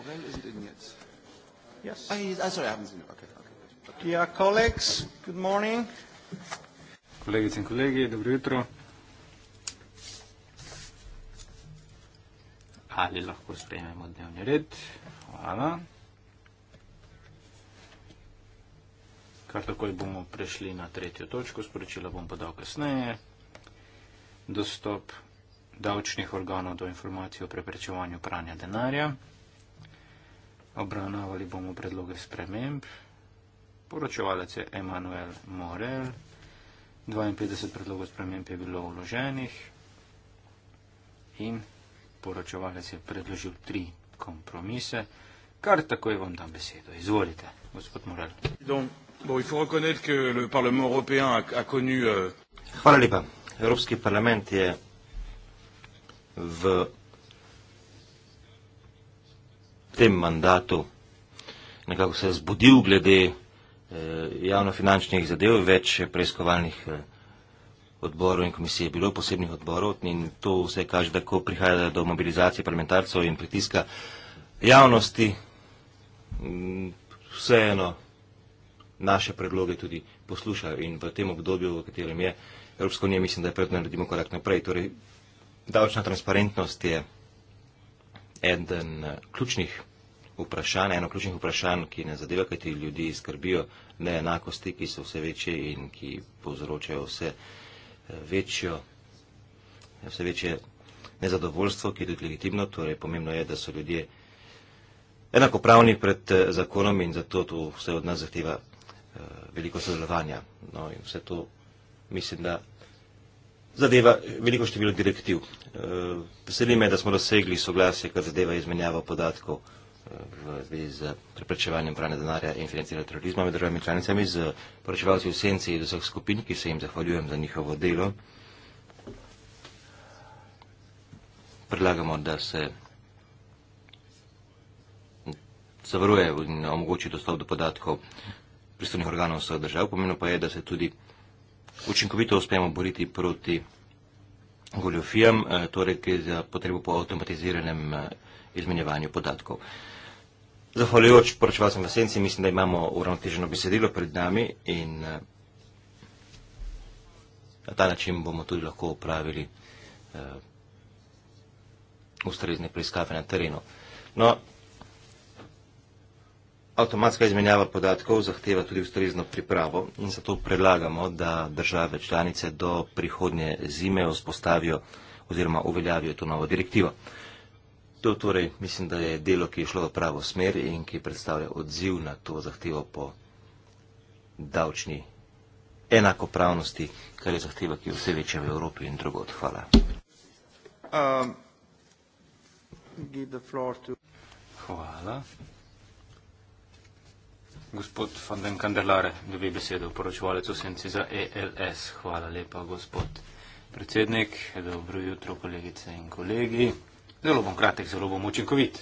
Borrell isn't in yet. Yes. Oh, ah, he's, oh, ah, sorry, I haven't seen him. Okay. okay. Dear colleagues, good morning. Kolegice in kolegi, dobro jutro. Ali lahko sprejmemo dnevni red? Hvala. Kar takoj bomo prešli na tretjo točko, sporočila bom podal kasneje. Dostop davčnih organov do informacij o preprečevanju pranja denarja. Obravnavali bomo predloge sprememb. Poročevalec je Emanuel Morel. 52 predlogov sprememb je bilo vloženih in poročevalec je predložil tri kompromise. Kar takoj vam dam besedo. Izvolite, gospod Morel. Euh, Hvala lepa. Evropski parlament je v tem mandatu nekako se zbudil glede eh, javnofinančnih zadev, več preiskovalnih eh, odborov in komisij je bilo, posebnih odborov in to vse kaže, da ko prihaja do mobilizacije parlamentarcev in pritiska javnosti, mm, vseeno naše predloge tudi poslušajo in v tem obdobju, v katerem je Evropsko unije, mislim, da je predno naredimo korak naprej. Torej, davčna transparentnost je eden eh, ključnih vprašanj, eno ključnih vprašanj, ki ne zadeva, kaj ti ljudi skrbijo neenakosti, ki so vse večje in ki povzročajo vse eh, večjo, vse večje nezadovoljstvo, ki je tudi legitimno, torej pomembno je, da so ljudje enakopravni pred eh, zakonom in zato to vse od nas zahteva veliko sodelovanja. No in vse to mislim, da zadeva veliko število direktiv. Eh, veseli me, da smo dosegli soglasje, kar zadeva izmenjavo podatkov eh, v zvezi z preprečevanjem pranja denarja in financiranja terorizma med državami članicami, z poročevalci v senci iz vseh skupin, ki se jim zahvaljujem za njihovo delo. Predlagamo, da se zavaruje in omogoči dostop do podatkov pristojnih organov vseh držav. Pomembno pa je, da se tudi učinkovito uspemo boriti proti goljofijam, eh, torej gre za potrebo po avtomatiziranem eh, izmenjevanju podatkov. Zahvaljujoč poročevalcem v senci, mislim, da imamo uravnoteženo besedilo pred nami in eh, na ta način bomo tudi lahko upravili ustrezne preiskave na terenu. No, Avtomatska izmenjava podatkov zahteva tudi ustrezno pripravo in zato predlagamo, da države članice do prihodnje zime vzpostavijo oziroma uveljavijo to novo direktivo. To torej mislim, da je delo, ki je šlo v pravo smer in ki predstavlja odziv na to zahtevo po davčni enakopravnosti, kar je zahteva, ki je vse večja v Evropi in drugod. Hvala. Um, give the floor to... Hvala. Gospod van den Kandelare, dve besede, poročevalec v senci za ELS. Hvala lepa, gospod predsednik. Dobro jutro, kolegice in kolegi. Zelo bom kratek, zelo bom učinkovit.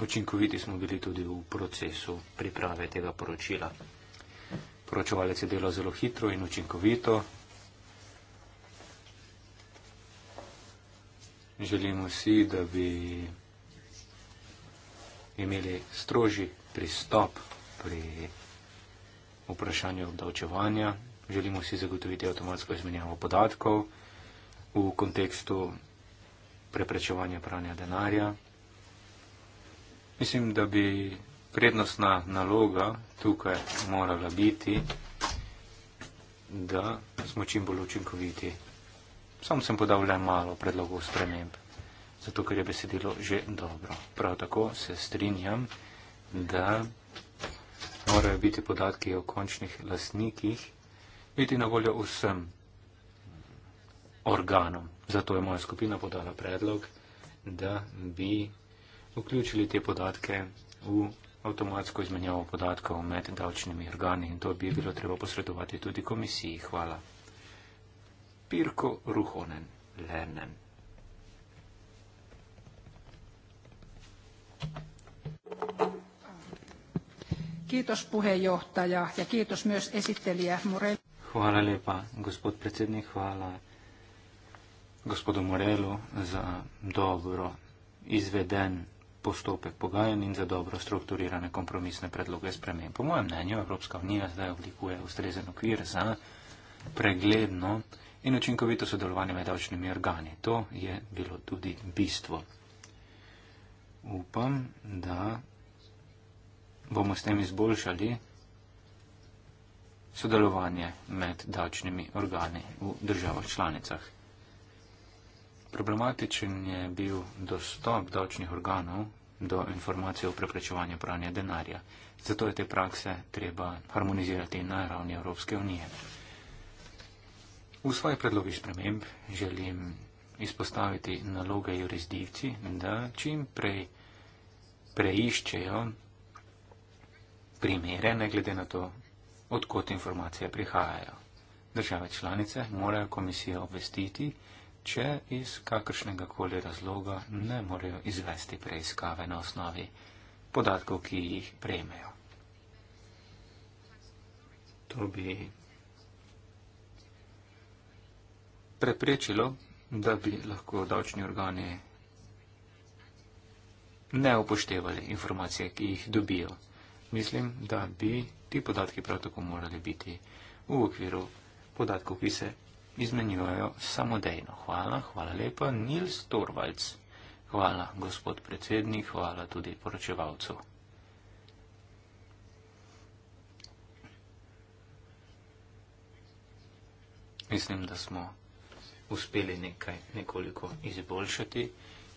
Učinkoviti smo bili tudi v procesu priprave tega poročila. Poročevalec je delal zelo hitro in učinkovito. Želimo si, da bi imeli strožji pristop pri vprašanju obdavčevanja. Želimo si zagotoviti avtomatsko izmenjavo podatkov v kontekstu preprečevanja pranja denarja. Mislim, da bi prednostna naloga tukaj morala biti, da smo čim bolj učinkoviti. Sam sem podal le malo predlogov sprememb zato ker je besedilo že dobro. Prav tako se strinjam, da morajo biti podatki o končnih lasnikih biti na voljo vsem organom. Zato je moja skupina podala predlog, da bi vključili te podatke v avtomatsko izmenjavo podatkov med davčnimi organi in to bi bilo treba posredovati tudi komisiji. Hvala. Pirko Ruhonen, Lernen. Kiitos puheenjohtaja ja kiitos myös esittelijä Morel. Hvala lepa, gospod predsednik, hvala gospodu Morelu za dobro izveden postopek pogajanj in za dobro strukturirane kompromisne predloge sprememb. Po mojem mnenju Evropska unija zdaj oblikuje ustrezen okvir za pregledno in učinkovito sodelovanje med davčnimi organi. To je bilo tudi bistvo upam, da bomo s tem izboljšali sodelovanje med davčnimi organi v državah članicah. Problematičen je bil dostop davčnih organov do informacij o preprečevanju pranja denarja. Zato je te prakse treba harmonizirati na ravni Evropske unije. V svoji predlogi sprememb želim izpostaviti naloge jurisdikci, da čim prej preiščejo primere, ne glede na to, odkot informacije prihajajo. Države članice morajo komisijo obvestiti, če iz kakršnega koli razloga ne morejo izvesti preiskave na osnovi podatkov, ki jih prejmejo. To bi preprečilo da bi lahko davčni organi ne upoštevali informacije, ki jih dobijo. Mislim, da bi ti podatki prav tako morali biti v okviru podatkov, ki se izmenjujejo samodejno. Hvala, hvala lepa, Nils Torvalc. Hvala, gospod predsednik, hvala tudi poročevalcu. Mislim, da smo uspeli nekaj nekoliko izboljšati,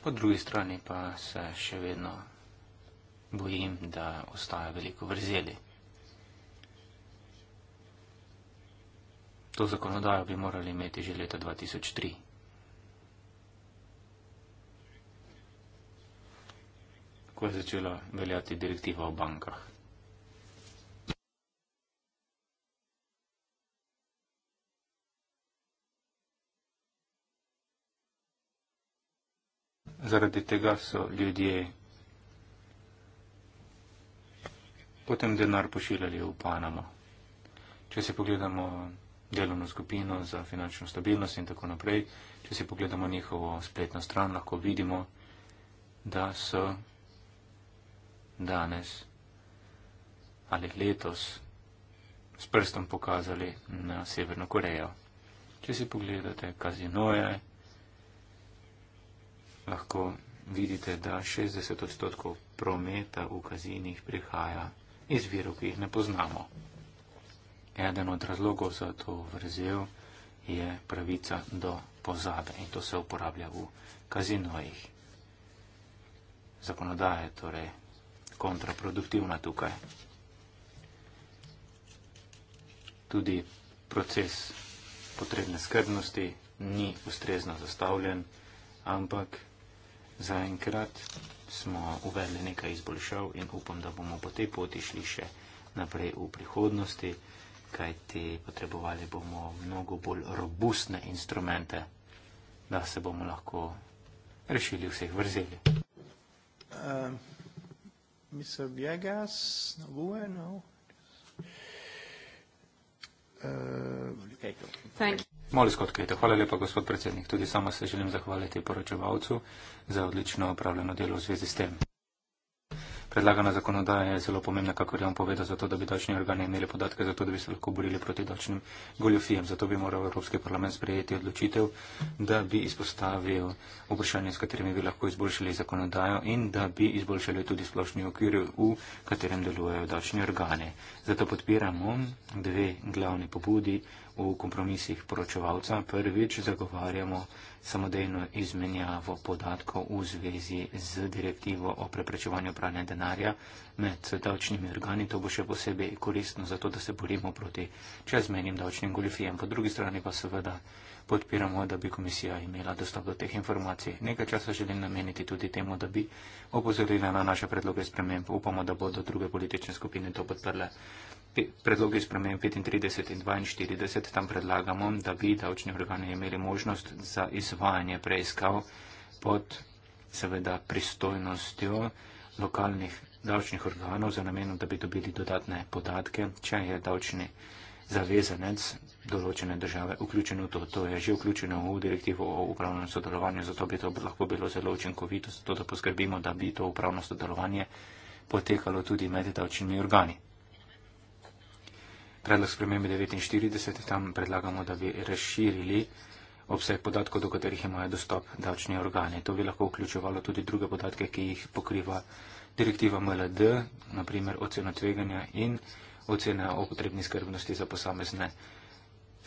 po drugi strani pa se še vedno bojim, da ostaja veliko vrzeli. To zakonodajo bi morali imeti že leta 2003. Ko je začela veljati direktiva o bankah. zaradi tega so ljudje potem denar pošiljali v Panamo. Če si pogledamo delovno skupino za finančno stabilnost in tako naprej, če si pogledamo njihovo spletno stran, lahko vidimo, da so danes ali letos s prstom pokazali na Severno Korejo. Če si pogledate kazinoje, lahko vidite, da 60 odstotkov prometa v kazinih prihaja iz virov, ki jih ne poznamo. Eden od razlogov za to vrzel je pravica do pozabe in to se uporablja v kazinojih. Zakonodaja je torej kontraproduktivna tukaj. Tudi proces potrebne skrbnosti ni ustrezno zastavljen, ampak Zaenkrat smo uvedli nekaj izboljšav in upam, da bomo po tej poti šli še naprej v prihodnosti, kajti potrebovali bomo mnogo bolj robustne instrumente, da se bomo lahko rešili vseh vrzeli. Um, Mr. Biegas, na VUE, no. Uh, okay, cool. Thank you. Moli skotkajte. Hvala lepa, gospod predsednik. Tudi sama se želim zahvaliti poročevalcu za odlično opravljeno delo v zvezi s tem. Predlagana zakonodaja je zelo pomembna, kako je on povedal, zato da bi davčni organi imeli podatke, zato da bi se lahko borili proti davčnim goljofijem. Zato bi moral Evropski parlament sprejeti odločitev, da bi izpostavil vprašanje, s katerimi bi lahko izboljšali zakonodajo in da bi izboljšali tudi splošni okvir, v katerem delujejo davčni organi. Zato podpiramo dve glavne pobudi v kompromisih poročevalca. Prvič zagovarjamo samodejno izmenjavo podatkov v zvezi z direktivo o preprečevanju pranja denarja med davčnimi organi. To bo še posebej koristno za to, da se borimo proti čezmenjim davčnim goljofijem. Po drugi strani pa seveda podpiramo, da bi komisija imela dostop do teh informacij. Nekaj časa želim nameniti tudi temu, da bi opozorila na naše predloge spremembe. Upamo, da bodo druge politične skupine to podprle predloge spremem 35 in 42, tam predlagamo, da bi davčni organi imeli možnost za izvajanje preiskav pod seveda pristojnostjo lokalnih davčnih organov za namenom, da bi dobili dodatne podatke, če je davčni zavezanec določene države vključeno v to. To je že vključeno v direktivo o upravnem sodelovanju, zato bi to lahko bilo zelo učinkovito, zato da poskrbimo, da bi to upravno sodelovanje potekalo tudi med davčnimi organi. Predlog spremembe 49 tam predlagamo, da bi razširili obseg podatkov, do katerih imajo dostop davčni organi. To bi lahko vključevalo tudi druge podatke, ki jih pokriva direktiva MLD, naprimer oceno tveganja in ocena o potrebni skrbnosti za posamezne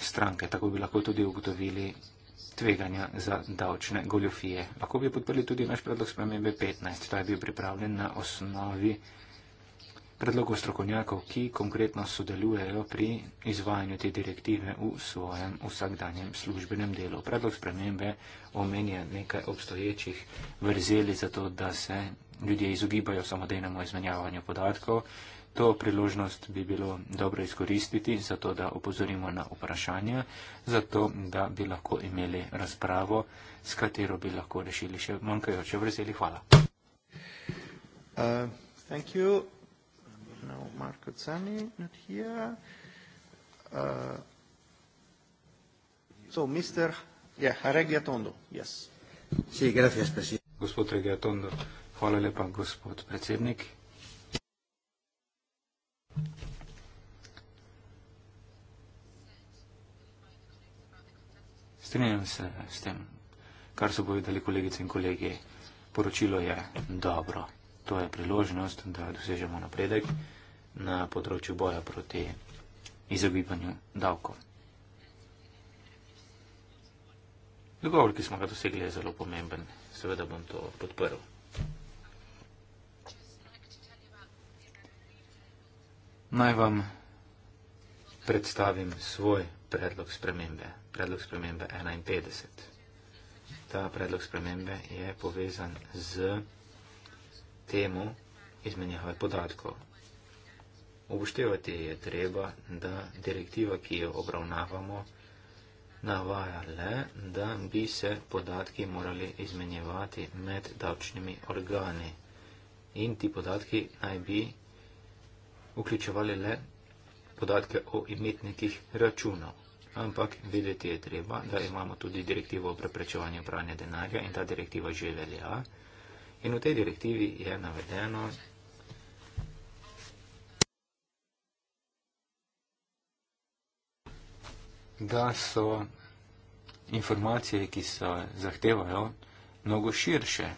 stranke. Tako bi lahko tudi ugotovili tveganja za davčne goljofije. Lahko bi podprli tudi naš predlog spremembe 15. Ta je bil pripravljen na osnovi predlogov strokovnjakov, ki konkretno sodelujejo pri izvajanju te direktive v svojem vsakdanjem službenem delu. Predlog spremembe omenja nekaj obstoječih vrzeli za to, da se ljudje izogibajo samodejnemu izmenjavanju podatkov. To priložnost bi bilo dobro izkoristiti, zato da opozorimo na vprašanja, zato da bi lahko imeli razpravo, s katero bi lahko rešili še manjkajoče vrzeli. Hvala. Uh, now Marco Zanni, not here. Uh, so, Mr. Yeah, Regiatondo, yes. Sí, gracias, presidente. Gospod Regiatondo, hvala lepa, gospod predsednik. Strenjam se s tem, kar so povedali kolegice in kolegi. Poročilo je dobro. To je priložnost, da dosežemo napredek na področju boja proti izogibanju davkov. Dogovor, ki smo ga dosegli, je zelo pomemben. Seveda bom to podprl. Naj vam predstavim svoj predlog spremembe, predlog spremembe 51. Ta predlog spremembe je povezan z temo izmenjave podatkov. Obuštevati je treba, da direktiva, ki jo obravnavamo, navaja le, da bi se podatki morali izmenjevati med davčnimi organi. In ti podatki naj bi vključevali le podatke o imetnikih računov. Ampak videti je treba, da imamo tudi direktivo o preprečevanju pranja denarja in ta direktiva že velja. In v tej direktivi je navedeno, da so informacije, ki se zahtevajo, mnogo širše.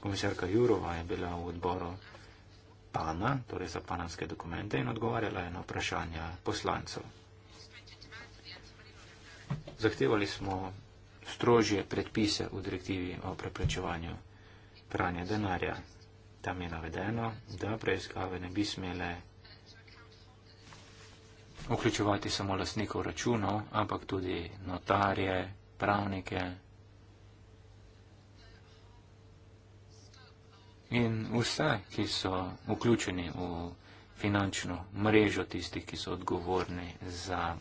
Komisarka Jurova je bila v odboru PANA, torej za panamske dokumente, in odgovarjala je na vprašanja poslancev. Zahtevali smo strožje predpise v direktivi o preprečevanju pranja denarja. Tam je navedeno, da preiskave ne bi smele vključevati samo lasnikov računov, ampak tudi notarje, pravnike in vse, ki so vključeni v finančno mrežo tistih, ki so odgovorni za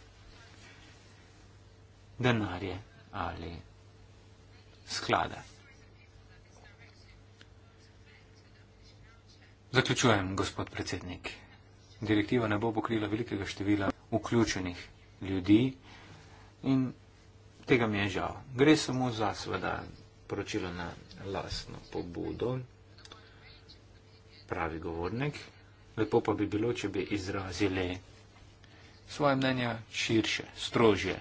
denarje ali sklade. Zaključujem, gospod predsednik. Direktiva ne bo pokrila velikega števila vključenih ljudi in tega mi je žal. Gre samo za seveda poročilo na lasno pobudo, pravi govornik. Lepo pa bi bilo, če bi izrazili svoje mnenja širše, strožje.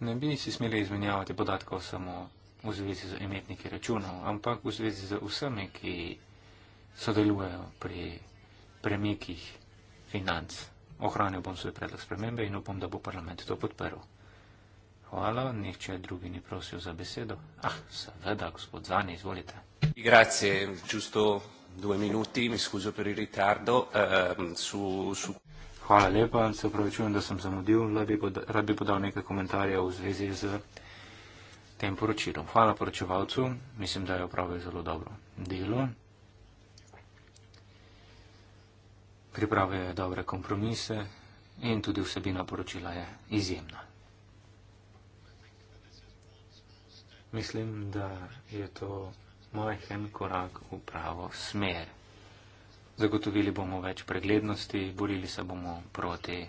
Ne bi si smeli izmenjavati podatkov samo v zvezi z imetniki računov, ampak v zvezi z vsemi, ki sodelujejo pri premikih financ. Ohranil bom svoj predlog spremembe in upam, da bo parlament to podprl. Hvala, nihče drugi ni prosil za besedo. Ah, seveda, gospod Zani, izvolite. Grazie, giusto due minuti, mi scuso per il ritardo. Eh, su, su... Hvala lepa, se upravičujem, da sem zamudil, rad bi podal nekaj komentarjev v zvezi z tem poročilom. Hvala poročevalcu, mislim, da je opravil zelo dobro delo. pripravljajo dobre kompromise in tudi vsebina poročila je izjemna. Mislim, da je to majhen korak v pravo smer. Zagotovili bomo več preglednosti, borili se bomo proti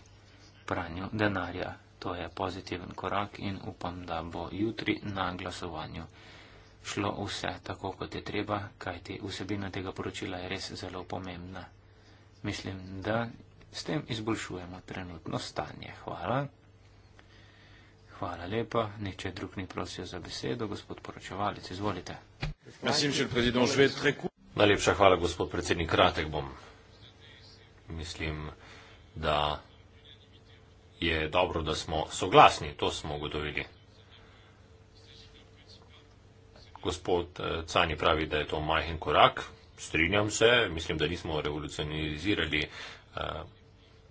pranju denarja. To je pozitiven korak in upam, da bo jutri na glasovanju šlo vse tako, kot je treba, kajti vsebina tega poročila je res zelo pomembna mislim, da s tem izboljšujemo trenutno stanje. Hvala. Hvala lepa. Nihče drug ni prosil za besedo. Gospod poročevalec, izvolite. Najlepša hvala, gospod predsednik. Kratek bom. Mislim, da je dobro, da smo soglasni. To smo ugotovili. Gospod eh, Cani pravi, da je to majhen korak. Strinjam se, mislim, da nismo revolucionirali eh,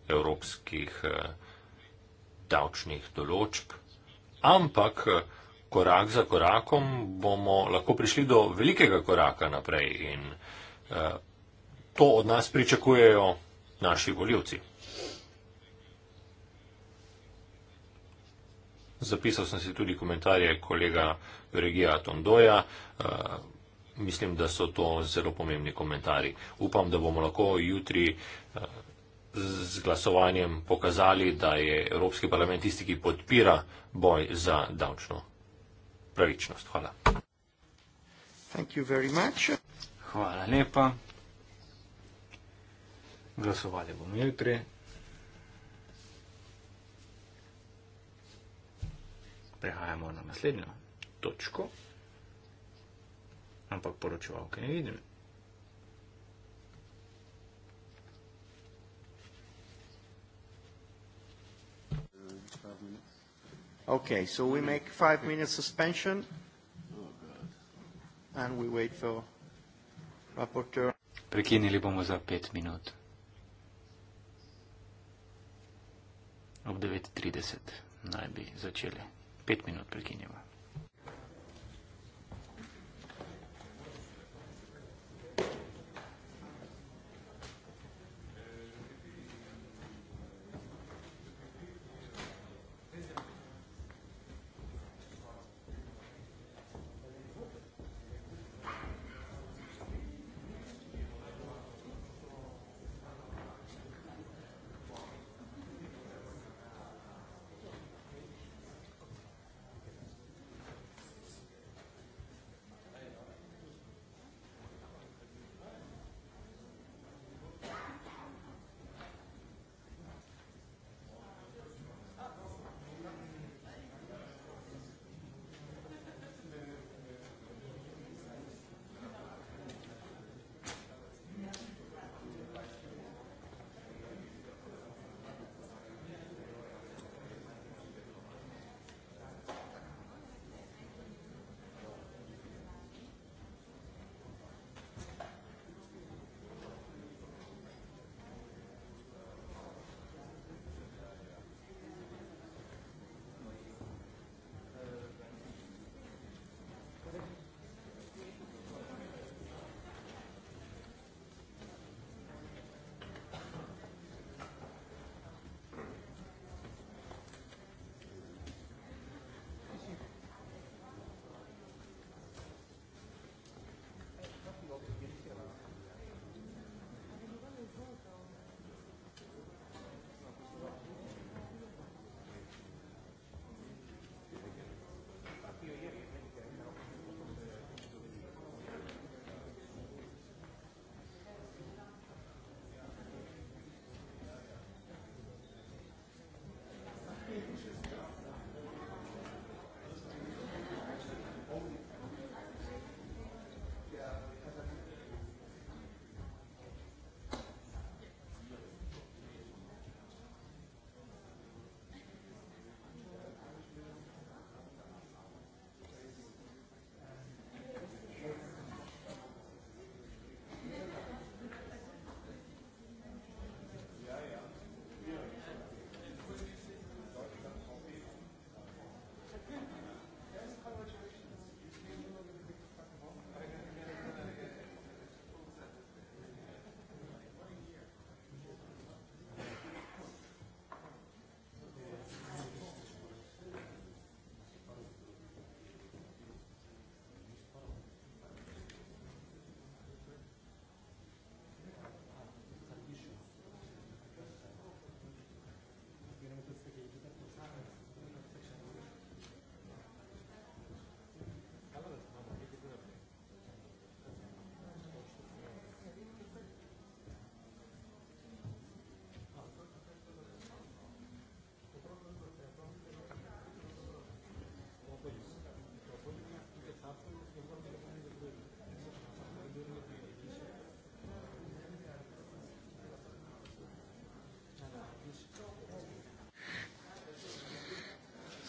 evropskih eh, davčnih določb, ampak eh, korak za korakom bomo lahko prišli do velikega koraka naprej in to od nas pričakujejo naši voljivci. Zapisal sem si tudi komentarje kolega Regija Tondoja mislim, da so to zelo pomembni komentarji. Upam, da bomo lahko jutri eh, z glasovanjem pokazali, da je Evropski parlament tisti, ki podpira boj za davčno pravičnost. Hvala. Hvala lepa. Glasovali bomo jutri. Prehajamo na naslednjo točko ampak poročevalke ne vidim. Okay, so we make five minutes suspension and we wait for rapporteur. Prekinili bomo za pet minut. Ob 9.30 naj bi začeli. Pet minut prekinjamo.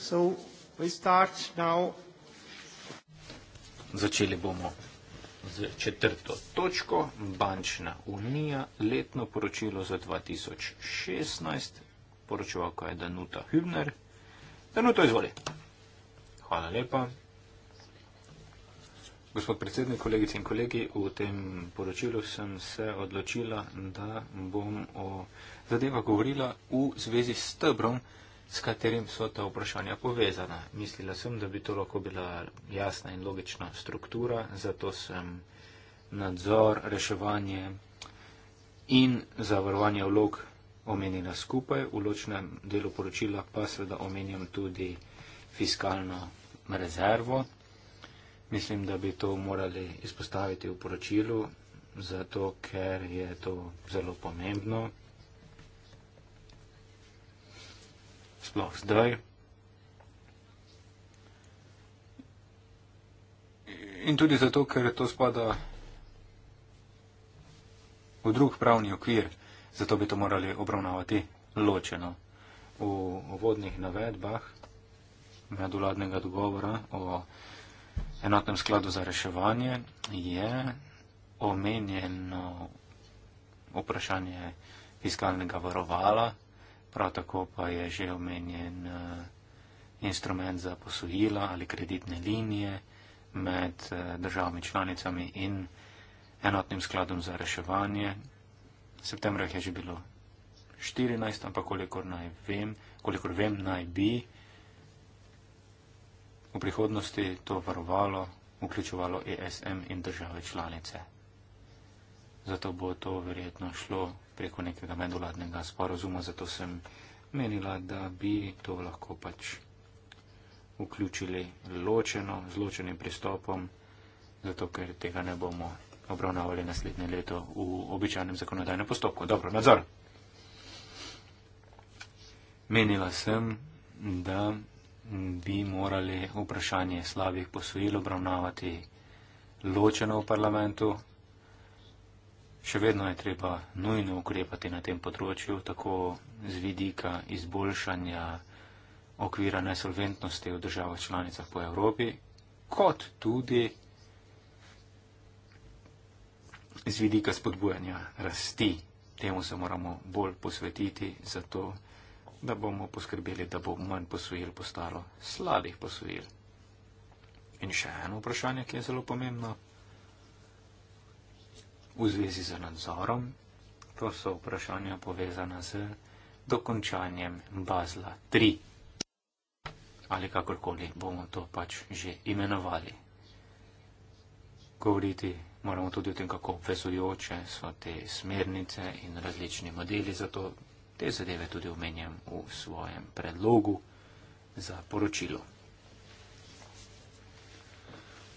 So we start now. Začeli bomo z četrto točko, bančna unija, letno poročilo za 2016, poročevalka je Danuta Hübner. Danuta, izvoli. Hvala lepa. Gospod predsednik, kolegice in kolegi, v tem poročilu sem se odločila, da bom o zadevah govorila v zvezi s stebrom, s katerim so ta vprašanja povezana. Mislila sem, da bi to lahko bila jasna in logična struktura, zato sem nadzor, reševanje in zavarovanje vlog omenila skupaj, v ločnem delu poročila pa seveda omenjam tudi fiskalno rezervo. Mislim, da bi to morali izpostaviti v poročilu, zato ker je to zelo pomembno. sploh zdaj. In tudi zato, ker to spada v drug pravni okvir, zato bi to morali obravnavati ločeno. V vodnih navedbah medvladnega dogovora o enotnem skladu za reševanje je omenjeno vprašanje fiskalnega varovala prav tako pa je že omenjen eh, instrument za posojila ali kreditne linije med eh, državami članicami in enotnim skladom za reševanje. Septembra jih je že bilo 14, ampak kolikor naj vem, kolikor vem naj bi v prihodnosti to varovalo, vključevalo ESM in države članice. Zato bo to verjetno šlo preko nekega medvladnega sporozuma, zato sem menila, da bi to lahko pač vključili ločeno, z ločenim pristopom, zato ker tega ne bomo obravnavali naslednje leto v običajnem zakonodajnem postopku. Dobro, nadzor. Menila sem, da bi morali vprašanje slabih posojil obravnavati ločeno v parlamentu, Še vedno je treba nujno ukrepati na tem področju, tako z vidika izboljšanja okvira nesolventnosti v državah članicah po Evropi, kot tudi z vidika spodbujanja rasti. Temu se moramo bolj posvetiti, zato da bomo poskrbeli, da bo manj posojil postalo sladih posojil. In še eno vprašanje, ki je zelo pomembno v zvezi z nadzorom, to so vprašanja povezana z dokončanjem Bazla 3 ali kakorkoli bomo to pač že imenovali. Govoriti moramo tudi o tem, kako obvezujoče so te smernice in različni modeli, zato te zadeve tudi omenjam v svojem predlogu za poročilo.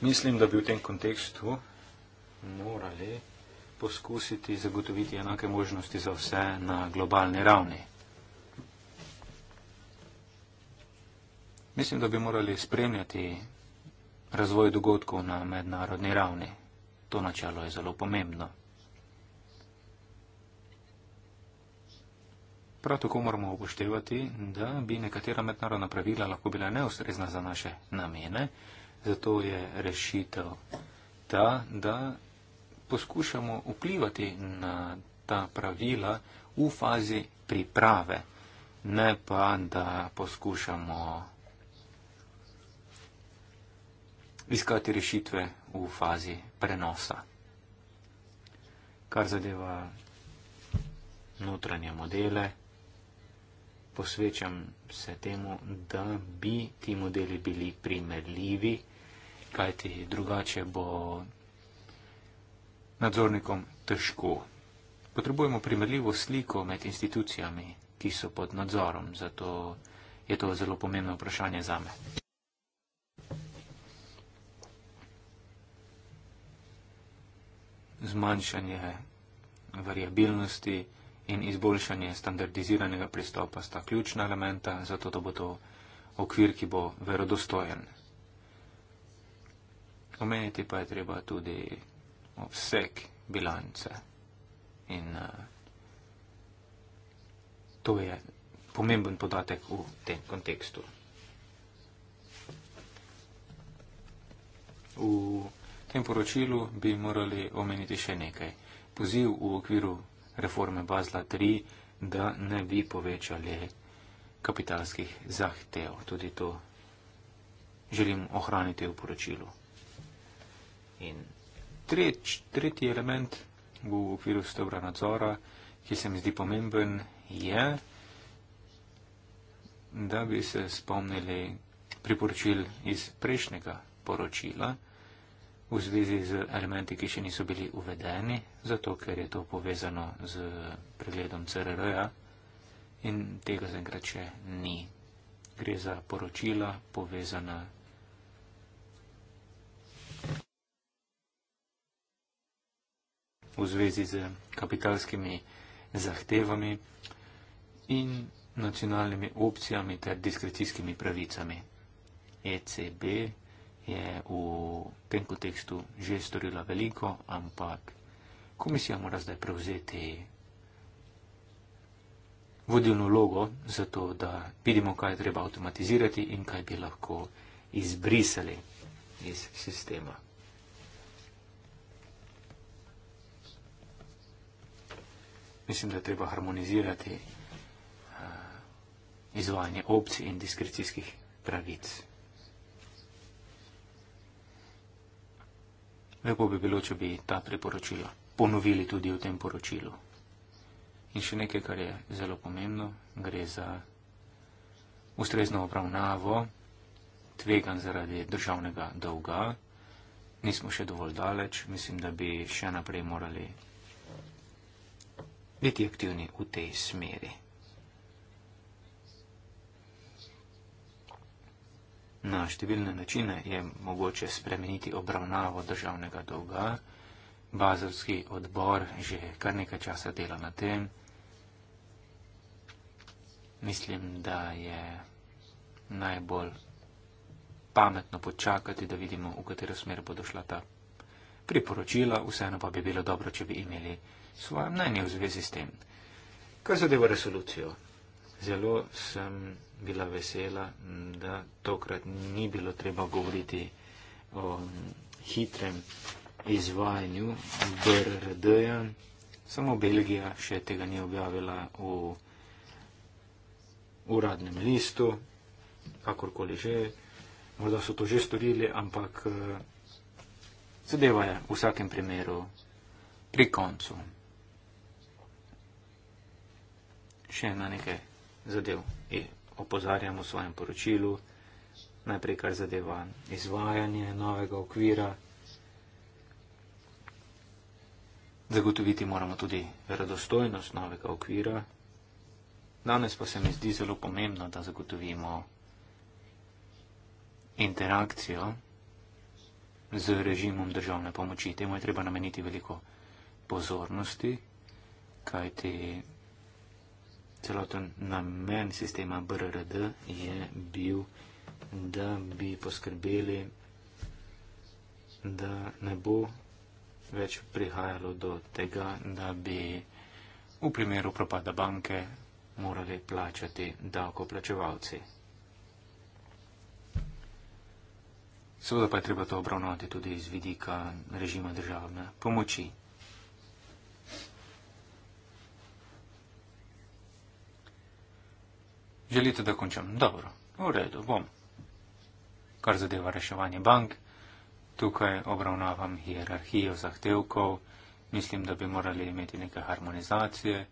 Mislim, da bi v tem kontekstu morali poskusiti zagotoviti enake možnosti za vse na globalni ravni. Mislim, da bi morali spremljati razvoj dogodkov na mednarodni ravni. To načelo je zelo pomembno. Prav tako moramo upoštevati, da bi nekatera mednarodna pravila lahko bila neustrezna za naše namene, zato je rešitev ta, da poskušamo vplivati na ta pravila v fazi priprave, ne pa da poskušamo iskati rešitve v fazi prenosa. Kar zadeva notranje modele, posvečam se temu, da bi ti modeli bili primerljivi, kajti drugače bo nadzornikom težko. Potrebujemo primerljivo sliko med institucijami, ki so pod nadzorom, zato je to zelo pomembno vprašanje za me. Zmanjšanje variabilnosti in izboljšanje standardiziranega pristopa sta ključna elementa, zato da bo to okvir, ki bo verodostojen. Omeniti pa je treba tudi obseg bilance. In uh, to je pomemben podatek v tem kontekstu. V tem poročilu bi morali omeniti še nekaj. Poziv v okviru reforme Bazla 3, da ne bi povečali kapitalskih zahtev. Tudi to želim ohraniti v poročilu. In Treč, tretji element v okviru stobra nadzora, ki se mi zdi pomemben, je, da bi se spomnili priporočil iz prejšnjega poročila v zvezi z elementi, ki še niso bili uvedeni, zato ker je to povezano z pregledom CRR-ja in tega zaenkrat še ni. Gre za poročila povezana v zvezi z kapitalskimi zahtevami in nacionalnimi opcijami ter diskrecijskimi pravicami. ECB je v tem kontekstu že storila veliko, ampak komisija mora zdaj prevzeti vodilno logo, zato da vidimo, kaj je treba avtomatizirati in kaj bi lahko izbrisali iz sistema. mislim, da je treba harmonizirati uh, izvajanje opcij in diskrecijskih pravic. Lepo bi bilo, če bi ta priporočila ponovili tudi v tem poročilu. In še nekaj, kar je zelo pomembno, gre za ustrezno obravnavo tvegan zaradi državnega dolga. Nismo še dovolj daleč, mislim, da bi še naprej morali biti aktivni u tej smjeri. Na številne načine je mogoče spremeniti obravnavo državnega dolga. Bazelski odbor že kar nekaj časa dela na tem. Mislim, da je najbolj pametno počakati, da vidimo, v katero smer bodo šla ta priporočila. Vseeno pa bi bilo dobro, če bi imeli svoje mnenje v zvezi s tem. Kar zadeva resolucijo, zelo sem bila vesela, da tokrat ni bilo treba govoriti o hitrem izvajanju BRD-ja. Samo Belgija še tega ni objavila v uradnem listu, kakorkoli že. Morda so to že storili, ampak eh, zadeva je v vsakem primeru pri koncu. še na neke zadev. I opozarjam v svojem poročilu, najprej kar zadeva izvajanje novega okvira. Zagotoviti moramo tudi verodostojnost novega okvira. Danes pa se mi zdi zelo pomembno, da zagotovimo interakcijo z režimom državne pomoči. Temu je treba nameniti veliko pozornosti, kajti celoten namen sistema BRRD je bil, da bi poskrbeli, da ne bo več prihajalo do tega, da bi v primeru propada banke morali plačati davkoplačevalci. Seveda pa je treba to obravnavati tudi iz vidika režima državne pomoči. Želite, da končam? Dobro, v redu bom. Kar zadeva reševanje bank, tukaj obravnavam hierarhijo zahtevkov, mislim, da bi morali imeti neke harmonizacije,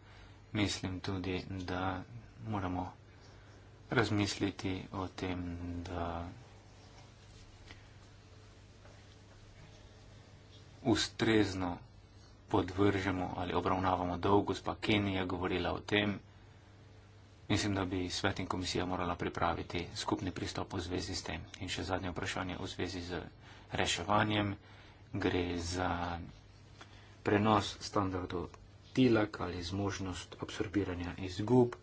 mislim tudi, da moramo razmisliti o tem, da ustrezno podvržemo ali obravnavamo dolgo, spa Kenija govorila o tem, da Mislim, da bi svet in komisija morala pripraviti skupni pristop v zvezi s tem. In še zadnje vprašanje v zvezi z reševanjem. Gre za prenos standardov tilak ali zmožnost absorbiranja izgub.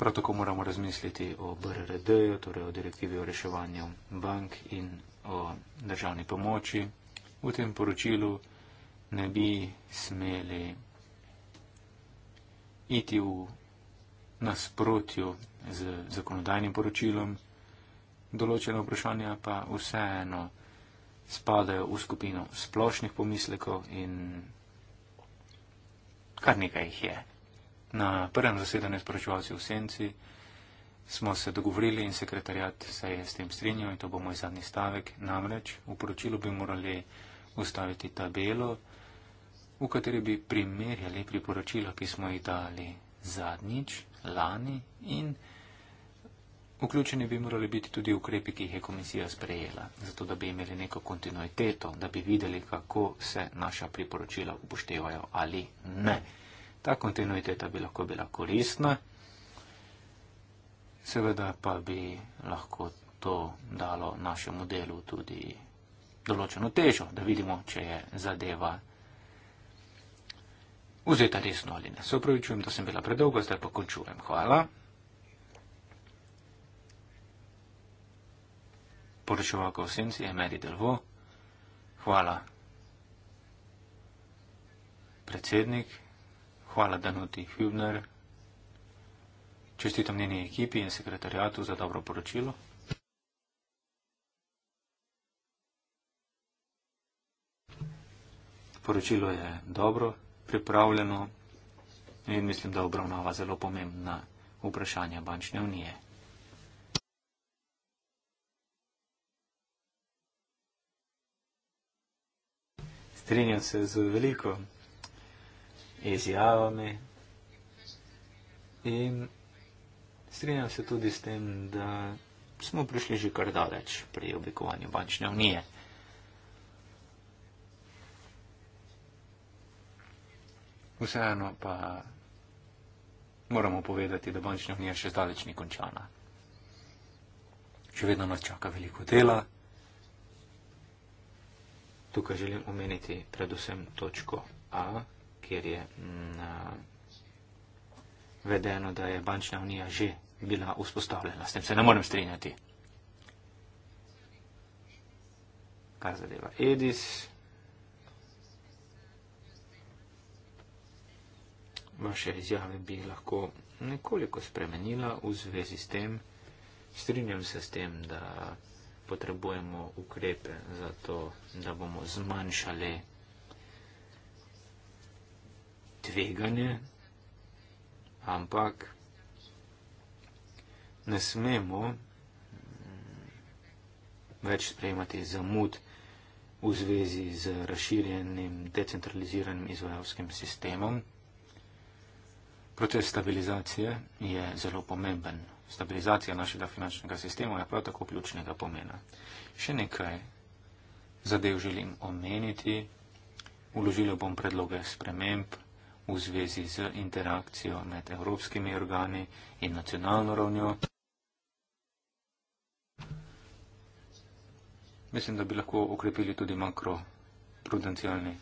Prav tako moramo razmisliti o BRRD-ju, torej o direktivi o reševanju bank in o državni pomoči. V tem poročilu ne bi smeli iti v nasprotju z zakonodajnim poročilom, določene vprašanja pa vseeno spadajo v skupino splošnih pomislekov in kar nekaj jih je. Na prvem zasedanju sporočevalci v Senci smo se dogovorili in sekretarjat se je s tem strinjal in to bo moj zadnji stavek. Namreč v poročilu bi morali ustaviti tabelo, v kateri bi primerjali priporočila, ki smo jih dali zadnjič, lani in vključeni bi morali biti tudi ukrepi, ki jih je komisija sprejela, zato da bi imeli neko kontinuiteto, da bi videli, kako se naša priporočila upoštevajo ali ne. Ta kontinuiteta bi lahko bila koristna, seveda pa bi lahko to dalo našemu delu tudi določeno težo, da vidimo, če je zadeva vzeta resno ali ne. Se upravičujem, da sem bila predolgo, zdaj pa končujem. Hvala. Poročevalka v senci je Meri Delvo. Hvala. Predsednik. Hvala Danuti Hübner. Čestitam njeni ekipi in sekretarijatu za dobro poročilo. Poročilo je dobro pripravljeno in mislim, da obravnava zelo pomembna vprašanja bančne unije. Strinjam se z veliko izjavami in strinjam se tudi s tem, da smo prišli že kar daleč pri oblikovanju bančne unije. vseeno pa moramo povedati, da bančna unija še zdaleč ni končana. Še vedno nas čaka veliko dela. Tukaj želim omeniti predvsem točko A, kjer je mm, vedeno, da je bančna unija že bila vzpostavljena. S tem se ne morem strinjati. Kar zadeva EDIS, vaše izjave bi lahko nekoliko spremenila v zvezi s tem. Strinjam se s tem, da potrebujemo ukrepe za to, da bomo zmanjšali tveganje, ampak ne smemo več sprejemati zamud v zvezi z razširjenim decentraliziranim izvajalskim sistemom. Proces stabilizacije je zelo pomemben. Stabilizacija našega finančnega sistema je prav tako ključnega pomena. Še nekaj zadev želim omeniti. Uložili bom predloge sprememb v zvezi z interakcijo med evropskimi organi in nacionalno ravnjo. Mislim, da bi lahko okrepili tudi makroprudencialni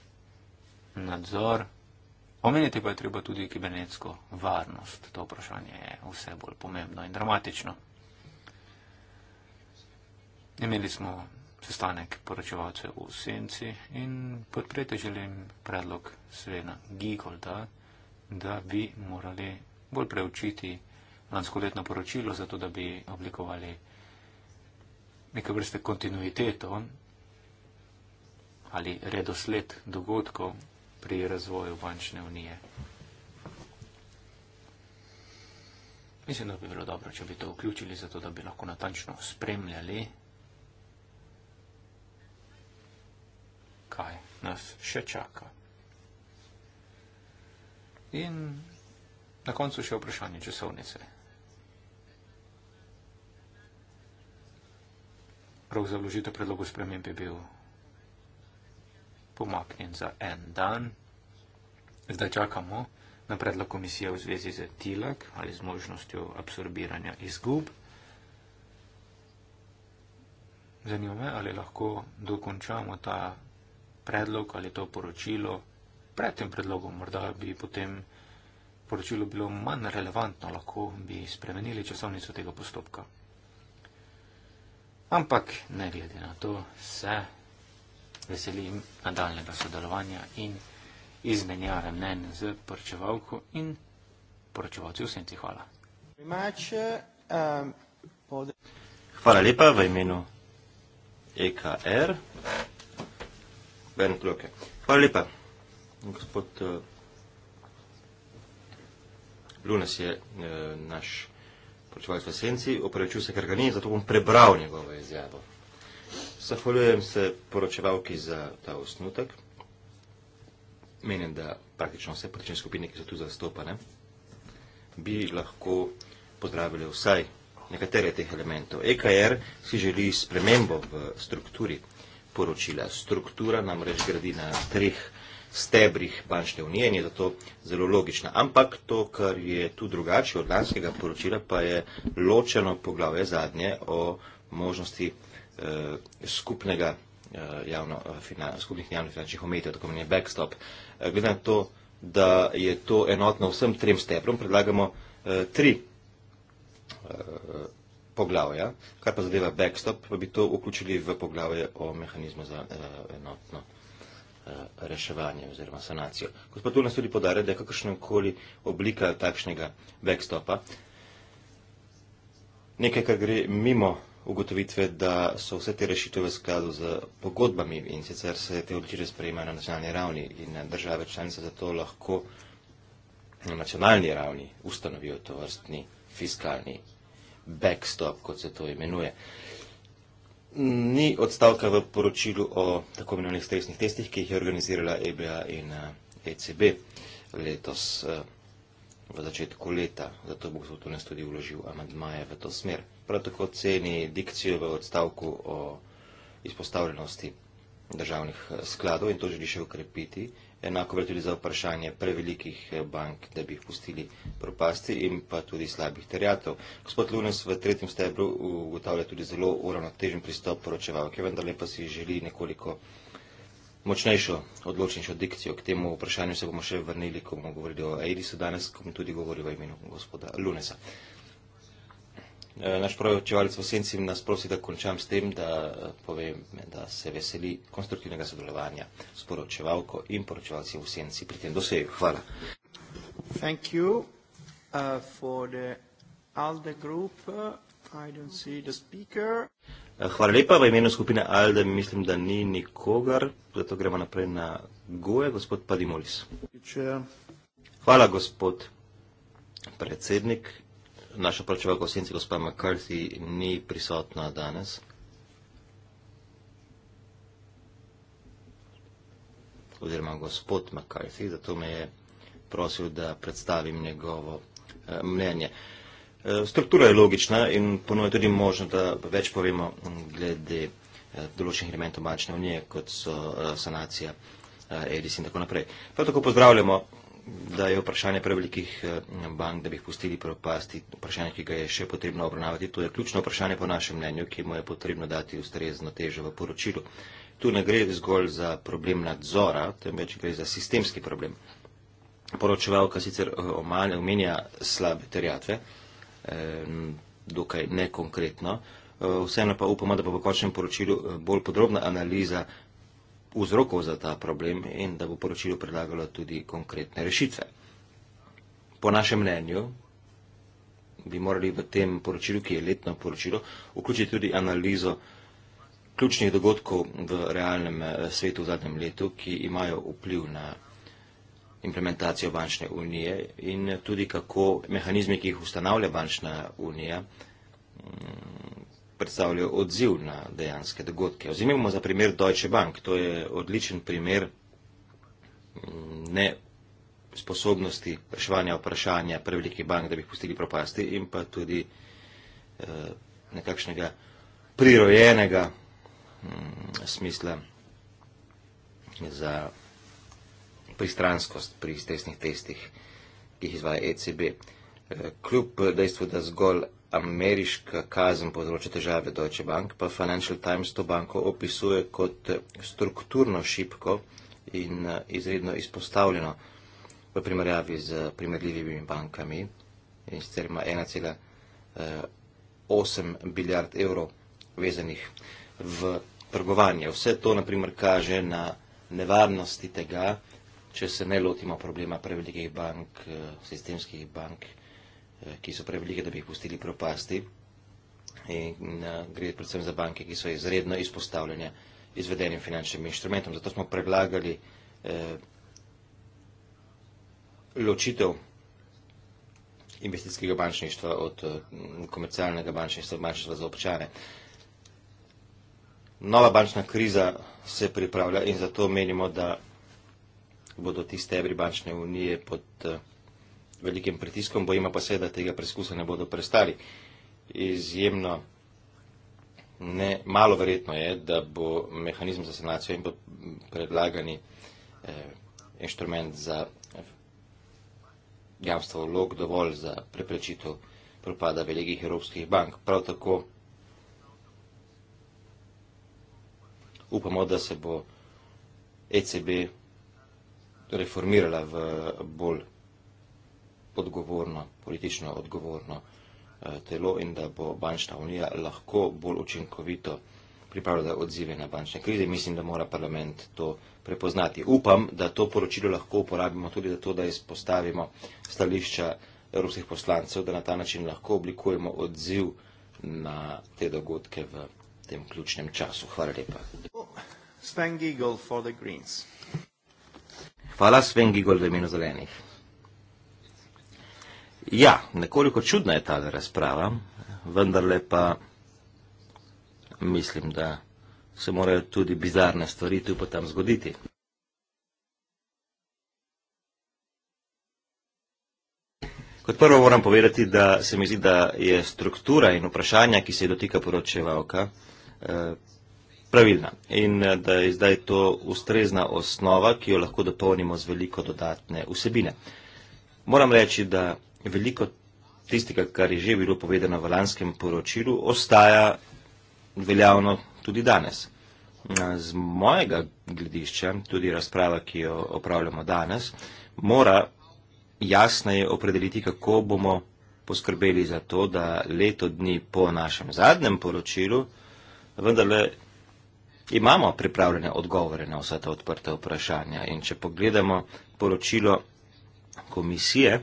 nadzor. Omeniti pa je treba tudi kibernetsko varnost. To vprašanje je vse bolj pomembno in dramatično. Imeli smo sestanek poročevalcev v Senci in podprete želim predlog Svena Gigolda, da bi morali bolj preučiti lanskoletno poročilo, zato da bi oblikovali neke vrste kontinuiteto ali redosled dogodkov, pri razvoju bančne unije. Mislim, da bi bilo dobro, če bi to vključili, zato da bi lahko natančno spremljali, kaj nas še čaka. In na koncu še vprašanje časovnice. Rok za vložitev predlogu spremembe bi bil pomaknjen za en dan. Zdaj čakamo na predlog komisije v zvezi z tilak ali z možnostjo absorbiranja izgub. Zanima me, ali lahko dokončamo ta predlog ali to poročilo pred tem predlogom. Morda bi potem poročilo bilo manj relevantno, lahko bi spremenili časovnico tega postopka. Ampak ne glede na to, se veselim nadaljnega sodelovanja in izmenjave mnen z poročevalko in poročevalci vsem ti hvala. Hvala lepa v imenu EKR. Hvala lepa. Gospod eh, Lunas je eh, naš poročevalc v senci, opravičujem se, ker ga ni, zato bom prebral njegovo izjavo. Zahvaljujem se poročevalki za ta osnutek. Menim, da praktično vse politične skupine, ki so tu zastopane, bi lahko pozdravili vsaj nekatere teh elementov. EKR er si želi spremembo v strukturi poročila. Struktura namreč gradi na treh stebrih bančne unije in je zato zelo logična. Ampak to, kar je tu drugače od lanskega poročila, pa je ločeno poglavje zadnje o možnosti eh, skupnega eh, javno, eh, finan, skupnih javnih finančnih omejitev, tako imenje backstop. Eh, glede na to, da je to enotno vsem trem stebrom, predlagamo eh, tri eh, poglavja, kar pa zadeva backstop, pa bi to vključili v poglavje o mehanizmu za eh, enotno eh, reševanje oziroma sanacijo. Gospod Tulnes tudi podarja, da je kakršnakoli oblika takšnega backstopa nekaj, kar gre mimo ugotovitve, da so vse te rešitve v skladu z pogodbami in sicer se te odločitve sprejemajo na nacionalni ravni in države članice zato lahko na nacionalni ravni ustanovijo to vrstni fiskalni backstop, kot se to imenuje. Ni odstavka v poročilu o tako imenovanih stresnih testih, ki jih je organizirala EBA in ECB eh, e letos eh, v začetku leta, zato bo gospod Tunes tudi vložil amandmaje v to smer prav tako ceni dikcijo v odstavku o izpostavljenosti državnih eh, skladov in to želi še ukrepiti. Enako velja tudi za vprašanje prevelikih eh, bank, da bi jih pustili propasti in pa tudi slabih terjatov. Gospod Lunes v tretjem stebru ugotavlja tudi zelo uravnotežen pristop poročevalke, vendar lepa si želi nekoliko močnejšo, odločnejšo dikcijo. K temu vprašanju se bomo še vrnili, ko bomo govorili o Eidisu danes, ko bomo tudi govorili o imenu gospoda Lunesa. Eh, naš projevčevalec v senci nas prosi, da končam s tem, da eh, povem, da se veseli konstruktivnega sodelovanja s poročevalko in poročevalci v senci pri tem doseju. Hvala. Thank you uh, for the ALDE group. Uh, I don't see the speaker. Eh, hvala lepa. V imenu skupine ALDE mislim, da ni nikogar. Zato gremo naprej na GUE. Gospod Padimolis. Hvala, gospod predsednik naša pročevalka v senci, gospa McCarthy, ni prisotna danes. Oziroma gospod McCarthy, zato me je prosil, da predstavim njegovo eh, mnenje. Eh, struktura je logična in ponuje tudi možno, da več povemo glede eh, določenih elementov bančne unije, kot so eh, sanacija, eh, edis in tako naprej. Prav tako pozdravljamo da je vprašanje prevelikih eh, bank, da bi jih pustili propasti, vprašanje, ki ga je še potrebno obravnavati. To je ključno vprašanje po našem mnenju, ki mu je potrebno dati ustrezno težo v poročilu. Tu ne gre zgolj za problem nadzora, temveč gre za sistemski problem. Poročevalka sicer eh, omanja, omenja slabe terjatve, eh, dokaj nekonkretno. Vseeno pa upamo, da bo po končnem poročilu bolj podrobna analiza vzrokov za ta problem in da bo poročilo predlagalo tudi konkretne rešitve. Po našem mnenju bi morali v tem poročilu, ki je letno poročilo, vključiti tudi analizo ključnih dogodkov v realnem eh, svetu v zadnjem letu, ki imajo vpliv na implementacijo bančne unije in tudi kako mehanizmi, ki jih ustanavlja bančna unija, mm, predstavljajo odziv na dejanske dogodke. Vzemimo za primer Deutsche Bank. To je odličen primer mm, nesposobnosti reševanja vprašanja prevelikih bank, da bi jih pustili propasti in pa tudi eh, nekakšnega prirojenega hm, smisla za pristranskost pri stresnih testih, ki jih izvaja ECB. Eh, kljub dejstvu, da zgolj ameriška kazen povzroča težave Deutsche Bank, pa Financial Times to banko opisuje kot strukturno šipko in eh, izredno izpostavljeno v primerjavi z primerljivimi bankami. In sicer ima 1,8 biljard eh, evrov vezanih v trgovanje. Vse to, na primer, kaže na nevarnosti tega, če se ne lotimo problema prevelikih bank, eh, sistemskih bank Eh, ki so prevelike, da bi jih pustili propasti. In eh, gre predvsem za banke, ki so izredno izpostavljene izvedenim finančnim inštrumentom. Zato smo predlagali eh, ločitev investicijskega bančništva od eh, komercialnega bančništva, bančništva za občane. Nova bančna kriza se pripravlja in zato menimo, da bodo ti stebri bančne unije pod. Eh, velikim pritiskom, bojima pa se, da tega preskusa ne bodo prestali. Izjemno ne, malo verjetno je, da bo mehanizem za sanacijo in bo predlagani eh, inštrument za jamstvo vlog dovolj za preprečitev propada velikih evropskih bank. Prav tako upamo, da se bo ECB reformirala v bolj odgovorno, politično odgovorno eh, telo in da bo bančna unija lahko bolj učinkovito pripravljala odzive na bančne krize. Mislim, da mora parlament to prepoznati. Upam, da to poročilo lahko uporabimo tudi za to, da izpostavimo stališča evropskih poslancev, da na ta način lahko oblikujemo odziv na te dogodke v tem ključnem času. Hvala lepa. Sven Giegel for the Greens. Hvala Sven Giegel v imenu zelenih. Ja, nekoliko čudna je ta razprava, vendarle pa mislim, da se morajo tudi bizarne stvari tu potem zgoditi. Kot prvo moram povedati, da se mi zdi, da je struktura in vprašanja, ki se dotika poročevalka, eh, pravilna in eh, da je zdaj to ustrezna osnova, ki jo lahko dopolnimo z veliko dodatne vsebine. Moram reči, da veliko tistega, kar je že bilo povedano v lanskem poročilu, ostaja veljavno tudi danes. Z mojega gledišča, tudi razprava, ki jo opravljamo danes, mora jasneje opredeliti, kako bomo poskrbeli za to, da leto dni po našem zadnjem poročilu vendarle imamo pripravljene odgovore na vsa ta odprta vprašanja. In če pogledamo poročilo komisije,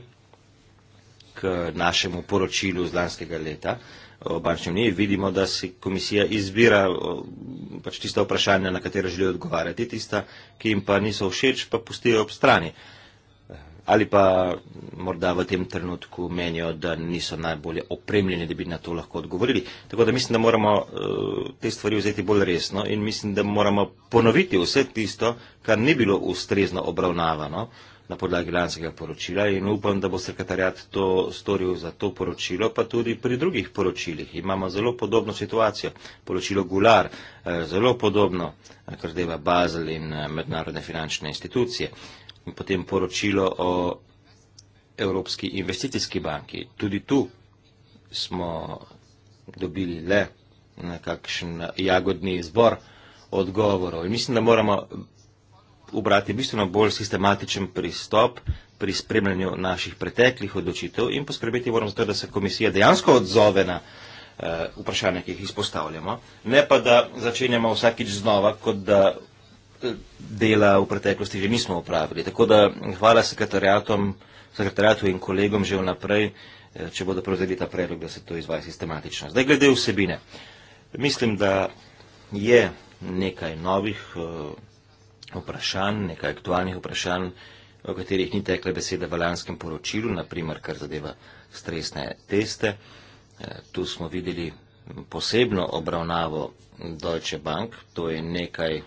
k našemu poročilu z lanskega leta o bančnem njih, vidimo, da si komisija izbira pač tista vprašanja, na katera želijo odgovarjati, tista, ki jim pa niso všeč, pa pustijo ob strani. Ali pa morda v tem trenutku menijo, da niso najbolje opremljeni, da bi na to lahko odgovorili. Tako da mislim, da moramo e, te stvari vzeti bolj resno in mislim, da moramo ponoviti vse tisto, kar ni bilo ustrezno obravnavano. No? na podlagi lanskega poročila in upam, da bo sekretarjat to storil za to poročilo, pa tudi pri drugih poročilih. Imamo zelo podobno situacijo. Poročilo Gular, eh, zelo podobno, eh, kar zdajva Bazel in eh, mednarodne finančne institucije. In potem poročilo o Evropski investicijski banki. Tudi tu smo dobili le nekakšen jagodni izbor odgovorov. In mislim, da moramo ubrati bistveno bolj sistematičen pristop pri spremljanju naših preteklih odločitev in poskrbeti moramo za to, da se komisija dejansko odzove na eh, vprašanja, ki jih izpostavljamo, ne pa da začenjamo vsakič znova, kot da eh, dela v preteklosti že nismo opravili. Tako da hvala sekretarjatom, sekretarjatu in kolegom že vnaprej, eh, če bodo prevzeli ta predlog, da se to izvaja sistematično. Zdaj glede vsebine. Mislim, da je nekaj novih. Eh, vprašanj, nekaj aktualnih vprašanj, o katerih ni tekle besede v lanskem poročilu, naprimer, kar zadeva stresne teste. Eh, tu smo videli posebno obravnavo Deutsche Bank, to je nekaj,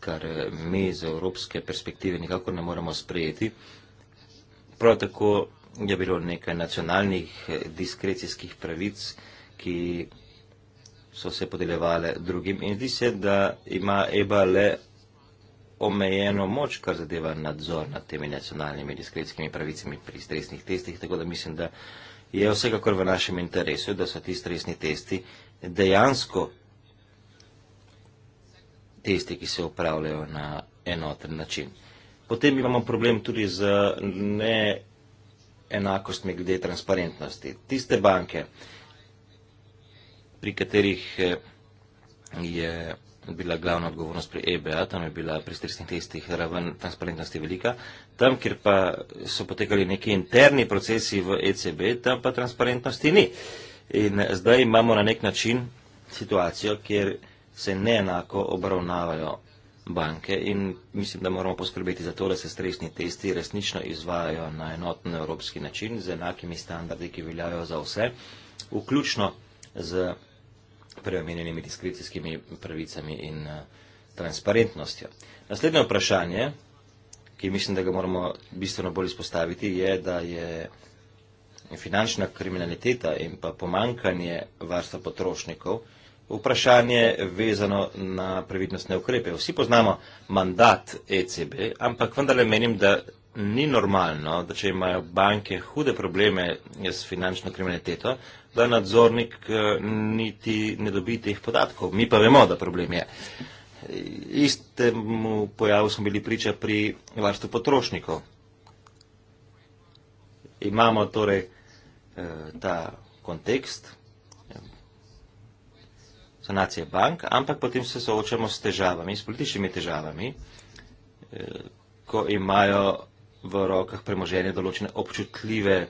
kar eh, mi z evropske perspektive nikako ne moremo sprejeti. Prav tako je bilo nekaj nacionalnih eh, diskrecijskih pravic, ki so se podeljevale drugim in zdi se, da ima EBA le omejeno moč, kar zadeva nadzor nad temi nacionalnimi diskretskimi pravicami pri stresnih testih, tako da mislim, da je vsekakor v našem interesu, da so ti stresni testi dejansko testi, ki se upravljajo na enoten način. Potem imamo problem tudi z neenakostmi glede transparentnosti. Tiste banke, pri katerih eh, je bila glavna odgovornost pri EBA, tam je bila pri stresnih testih raven transparentnosti velika, tam, kjer pa so potekali neki interni procesi v ECB, tam pa transparentnosti ni. In zdaj imamo na nek način situacijo, kjer se neenako obravnavajo banke in mislim, da moramo poskrbeti za to, da se stresni testi resnično izvajajo na enoten evropski način z enakimi standardi, ki veljajo za vse, vključno z preomenjenimi diskrecijskimi pravicami in eh, transparentnostjo. Naslednje vprašanje, ki mislim, da ga moramo bistveno bolj izpostaviti, je, da je finančna kriminaliteta in pa pomankanje varstva potrošnikov vprašanje vezano na previdnostne ukrepe. Vsi poznamo mandat ECB, ampak vendarle menim, da ni normalno, da če imajo banke hude probleme s finančno kriminaliteto, da nadzornik eh, niti ne dobi teh podatkov. Mi pa vemo, da problem je. Istemu pojavu smo bili priča pri varstvu potrošnikov. Imamo torej eh, ta kontekst eh, sanacije bank, ampak potem se soočamo s težavami, s političnimi težavami, ko imajo v rokah premoženje določene občutljive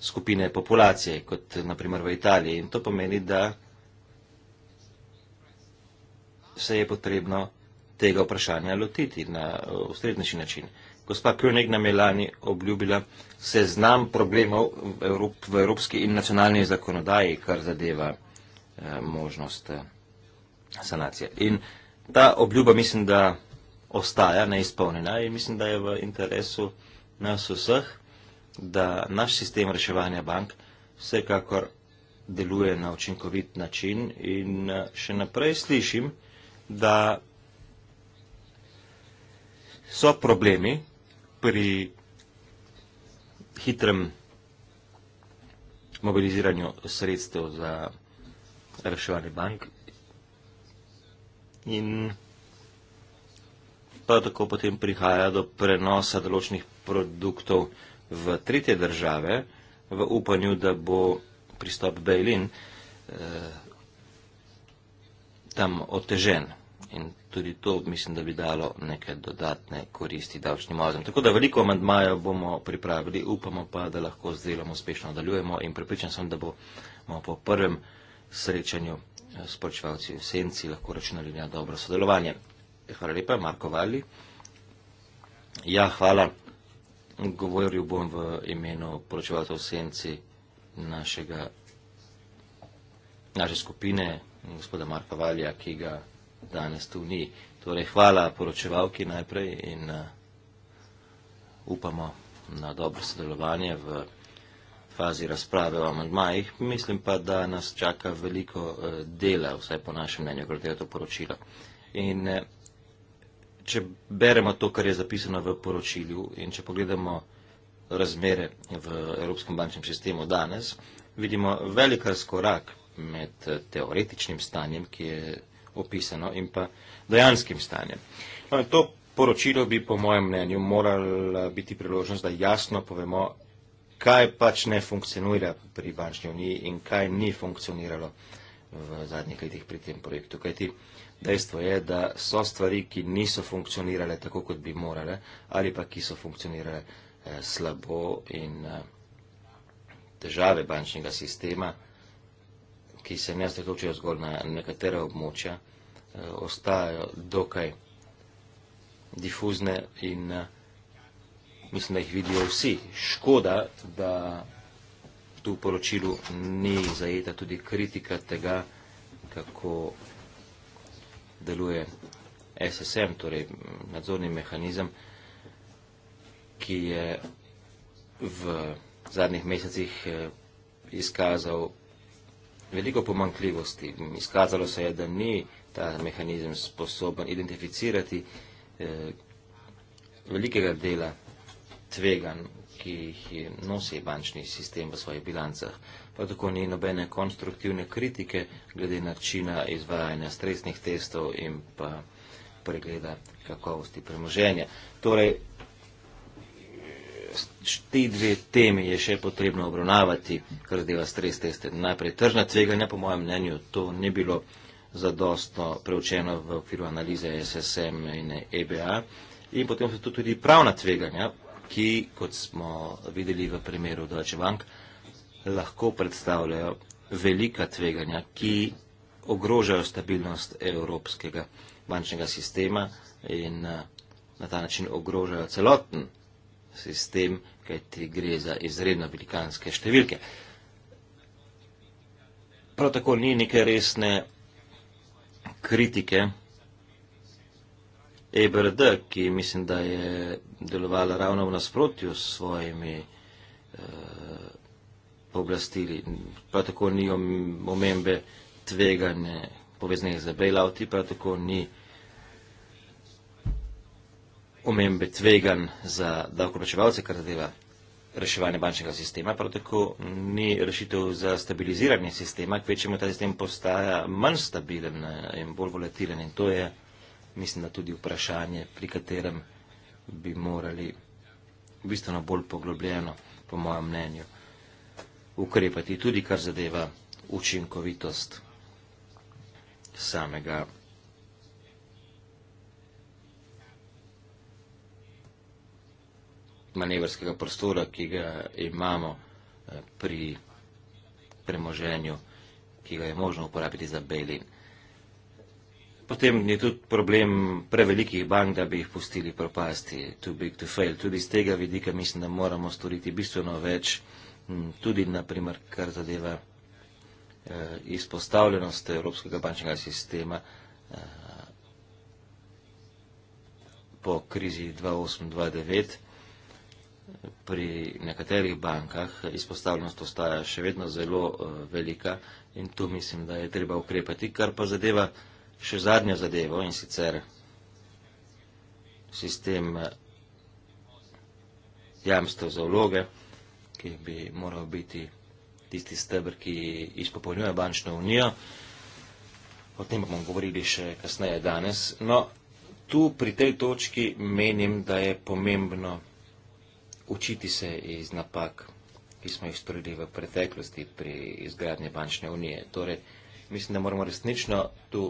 skupine populacije, kot naprimer v Italiji. In to pomeni, da se je potrebno tega vprašanja lotiti na eh, ustrednejši način. Gospa Kjonek nam je lani obljubila seznam problemov v, Evrop, v evropski in nacionalni zakonodaji, kar zadeva eh, možnost eh, sanacije. In ta obljuba mislim, da ostaja neizpolnjena in mislim, da je v interesu nas vseh da naš sistem reševanja bank vsekakor deluje na učinkovit način in eh, še naprej slišim, da so problemi pri hitrem mobiliziranju sredstev za reševanje bank in prav tako potem prihaja do prenosa določnih produktov v tretje države v upanju, da bo pristop Bejlin eh, tam otežen. In tudi to mislim, da bi dalo neke dodatne koristi davčnim ozem. Tako da veliko amandmajo bomo pripravili, upamo pa, da lahko z delom uspešno nadaljujemo in pripričan sem, da bomo po prvem srečanju eh, s počevalci v senci lahko računali na dobro sodelovanje. Hvala lepa, Marko Vali. Ja, hvala govoril bom v imenu poročevalcev senci našega, naše skupine, gospoda Marka Valja, ki ga danes tu ni. Torej, hvala poročevalki najprej in uh, upamo na dobro sodelovanje v fazi razprave o amandmajih. Mislim pa, da nas čaka veliko uh, dela, vsaj po našem mnenju, glede to poročilo. In, uh, če beremo to, kar je zapisano v poročilju in če pogledamo razmere v Evropskem bančnem sistemu danes, vidimo velik razkorak med eh, teoretičnim stanjem, ki je opisano, in pa dejanskim stanjem. No, to poročilo bi, po mojem mnenju, morala biti priložnost, da jasno povemo, kaj pač ne funkcionira pri bančni uniji in kaj ni funkcioniralo v zadnjih letih pri tem projektu. Kajti, Dejstvo je, da so stvari, ki niso funkcionirale tako, kot bi morale, ali pa ki so funkcionirale eh, slabo in eh, težave bančnega sistema, ki se ne osredotočajo zgolj na nekatera območja, eh, ostajajo dokaj difuzne in eh, mislim, da jih vidijo vsi. Škoda, da tu v poročilu ni zajeta tudi kritika tega, kako deluje SSM, torej nadzorni mehanizem, ki je v zadnjih mesecih eh, izkazal veliko pomankljivosti. Izkazalo se je, da ni ta mehanizem sposoben identificirati eh, velikega dela tvegan, ki jih nosi bančni sistem v svojih bilancah pa tako ni nobene konstruktivne kritike glede načina izvajanja stresnih testov in pa pregleda kakovosti premoženja. Torej, te dve teme je še potrebno obravnavati, kar zadeva stres teste. Najprej tržna tveganja, po mojem mnenju, to ni bilo zadostno preučeno v okviru analize SSM in EBA. In potem so tu tudi pravna tveganja, ki, kot smo videli v primeru Deutsche Bank, lahko predstavljajo velika tveganja, ki ogrožajo stabilnost evropskega bančnega sistema in eh, na ta način ogrožajo celoten sistem, kaj ti gre za izredno velikanske številke. Prav tako ni neke resne kritike EBRD, ki mislim, da je delovala ravno v nasprotju s svojimi eh, pooblastili. Prav tako ni omembe tvegane povezanih z bailouti, prav tako ni omembe tvegan za davkoplačevalce, kar zadeva reševanje bančnega sistema, prav tako ni rešitev za stabiliziranje sistema, kvečemu ta sistem postaja manj stabilen in bolj volatilen in to je, mislim, da tudi vprašanje, pri katerem bi morali bistveno bolj poglobljeno, po mojem mnenju ukrepati, tudi kar zadeva učinkovitost samega manevrskega prostora, ki ga imamo eh, pri premoženju, ki ga je možno uporabiti za belin. Potem je tudi problem prevelikih bank, da bi jih pustili propasti, too big to fail. Tudi z tega vidika mislim, da moramo storiti bistveno več. Mm, tudi naprimer, kar zadeva eh, izpostavljenost Evropskega bančnega sistema eh, po krizi 2008-2009. Pri nekaterih bankah izpostavljenost ostaja še vedno zelo eh, velika in tu mislim, da je treba ukrepati, kar pa zadeva še zadnjo zadevo in sicer sistem eh, jamstva za vloge ki bi moral biti tisti stebr, ki izpopolnjuje bančno unijo. O tem bomo govorili še kasneje danes. No, tu pri tej točki menim, da je pomembno učiti se iz napak, ki smo jih storili v preteklosti pri izgradnje bančne unije. Torej, mislim, da moramo resnično tu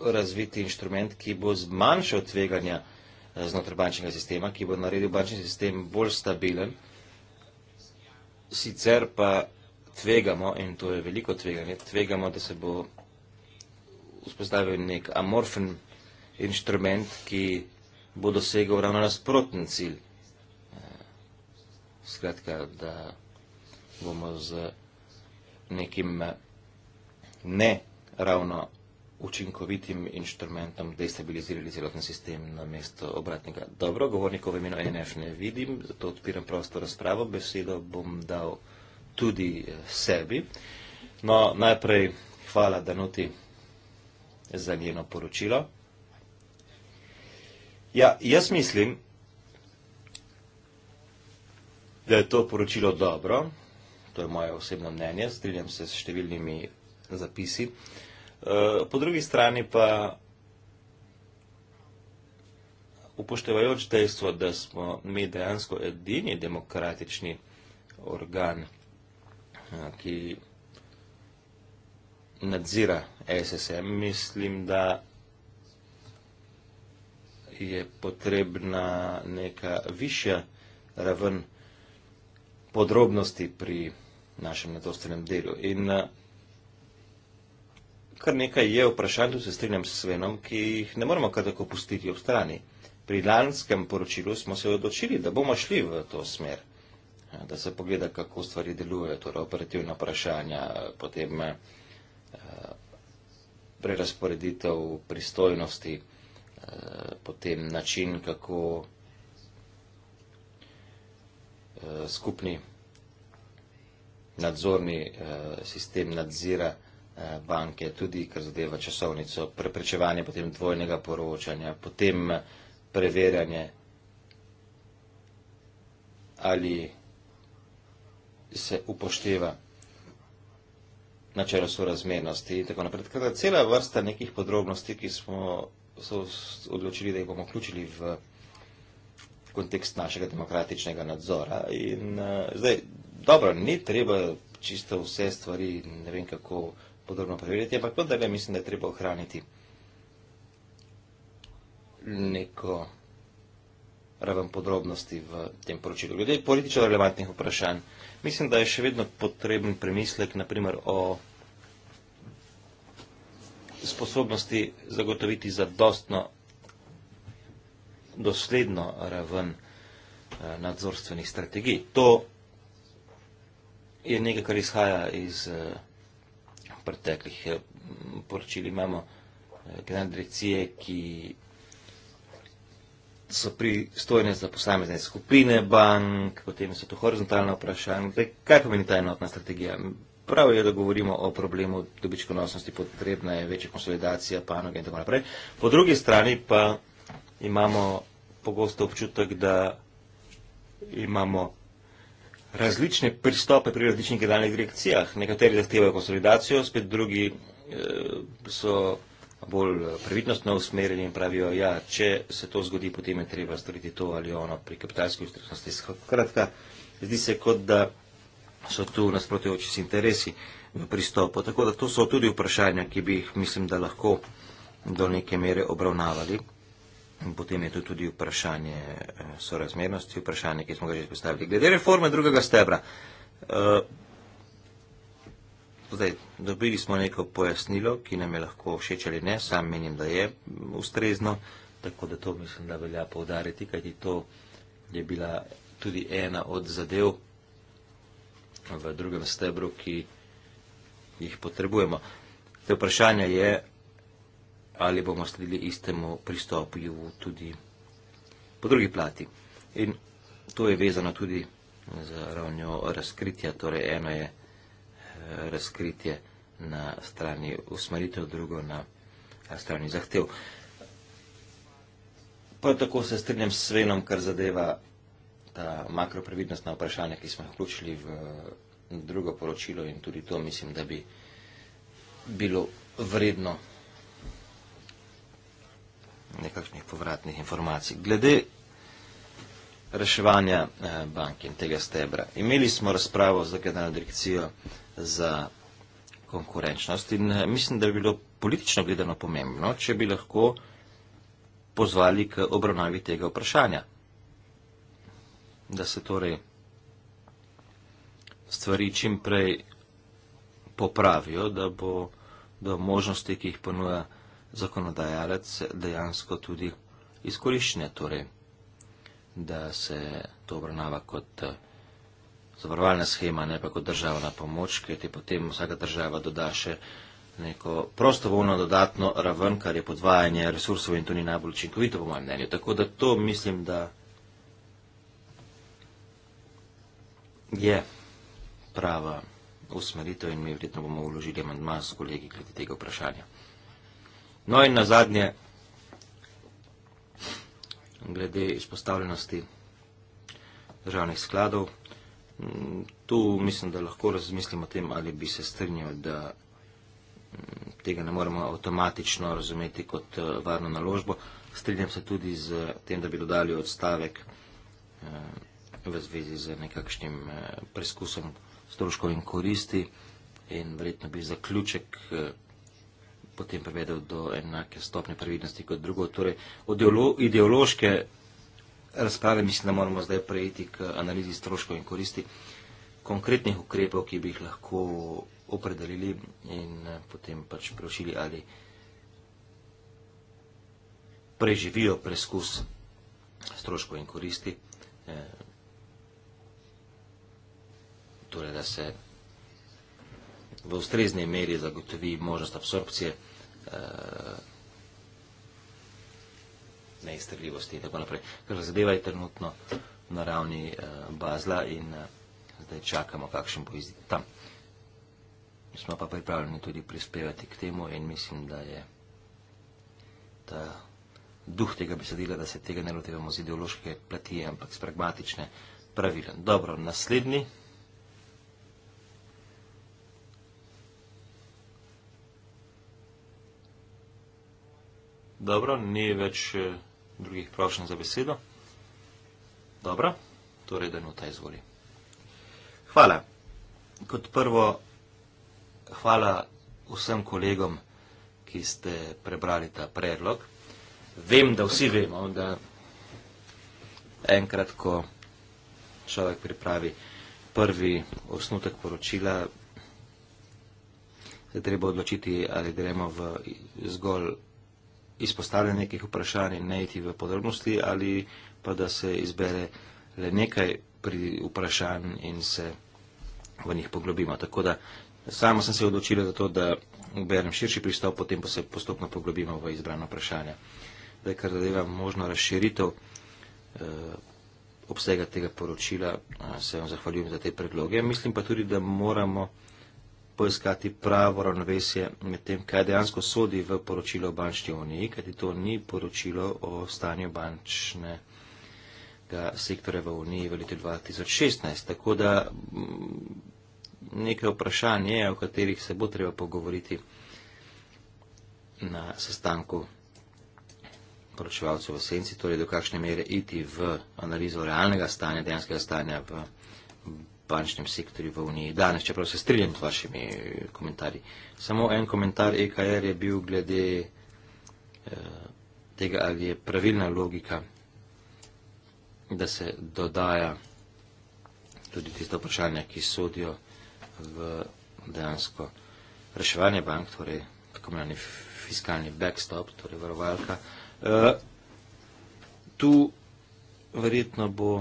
razviti inštrument, ki bo zmanjšal tveganja eh, znotraj bančnega sistema, ki bo naredil bančni sistem bolj stabilen sicer pa tvegamo, in to je veliko tveganje, tvegamo, da se bo vzpostavil nek amorfen inštrument, ki bo dosegel ravno nasproten cilj. Eh, skratka, da bomo z nekim ne ravno učinkovitim inštrumentom destabilizirali celoten sistem na mesto obratnega. Dobro, govornikov v imenu NF ne vidim, zato odpiram prosto razpravo, besedo bom dal tudi eh, sebi. No, najprej hvala Danuti za njeno poročilo. Ja, jaz mislim, da je to poročilo dobro, to je moje osebno mnenje, strinjam se s številnimi zapisi, uh, Eh, po drugi strani pa upoštevajoč dejstvo, da smo mi dejansko edini demokratični organ, eh, ki nadzira SSM, mislim, da je potrebna neka višja raven podrobnosti pri našem nedostojnem delu. In eh, kar nekaj je vprašanj, tu se strinjam s Svenom, ki jih ne moramo kar tako pustiti ob strani. Pri lanskem poročilu smo se odločili, da bomo šli v to smer, eh, da se pogleda, kako stvari delujejo, torej operativna vprašanja, potem eh, prerasporeditev pristojnosti, eh, potem način, kako skupni nadzorni sistem nadzira. Eh, banke, tudi kar zadeva časovnico, preprečevanje potem dvojnega poročanja, potem preverjanje, ali se upošteva načelo sorazmernosti in tako naprej. Tako da cela vrsta nekih podrobnosti, ki smo se odločili, da jih bomo vključili v kontekst našega demokratičnega nadzora. In uh, zdaj, dobro, ni treba čisto vse stvari, ne vem kako podrobno preveriti, ampak vendar le mislim, da je treba ohraniti neko raven podrobnosti v tem poročilu. Glede politično relevantnih vprašanj, mislim, da je še vedno potreben premislek, naprimer o sposobnosti zagotoviti zadostno, dosledno raven eh, nadzorstvenih strategij. To je nekaj, kar izhaja iz eh, preteklih eh, poročili imamo eh, grand recije, ki so pristojne za posamezne skupine bank, potem so to horizontalne vprašanje. Kaj pomeni ta enotna strategija? Prav je, da govorimo o problemu dobičkonosnosti, potrebna je večja konsolidacija panoge in tako naprej. Po drugi strani pa imamo pogosto občutek, da imamo različne pristope pri različnih generalnih direkcijah. Nekateri zahtevajo konsolidacijo, spet drugi e, so bolj eh, previdnostno usmerjeni in pravijo, ja, če se to zgodi, potem je treba storiti to ali ono pri kapitalski ustreznosti. Skratka, zdi se kot, da so tu nasprotujoči si interesi v pristopu. Tako da to so tudi vprašanja, ki bi jih, mislim, da lahko do neke mere obravnavali. Potem je tu tudi vprašanje eh, sorazmernosti, vprašanje, ki smo ga že postavili. Glede reforme drugega stebra. Uh, zdaj, dobili smo neko pojasnilo, ki nam je lahko všeč ali ne. Sam menim, da je ustrezno, tako da to mislim, da velja povdariti, kajti to je bila tudi ena od zadev v drugem stebru, ki jih potrebujemo. Te vprašanje je ali bomo sledili istemu pristopu tudi po drugi plati. In to je vezano tudi za ravnjo razkritja, torej eno je eh, razkritje na strani usmeritev, drugo na eh, strani zahtev. Pa tako se strinjam s Svenom, kar zadeva ta makroprevidnostna vprašanja, ki smo jih vključili v drugo poročilo in tudi to mislim, da bi bilo vredno nekakšnih povratnih informacij. Glede reševanja eh, bank in tega stebra. Imeli smo razpravo za generalno direkcijo za konkurenčnost in eh, mislim, da bi bilo politično gledano pomembno, če bi lahko pozvali k obravnavi tega vprašanja. Da se torej stvari čim prej popravijo, da bo do možnosti, ki jih ponuja zakonodajalec dejansko tudi izkoriščne, torej, da se to obravnava kot eh, zavarovalna schema, ne pa kot državna pomoč, ker ti potem vsaka država doda še neko prostovoljno dodatno raven, kar je podvajanje resursov in to ni najbolj učinkovito, po mojem mnenju. Tako da to mislim, da je prava usmeritev in mi vredno bomo uložili amandma s kolegi glede tega vprašanja. No in nazadnje, glede izpostavljenosti državnih skladov, mm, tu mislim, da lahko razmislimo o tem, ali bi se strnil, da mm, tega ne moremo avtomatično razumeti kot eh, varno naložbo. Strinjam se tudi z tem, da bi dodali odstavek eh, v zvezi z nekakšnim eh, preskusom stroškov in koristi in verjetno bi zaključek potem privedel do enake stopne previdnosti kot drugo. Torej, od ideološke razprave mislim, da moramo zdaj prejeti k analizi stroškov in koristi konkretnih ukrepov, ki bi jih lahko opredelili in eh, potem pač preušili ali preživijo preskus stroškov in koristi. Eh, torej, da se v ustrezni meri zagotovi možnost absorpcije eh, neizstrljivosti in tako naprej. Kar zadeva je trenutno na ravni eh, bazla in eh, zdaj čakamo, kakšen bo izid tam. Smo pa pripravljeni tudi prispevati k temu in mislim, da je ta duh tega besedila, da se tega ne lotevamo z ideološke platije, ampak s pragmatične pravile. Dobro, naslednji. Dobro, ni več eh, drugih prošenj za besedo. Dobro, torej da nota izvoli. Hvala. Kot prvo, hvala vsem kolegom, ki ste prebrali ta predlog. Vem, da vsi vemo, da enkrat, ko človek pripravi prvi osnutek poročila, se treba odločiti, ali gremo v zgolj izpostavljanje nekih vprašanj in ne iti v podrobnosti, ali pa da se izbere le nekaj pri vprašanj in se v njih poglobimo. Tako da sama sem se odločila za to, da uberem širši pristop, potem pa se postopno poglobimo v izbrano vprašanje. Da je kar zadeva možno razširitev eh, obsega tega poročila, eh, se vam zahvaljujem za te predloge. Mislim pa tudi, da moramo poiskati pravo ravnovesje med tem, kaj dejansko sodi v poročilo o bančni uniji, kajti to ni poročilo o stanju bančnega sektorja v uniji v letu 2016. Tako da mm, nekaj vprašanj je, o katerih se bo treba pogovoriti na sestanku poročevalcev v senci, torej do kakšne mere iti v analizo realnega stanja, dejanskega stanja v bančnem sektorju v Uniji danes, čeprav se strinjam z vašimi komentarji. Samo en komentar EKR je bil glede eh, tega, ali je pravilna logika, da se dodaja tudi tiste vprašanja, ki sodijo v dejansko reševanje bank, torej tako imenovani fiskalni backstop, torej varovalka. Eh, tu verjetno bo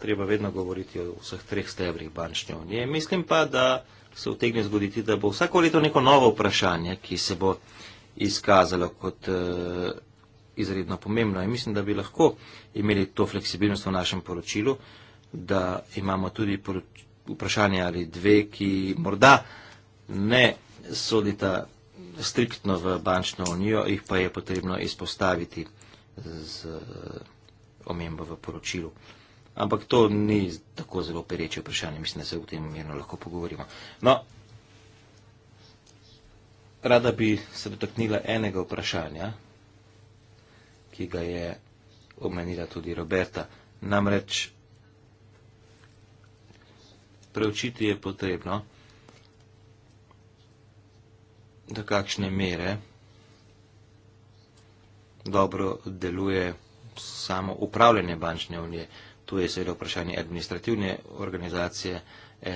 treba vedno govoriti o vseh treh stebrih bančne unije. Mislim pa, da se vtegne zgoditi, da bo vsako leto neko novo vprašanje, ki se bo izkazalo kot uh, izredno pomembno. In mislim, da bi lahko imeli to fleksibilnost v našem poročilu, da imamo tudi vprašanje ali dve, ki morda ne sodita striktno v bančno unijo, jih pa je potrebno izpostaviti z uh, omembo v poročilu. Ampak to ni tako zelo pereče vprašanje, mislim, da se o tem mirno lahko pogovorimo. No, rada bi se dotaknila enega vprašanja, ki ga je omenila tudi Roberta. Namreč preučiti je potrebno, do kakšne mere dobro deluje samo upravljanje bančne unije. Tu je seveda vprašanje administrativne organizacije,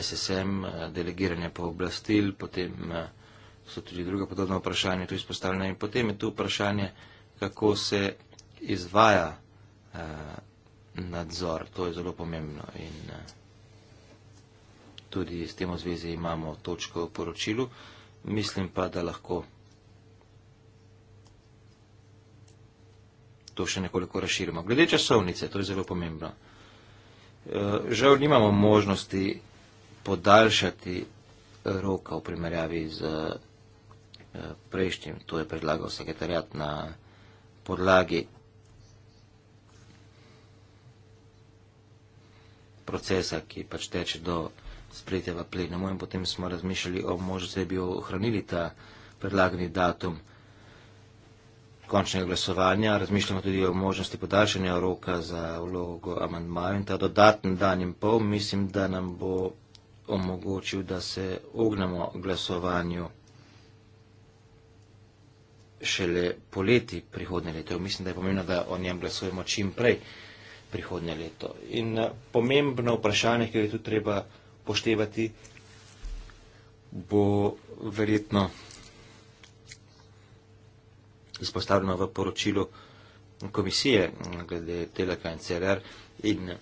SSM, delegiranje po oblastil, potem eh, so tudi druga podobna vprašanja tu izpostavljena in potem je tu vprašanje, kako se izvaja eh, nadzor. To je zelo pomembno in eh, tudi s tem v zvezi imamo točko v poročilu. Mislim pa, da lahko to še nekoliko razširimo. Glede časovnice, to je zelo pomembno. Eh, žal nimamo možnosti podaljšati roka v primerjavi z eh, prejšnjim, to je predlagal sekretarjat na podlagi procesa, ki pač teče do sprejetja v plenumu in potem smo razmišljali o možnosti, da bi ohranili ta predlagani datum končnega glasovanja, razmišljamo tudi o možnosti podaljšanja roka za vlogo amandmajev in ta dodaten dan in pol mislim, da nam bo omogočil, da se ognemo glasovanju šele poleti prihodnje leto. Mislim, da je pomembno, da o njem glasujemo čim prej prihodnje leto. In eh, pomembno vprašanje, ki ga je tu treba poštevati, bo verjetno izpostavljeno v poročilu komisije glede Telekom in CRR in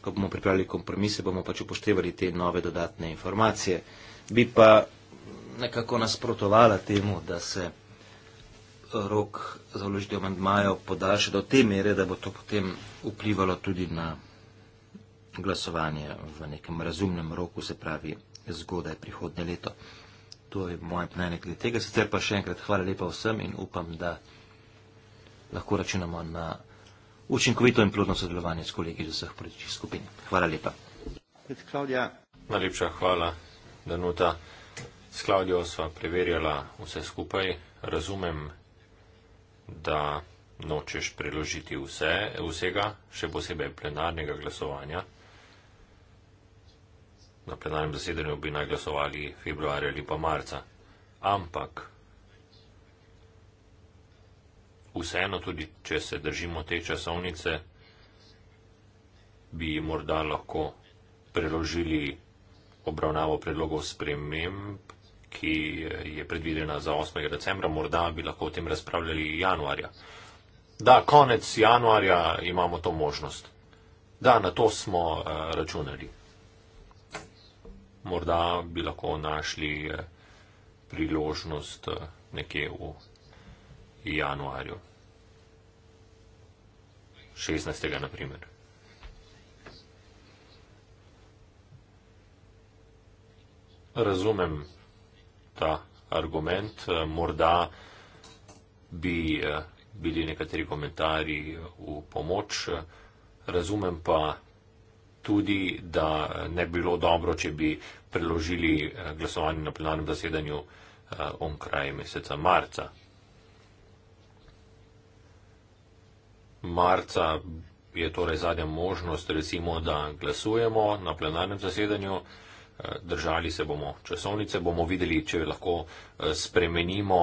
ko bomo pripravili kompromise, bomo pač upoštevali te nove dodatne informacije. Bi pa nekako nasprotovala temu, da se rok za vložitev amandmajev podaljša do te mere, da bo to potem vplivalo tudi na glasovanje v nekem razumnem roku, se pravi zgodaj prihodne leto. To je moje mnenje glede tega. Sicer pa še enkrat hvala lepa vsem in upam, da lahko računamo na učinkovito in plodno sodelovanje s kolegi iz vseh političnih skupin. Hvala lepa. Najlepša hvala, Danuta. S Klaudijo sva preverjala vse skupaj. Razumem, da nočeš preložiti vse, vsega, še posebej plenarnega glasovanja na plenarnem zasedanju bi naj glasovali februarja ali pa marca. Ampak vseeno, tudi če se držimo te časovnice, bi morda lahko preložili obravnavo predlogov sprememb, ki je predvidena za 8. decembra, morda bi lahko o tem razpravljali januarja. Da, konec januarja imamo to možnost. Da, na to smo uh, računali morda bi lahko našli eh, priložnost eh, nekje v januarju. 16. naprimer. Razumem ta argument. Eh, morda bi bili nekateri komentarji v pomoč. Razumem pa tudi, da ne bi bilo dobro, če bi preložili eh, glasovanje na plenarnem zasedanju eh, onkraj meseca marca. Marca je torej zadnja možnost, recimo, da glasujemo na plenarnem zasedanju, eh, držali se bomo časovnice, bomo videli, če lahko spremenimo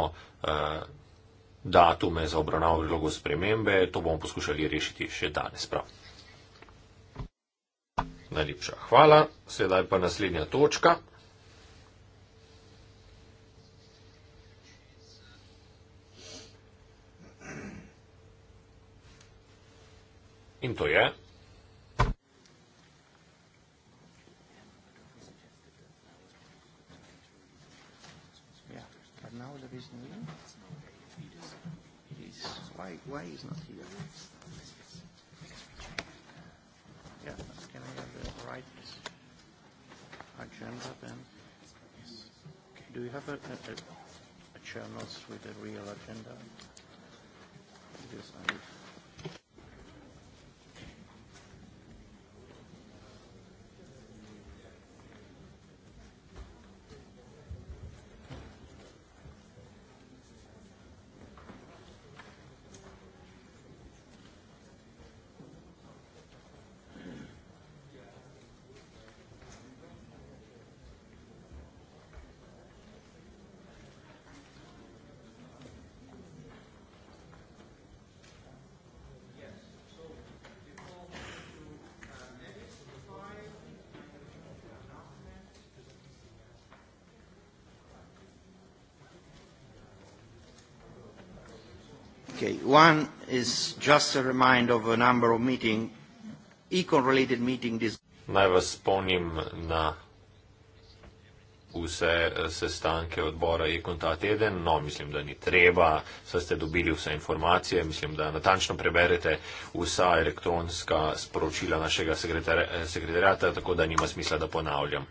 datume za obravnavo vlogo spremembe, to bomo poskušali rešiti še danes. Prav. Najlepša hvala. Sedaj pa naslednja točka. In to je. Yeah, but now the business is why why is not? agenda then? Do you have a, a, a, a chair notes with a real agenda? Yes, I do. Okay, one is just a reminder of a number of meeting, eco-related meeting this... Naj vas spomnim na vse eh, sestanke odbora Ekon ta teden, no, mislim, da ni treba, saj ste dobili vse informacije, mislim, da natančno preberete vsa elektronska sporočila našega sekretarjata, eh, tako da nima smisla, da ponavljam.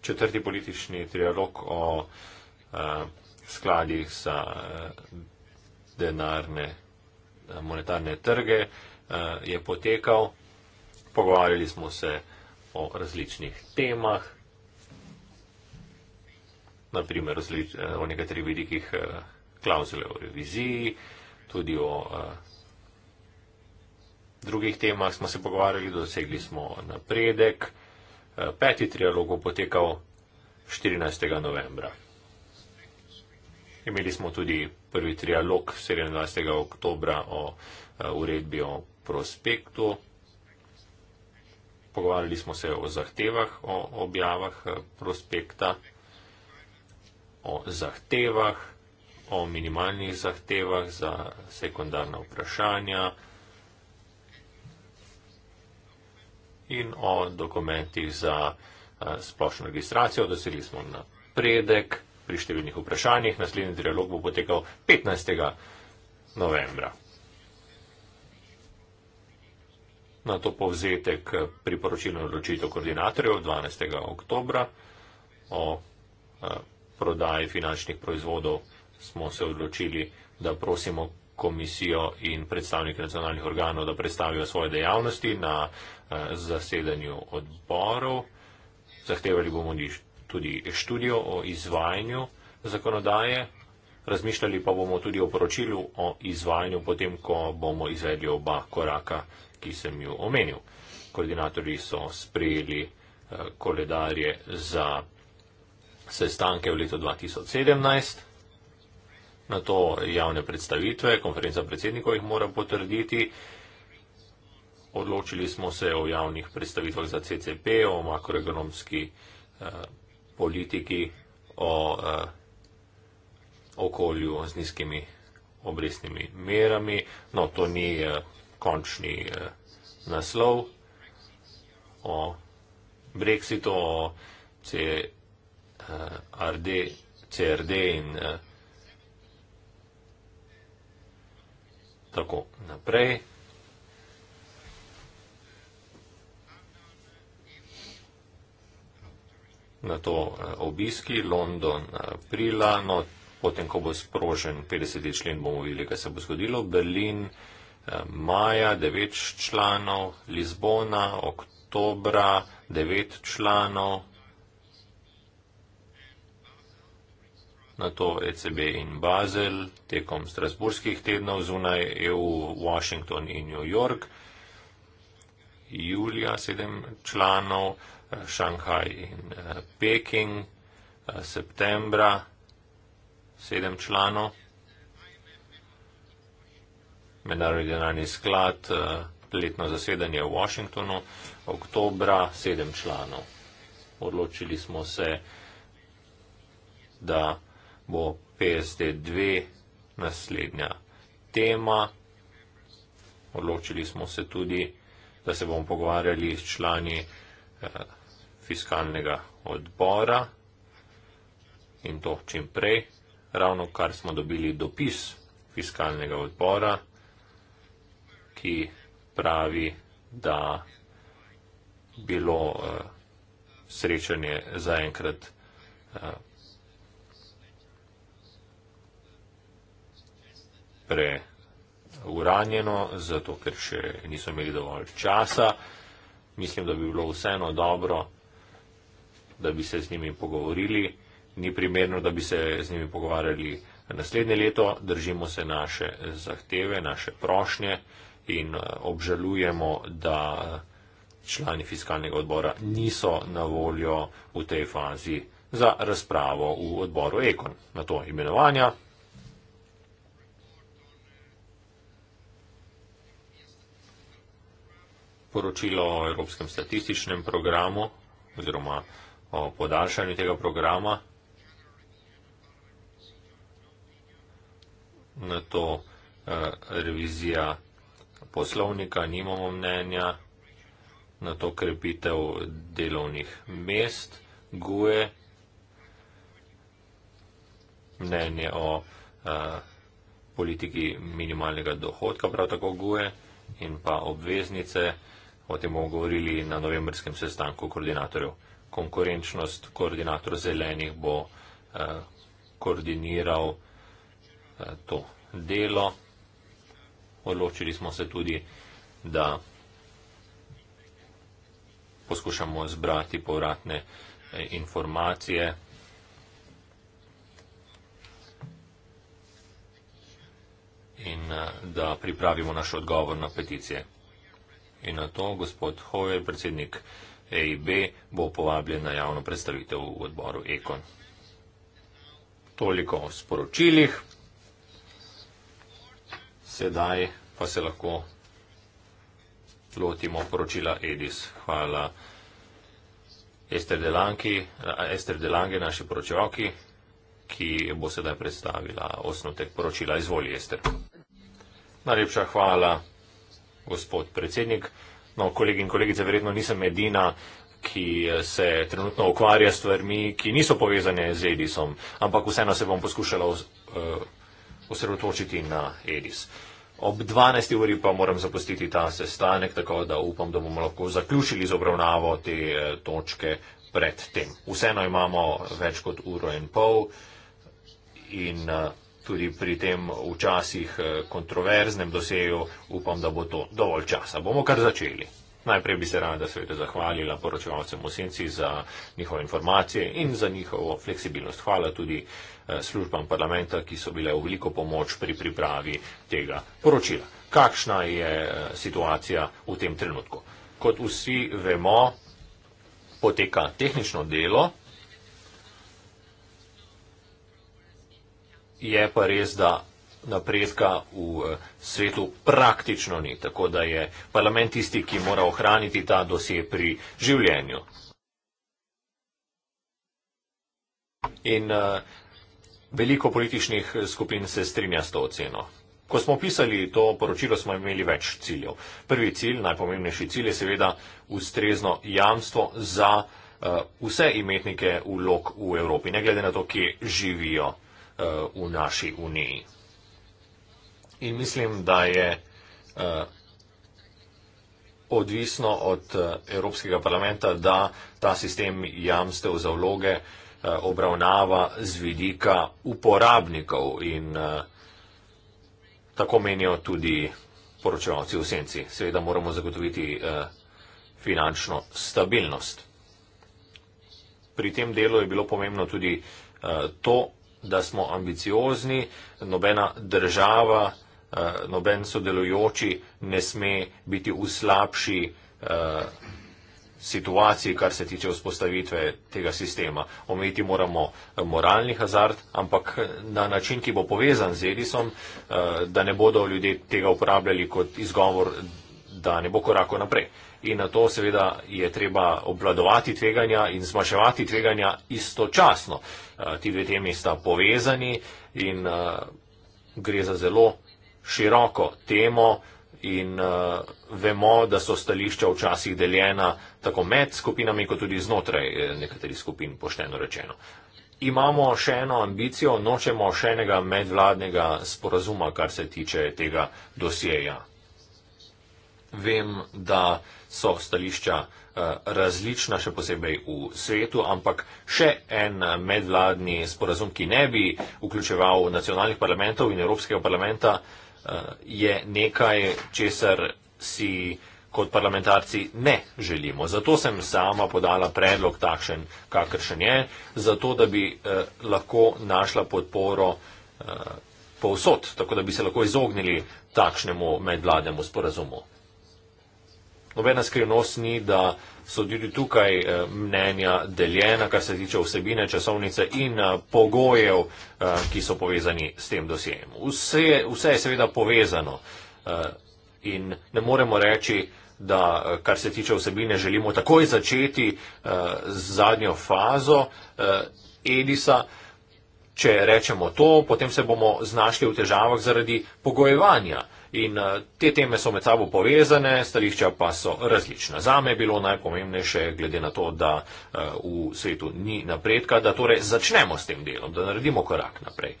Četrti politični trialog o eh, skladih za denarne, monetarne trge eh, je potekal. Pogovarjali smo se o različnih temah, naprimer eh, o nekaterih vidikih eh, klauzule o reviziji, tudi o drugih temah smo se pogovarjali, dosegli smo napredek. Peti trialog bo potekal 14. novembra. Imeli smo tudi prvi trialog 17. oktober o eh, uredbi o prospektu. Pogovarjali smo se o zahtevah, o objavah eh, prospekta, o zahtevah, o minimalnih zahtevah za sekundarna vprašanja in o dokumentih za eh, splošno registracijo. Dosili smo napredek pri številnih vprašanjih. Naslednji dialog bo potekal 15. novembra. Na to povzetek priporočilno odločitev koordinatorjev 12. oktobra o eh, prodaji finančnih proizvodov smo se odločili, da prosimo komisijo in predstavnike nacionalnih organov, da predstavijo svoje dejavnosti na eh, zasedanju odborov. Zahtevali bomo tudi študijo o izvajanju zakonodaje. Razmišljali pa bomo tudi o poročilu o izvajanju, potem ko bomo izvedli oba koraka, ki sem ju omenil. Koordinatorji so sprejeli eh, koledarje za sestanke v letu 2017, na to javne predstavitve, konferenca predsednikov jih mora potrditi. Odločili smo se o javnih predstavitvah za CCP, o makroekonomski eh, politiki, o eh, okolju z nizkimi obresnimi merami. No, to ni eh, končni eh, naslov. O Brexitu, o C, eh, RD, CRD in eh, tako naprej. na to eh, obiski, London eh, aprila, no, potem, ko bo sprožen 50. člen, bomo videli, kaj se bo zgodilo, Berlin eh, maja 9 članov, Lizbona oktobra 9 članov, na to ECB in Bazel tekom strasburskih tednov zunaj EU, Washington in New York. Julija sedem članov, Šanghaj in eh, Peking, eh, septembra sedem članov, mednarodni denarni sklad, eh, letno zasedanje v Washingtonu, oktobra sedem članov. Odločili smo se, da bo PSD 2 naslednja tema. Odločili smo se tudi, da se bomo pogovarjali s člani fiskalnega odbora in to čim prej. Ravno kar smo dobili dopis fiskalnega odbora, ki pravi, da bilo uh, srečanje zaenkrat uh, preuranjeno, zato ker še niso imeli dovolj časa. Mislim, da bi bilo vseeno dobro, da bi se z njimi pogovorili, ni primerno, da bi se z njimi pogovarjali naslednje leto, držimo se naše zahteve, naše prošnje in eh, obžalujemo, da člani fiskalnega odbora niso na voljo v tej fazi za razpravo v odboru Ekon. Na to imenovanja. Poročilo o Evropskem statističnem programu oziroma o podaljšanju tega programa. Na to eh, revizija poslovnika, nimamo mnenja, na to krepitev delovnih mest, guje, mnenje o eh, politiki minimalnega dohodka, prav tako guje in pa obveznice, o tem bomo govorili na novembrskem sestanku koordinatorjev konkurenčnost, koordinator zelenih bo eh, koordiniral eh, to delo. Odločili smo se tudi, da poskušamo zbrati povratne eh, informacije. in da pripravimo naš odgovor na peticije. In na to gospod Hove, predsednik eh, EIB bo povabljen na javno predstavitev v odboru Ekon. Toliko o sporočilih. Sedaj pa se lahko lotimo poročila Edis. Hvala Ester, Delanki, Ester Delange, naši poročevalki, ki bo sedaj predstavila osnotek poročila. Izvoli, Ester. Najlepša hvala, gospod predsednik verjetno, kolegi in kolegice, verjetno nisem edina, ki eh, se trenutno ukvarja s stvarmi, ki niso povezane z Edisom, ampak vseeno se bom poskušala eh, osredotočiti na Edis. Ob 12. uri pa moram zapustiti ta sestanek, tako da upam, da bomo lahko zaključili z obravnavo te eh, točke pred tem. Vseeno imamo več kot uro in pol in. Uh, tudi pri tem včasih eh, kontroverznem doseju, upam, da bo to dovolj časa. Bomo kar začeli. Najprej bi se rada seveda zahvalila poročevalcem v senci za njihove informacije in za njihovo fleksibilnost. Hvala tudi eh, službam parlamenta, ki so bile v veliko pomoč pri pripravi tega poročila. Kakšna je eh, situacija v tem trenutku? Kot vsi vemo, poteka tehnično delo je pa res, da napredka v eh, svetu praktično ni, tako da je parlament tisti, ki mora ohraniti ta dosje pri življenju. In uh, veliko političnih eh, skupin se strinja s to oceno. Ko smo pisali to poročilo, smo imeli več ciljev. Prvi cilj, najpomembnejši cilj je seveda ustrezno jamstvo za uh, vse imetnike ulog v Evropi, ne glede na to, kje živijo. Eh, v naši uniji. In mislim, da je eh, odvisno od eh, Evropskega parlamenta, da ta sistem jamstev za vloge obravnava z vidika uporabnikov in tako menijo tudi poročevalci v senci. Seveda moramo zagotoviti finančno stabilnost. Pri tem delu je bilo pomembno tudi to, da smo ambiciozni, nobena država, eh, noben sodelujoči ne sme biti v slabši eh, situaciji, kar se tiče vzpostavitve tega sistema. Omejiti moramo eh, moralni hazard, ampak na način, ki bo povezan z Edisom, da ne bodo ljudje tega uporabljali kot izgovor, da ne bo korako naprej. In na to seveda je treba obvladovati tveganja in zmaševati tveganja istočasno. Eh, ti dve temi sta povezani in uh, gre za zelo široko temo in uh, vemo, da so stališča včasih deljena tako med skupinami, kot tudi znotraj nekaterih skupin, pošteno rečeno. Imamo še eno ambicijo, nočemo še enega medvladnega sporazuma, kar se tiče tega dosjeja. Vem, da so stališča uh, Eh, različna, še posebej v svetu, ampak še en medvladni sporazum, ki ne bi vključeval nacionalnih parlamentov in Evropskega parlamenta, eh, je nekaj, česar si kot parlamentarci ne želimo. Zato sem sama podala predlog takšen, kakršen je, zato da bi eh, lahko našla podporo povsod, tako da bi se lahko izognili takšnemu medvladnemu sporazumu. Nobena skrivnost ni, da so tudi tukaj eh, mnenja deljena, kar se tiče vsebine časovnice in eh, pogojev, eh, ki so povezani s tem dosjejem. Vse, vse je seveda povezano in ne moremo reči, da kar se tiče vsebine želimo takoj začeti z zadnjo fazo Edisa. Če rečemo to, potem se bomo znašli v težavah zaradi pogojevanja. In eh, te teme so med sabo povezane, stališča pa so različna. Zame je bilo najpomembnejše, glede na to, da eh, v svetu ni napredka, da torej začnemo s tem delom, da naredimo korak naprej.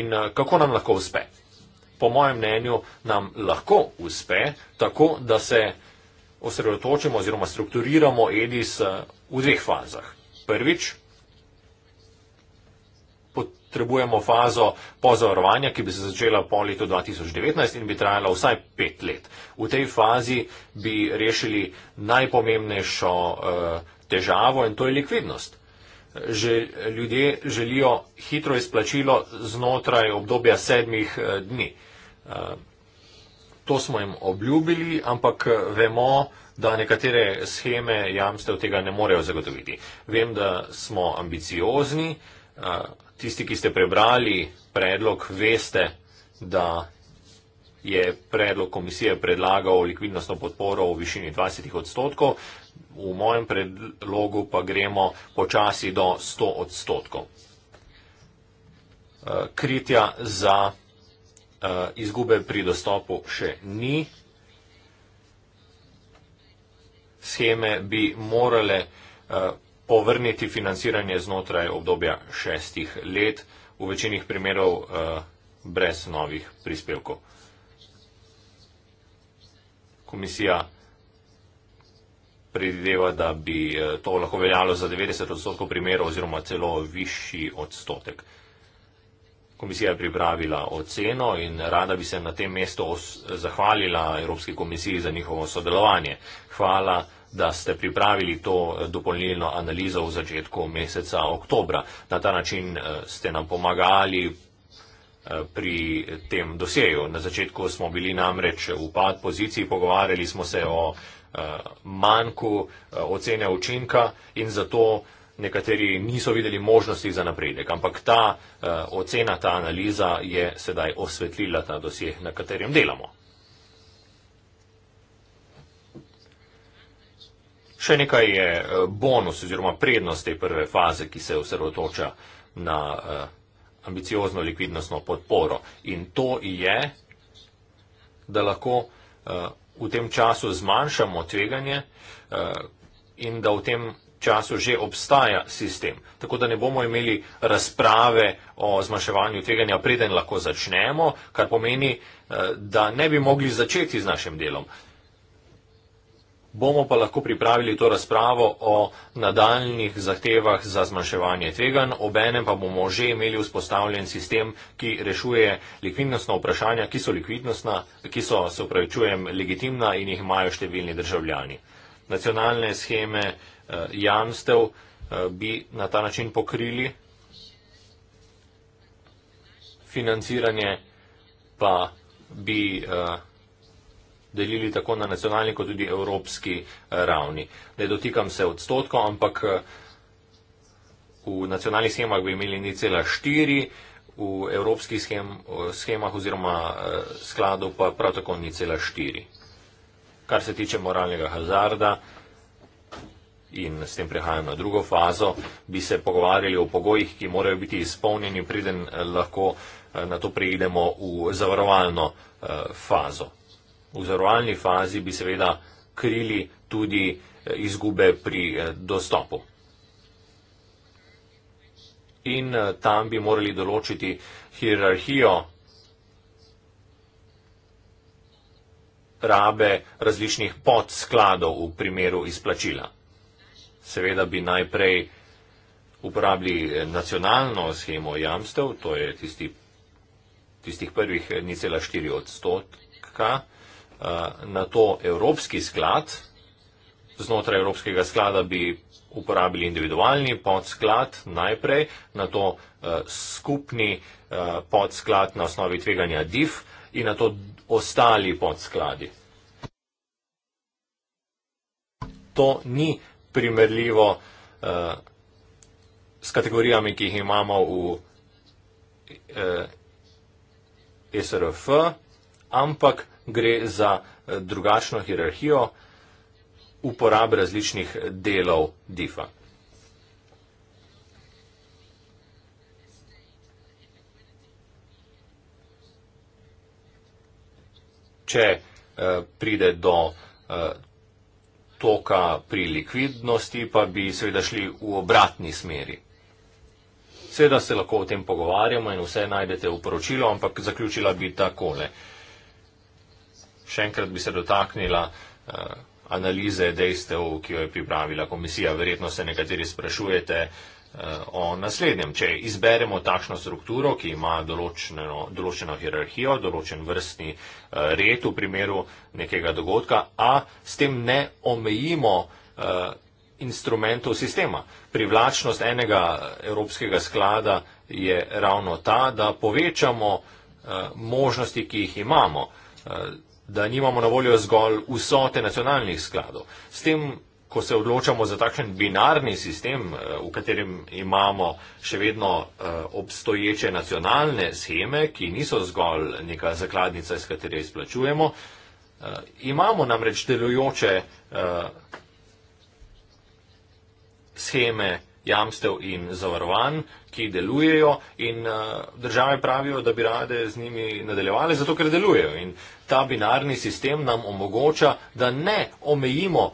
In eh, kako nam lahko uspe? Po mojem mnenju nam lahko uspe tako, da se osredotočimo oziroma strukturiramo EDIS v dveh fazah. Prvič, potrebujemo fazo pozavarovanja, ki bi se začela po letu 2019 in bi trajala vsaj pet let. V tej fazi bi rešili najpomembnejšo eh, težavo in to je likvidnost. Že ljudje želijo hitro izplačilo znotraj obdobja sedmih eh, dni. Eh, to smo jim obljubili, ampak vemo, da nekatere scheme jamstev tega ne morejo zagotoviti. Vem, da smo ambiciozni, tisti, ki ste prebrali predlog, veste, da je predlog komisije predlagal likvidnostno podporo v višini 20 odstotkov, v mojem predlogu pa gremo počasi do 100 odstotkov. E, kritja za e, izgube pri dostopu še ni. Scheme bi morale e, povrniti financiranje znotraj obdobja šestih let, v večini primerov eh, brez novih prispevkov. Komisija predideva, da bi eh, to lahko veljalo za 90 odstotkov primerov oziroma celo višji odstotek. Komisija je pripravila oceno in rada bi se na tem mestu zahvalila Evropski komisiji za njihovo sodelovanje. Hvala da ste pripravili to eh, dopolnilno analizo v začetku meseca oktobra. Na ta način eh, ste nam pomagali eh, pri tem dosjeju. Na začetku smo bili namreč v pad poziciji, pogovarjali smo se o manjku ocene učinka in zato nekateri niso videli možnosti za napredek. Ampak ta ocena, ta analiza je sedaj osvetlila ta dosje, na katerem delamo. Še nekaj je eh, bonus oziroma prednost te prve faze, ki se osredotoča na eh, ambiciozno likvidnostno podporo. In to je, da lahko eh, v tem času zmanjšamo tveganje in da v tem času že obstaja sistem. Tako da ne bomo imeli razprave o zmanjševanju tveganja, preden lahko začnemo, kar pomeni, da ne bi mogli začeti z našim delom bomo pa lahko pripravili to razpravo o nadaljnih zahtevah za zmanjševanje tvegan, obenem pa bomo že imeli vzpostavljen sistem, ki rešuje likvidnostna vprašanja, ki so likvidnostna, ki so, se upravičujem, legitimna in jih imajo številni državljani. Nacionalne scheme eh, jamstev eh, bi na ta način pokrili, financiranje pa bi uh, delili tako na nacionalni kot tudi evropski eh, ravni. Ne dotikam se odstotkov, ampak eh, v nacionalnih schemah bi imeli ni cela štiri, v evropskih schem, schemah oziroma eh, skladov pa prav tako ni cela štiri. Kar se tiče moralnega hazarda in s tem prehajam na drugo fazo, bi se pogovarjali o pogojih, ki morajo biti izpolnjeni, preden lahko na to preidemo v zavarovalno fazo v zarovalni fazi bi seveda krili tudi eh, izgube pri eh, dostopu. In eh, tam bi morali določiti hierarhijo rabe različnih podskladov v primeru izplačila. Seveda bi najprej uporabili nacionalno schemo jamstev, to je tisti, tistih prvih 0,4 odstotka, Eh, na to Evropski sklad. Znotraj Evropskega sklada bi uporabili individualni podsklad najprej, na to eh, skupni eh, podsklad na osnovi tveganja DIF in na to ostali podskladi. To ni primerljivo s kategorijami, ki jih imamo v SRF, ampak gre za eh, drugačno hierarhijo uporab različnih delov DIFA. Če eh, pride do eh, toka pri likvidnosti, pa bi seveda šli v obratni smeri. Seveda se lahko o tem pogovarjamo in vse najdete v poročilu, ampak zaključila bi takole še enkrat bi se dotaknila eh, analize dejstev, ki jo je pripravila komisija. Verjetno se nekateri sprašujete eh, o naslednjem. Če izberemo takšno strukturo, ki ima določeno, določeno hierarhijo, določen vrstni eh, red v primeru nekega dogodka, a s tem ne omejimo instrumentov sistema. Privlačnost enega evropskega sklada je ravno ta, da povečamo možnosti, ki jih imamo da nimamo na voljo zgolj vsote nacionalnih skladov. S tem, ko se odločamo za takšen binarni sistem, eh, v katerem imamo še vedno eh, obstoječe nacionalne scheme, ki niso zgolj neka zakladnica, iz katere izplačujemo, eh, imamo namreč delujoče scheme jamstev in zavarovanj, ki delujejo in eh, države pravijo, da bi rade z njimi nadaljevali, zato ker delujejo. In ta binarni sistem nam omogoča, da ne omejimo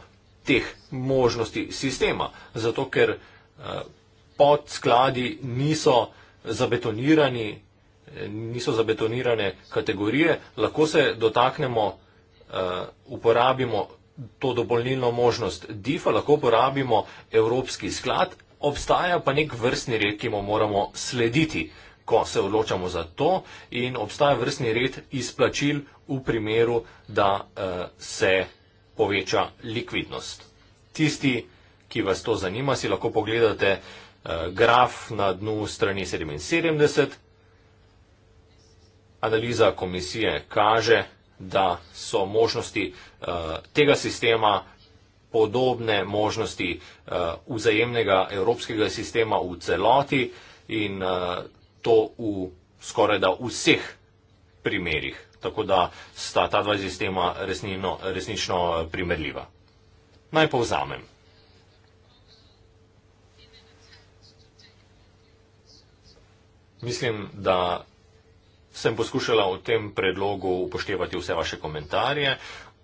teh možnosti sistema, zato ker eh, pod skladi niso zabetonirani, niso zabetonirane kategorije, lahko se dotaknemo, eh, uporabimo to dopolnilno možnost DIFA, lahko uporabimo Evropski sklad, obstaja pa nek vrstni red, ki mu moramo slediti, ko se odločamo za to in obstaja vrstni red izplačil v primeru, da uh, se poveča likvidnost. Tisti, ki vas to zanima, si lahko pogledate uh, graf na dnu strani 77. Analiza komisije kaže, da so možnosti uh, tega sistema podobne možnosti uh, vzajemnega evropskega sistema v celoti in uh, to v skoraj da vseh primerjih. Tako da sta ta dva sistema resnino, resnično eh, primerljiva. Naj povzamem. Mislim, da sem poskušala v tem predlogu upoštevati vse vaše komentarje.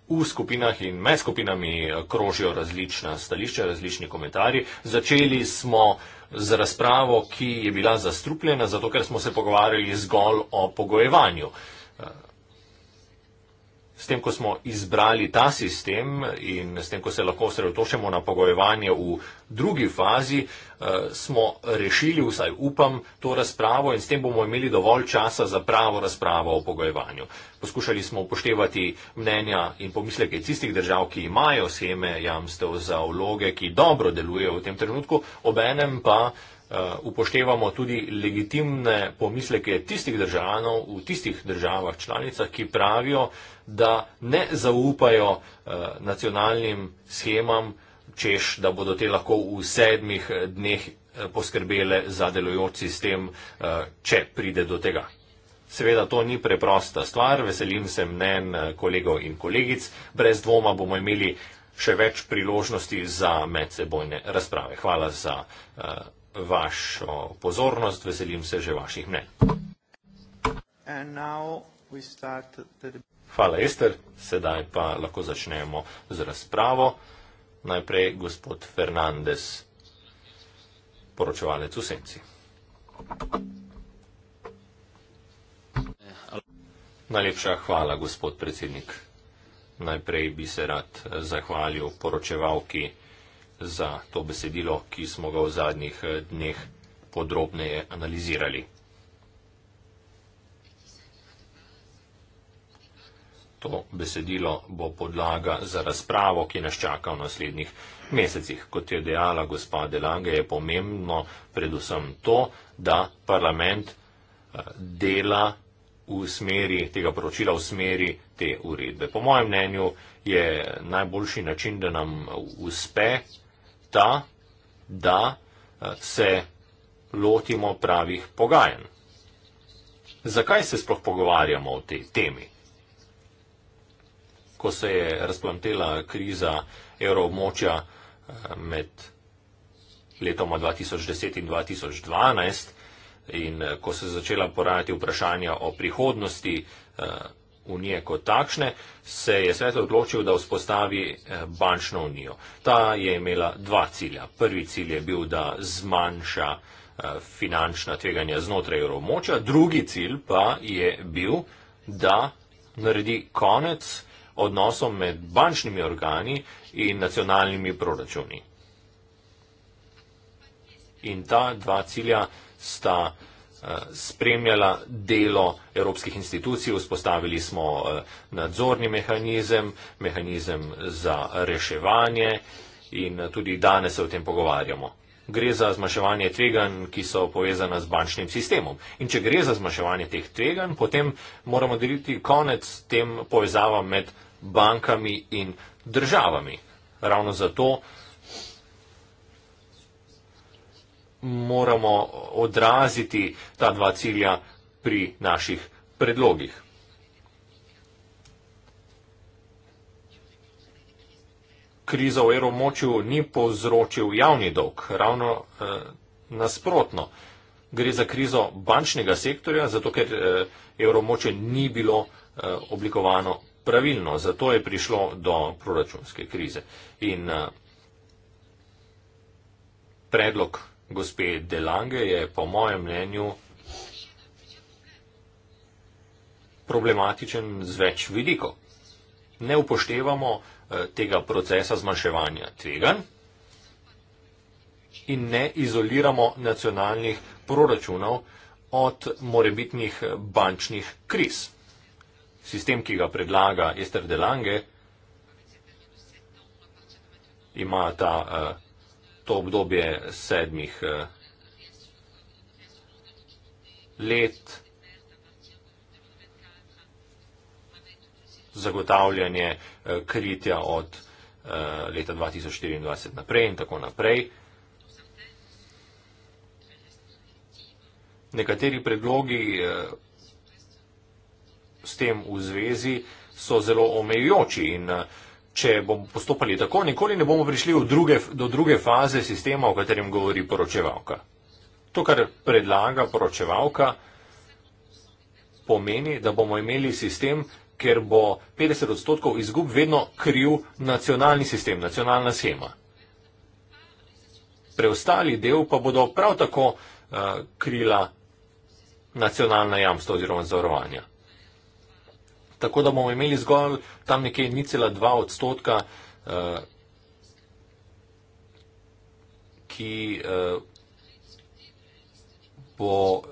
V skupinah in med skupinami eh, krožijo različna stališča, različni komentarji. Začeli smo z razpravo, ki je bila zastrupljena, zato ker smo se pogovarjali zgolj o pogojevanju. Eh, S tem, ko smo izbrali ta sistem in s tem, ko se lahko sredotočamo na pogojevanje v drugi fazi, eh, smo rešili, vsaj upam, to razpravo in s tem bomo imeli dovolj časa za pravo razpravo o pogojevanju. Poskušali smo upoštevati mnenja in pomisleke tistih držav, ki imajo scheme jamstev za vloge, ki dobro delujejo v tem trenutku, obenem pa Eh, upoštevamo tudi legitimne pomisleke tistih državljanov v tistih državah članicah, ki pravijo, da ne zaupajo eh, nacionalnim schemam, češ, da bodo te lahko v sedmih dneh eh, poskrbele za delojoč sistem, če pride do tega. Seveda to ni preprosta stvar, veselim se mnen kolegov in kolegic, brez dvoma bomo imeli še več priložnosti za medsebojne razprave. Hvala za. Uh vašo pozornost, veselim se že vaših mnen. Hvala, Ester. Sedaj pa lahko začnemo z razpravo. Najprej gospod Fernandez, poročevalec v senci. Najlepša hvala, gospod predsednik. Najprej bi se rad zahvalil poročevalki za to besedilo, ki smo ga v zadnjih eh, dneh podrobneje analizirali. To besedilo bo podlaga za razpravo, ki nas čaka v naslednjih mesecih. Kot je dejala gospa Delange, je pomembno predvsem to, da parlament eh, dela v smeri tega poročila, v smeri te uredbe. Po mojem mnenju je najboljši način, da nam uspe ta, da eh, se lotimo pravih pogajanj. Zakaj se sploh pogovarjamo o tej temi? Ko se je razplantela kriza evroobmočja eh, med letoma 2010 in 2012 in eh, ko se je začela porajati vprašanja o prihodnosti unije kot takšne, se je svet odločil, da vzpostavi eh, bančno unijo. Ta je imela dva cilja. Prvi cilj je bil, da zmanjša eh, finančna tveganja znotraj evromoča, drugi cilj pa je bil, da naredi konec odnosom med bančnimi organi in nacionalnimi proračuni. In ta dva cilja sta Eh, spremljala delo evropskih institucij, vzpostavili smo eh, nadzorni mehanizem, mehanizem za reševanje in tudi danes se o tem pogovarjamo. Gre za zmaševanje tvegan, ki so povezana z bančnim sistemom. In če gre za zmaševanje teh tvegan, potem moramo deliti konec tem povezavam med bankami in državami. Ravno zato moramo odraziti ta dva cilja pri naših predlogih. Kriza v evromočju ni povzročil javni dolg, ravno eh, nasprotno. Gre za krizo bančnega sektorja, zato ker eh, evromočje ni bilo eh, oblikovano pravilno, zato je prišlo do proračunske krize. In eh, predlog gospe Delange je po mojem mnenju problematičen z več vidikov. Ne upoštevamo eh, tega procesa zmanjševanja tvegan in ne izoliramo nacionalnih proračunov od morebitnih bančnih kriz. Sistem, ki ga predlaga Ester Delange, ima ta uh, to obdobje sedmih eh, let, zagotavljanje eh, kritja od eh, leta 2024 naprej in tako naprej. Nekateri predlogi s tem v zvezi so zelo omejujoči in predlogi če bomo postopali tako, nikoli ne bomo prišli druge, do druge faze sistema, o katerem govori poročevalka. To, kar predlaga poročevalka, pomeni, da bomo imeli sistem, ker bo 50 odstotkov izgub vedno kriv nacionalni sistem, nacionalna schema. Preostali del pa bodo prav tako uh, krila nacionalna jamstva oziroma zavarovanja tako da bomo imeli zgolj tam nekje 0,2 odstotka, eh, ki eh, bo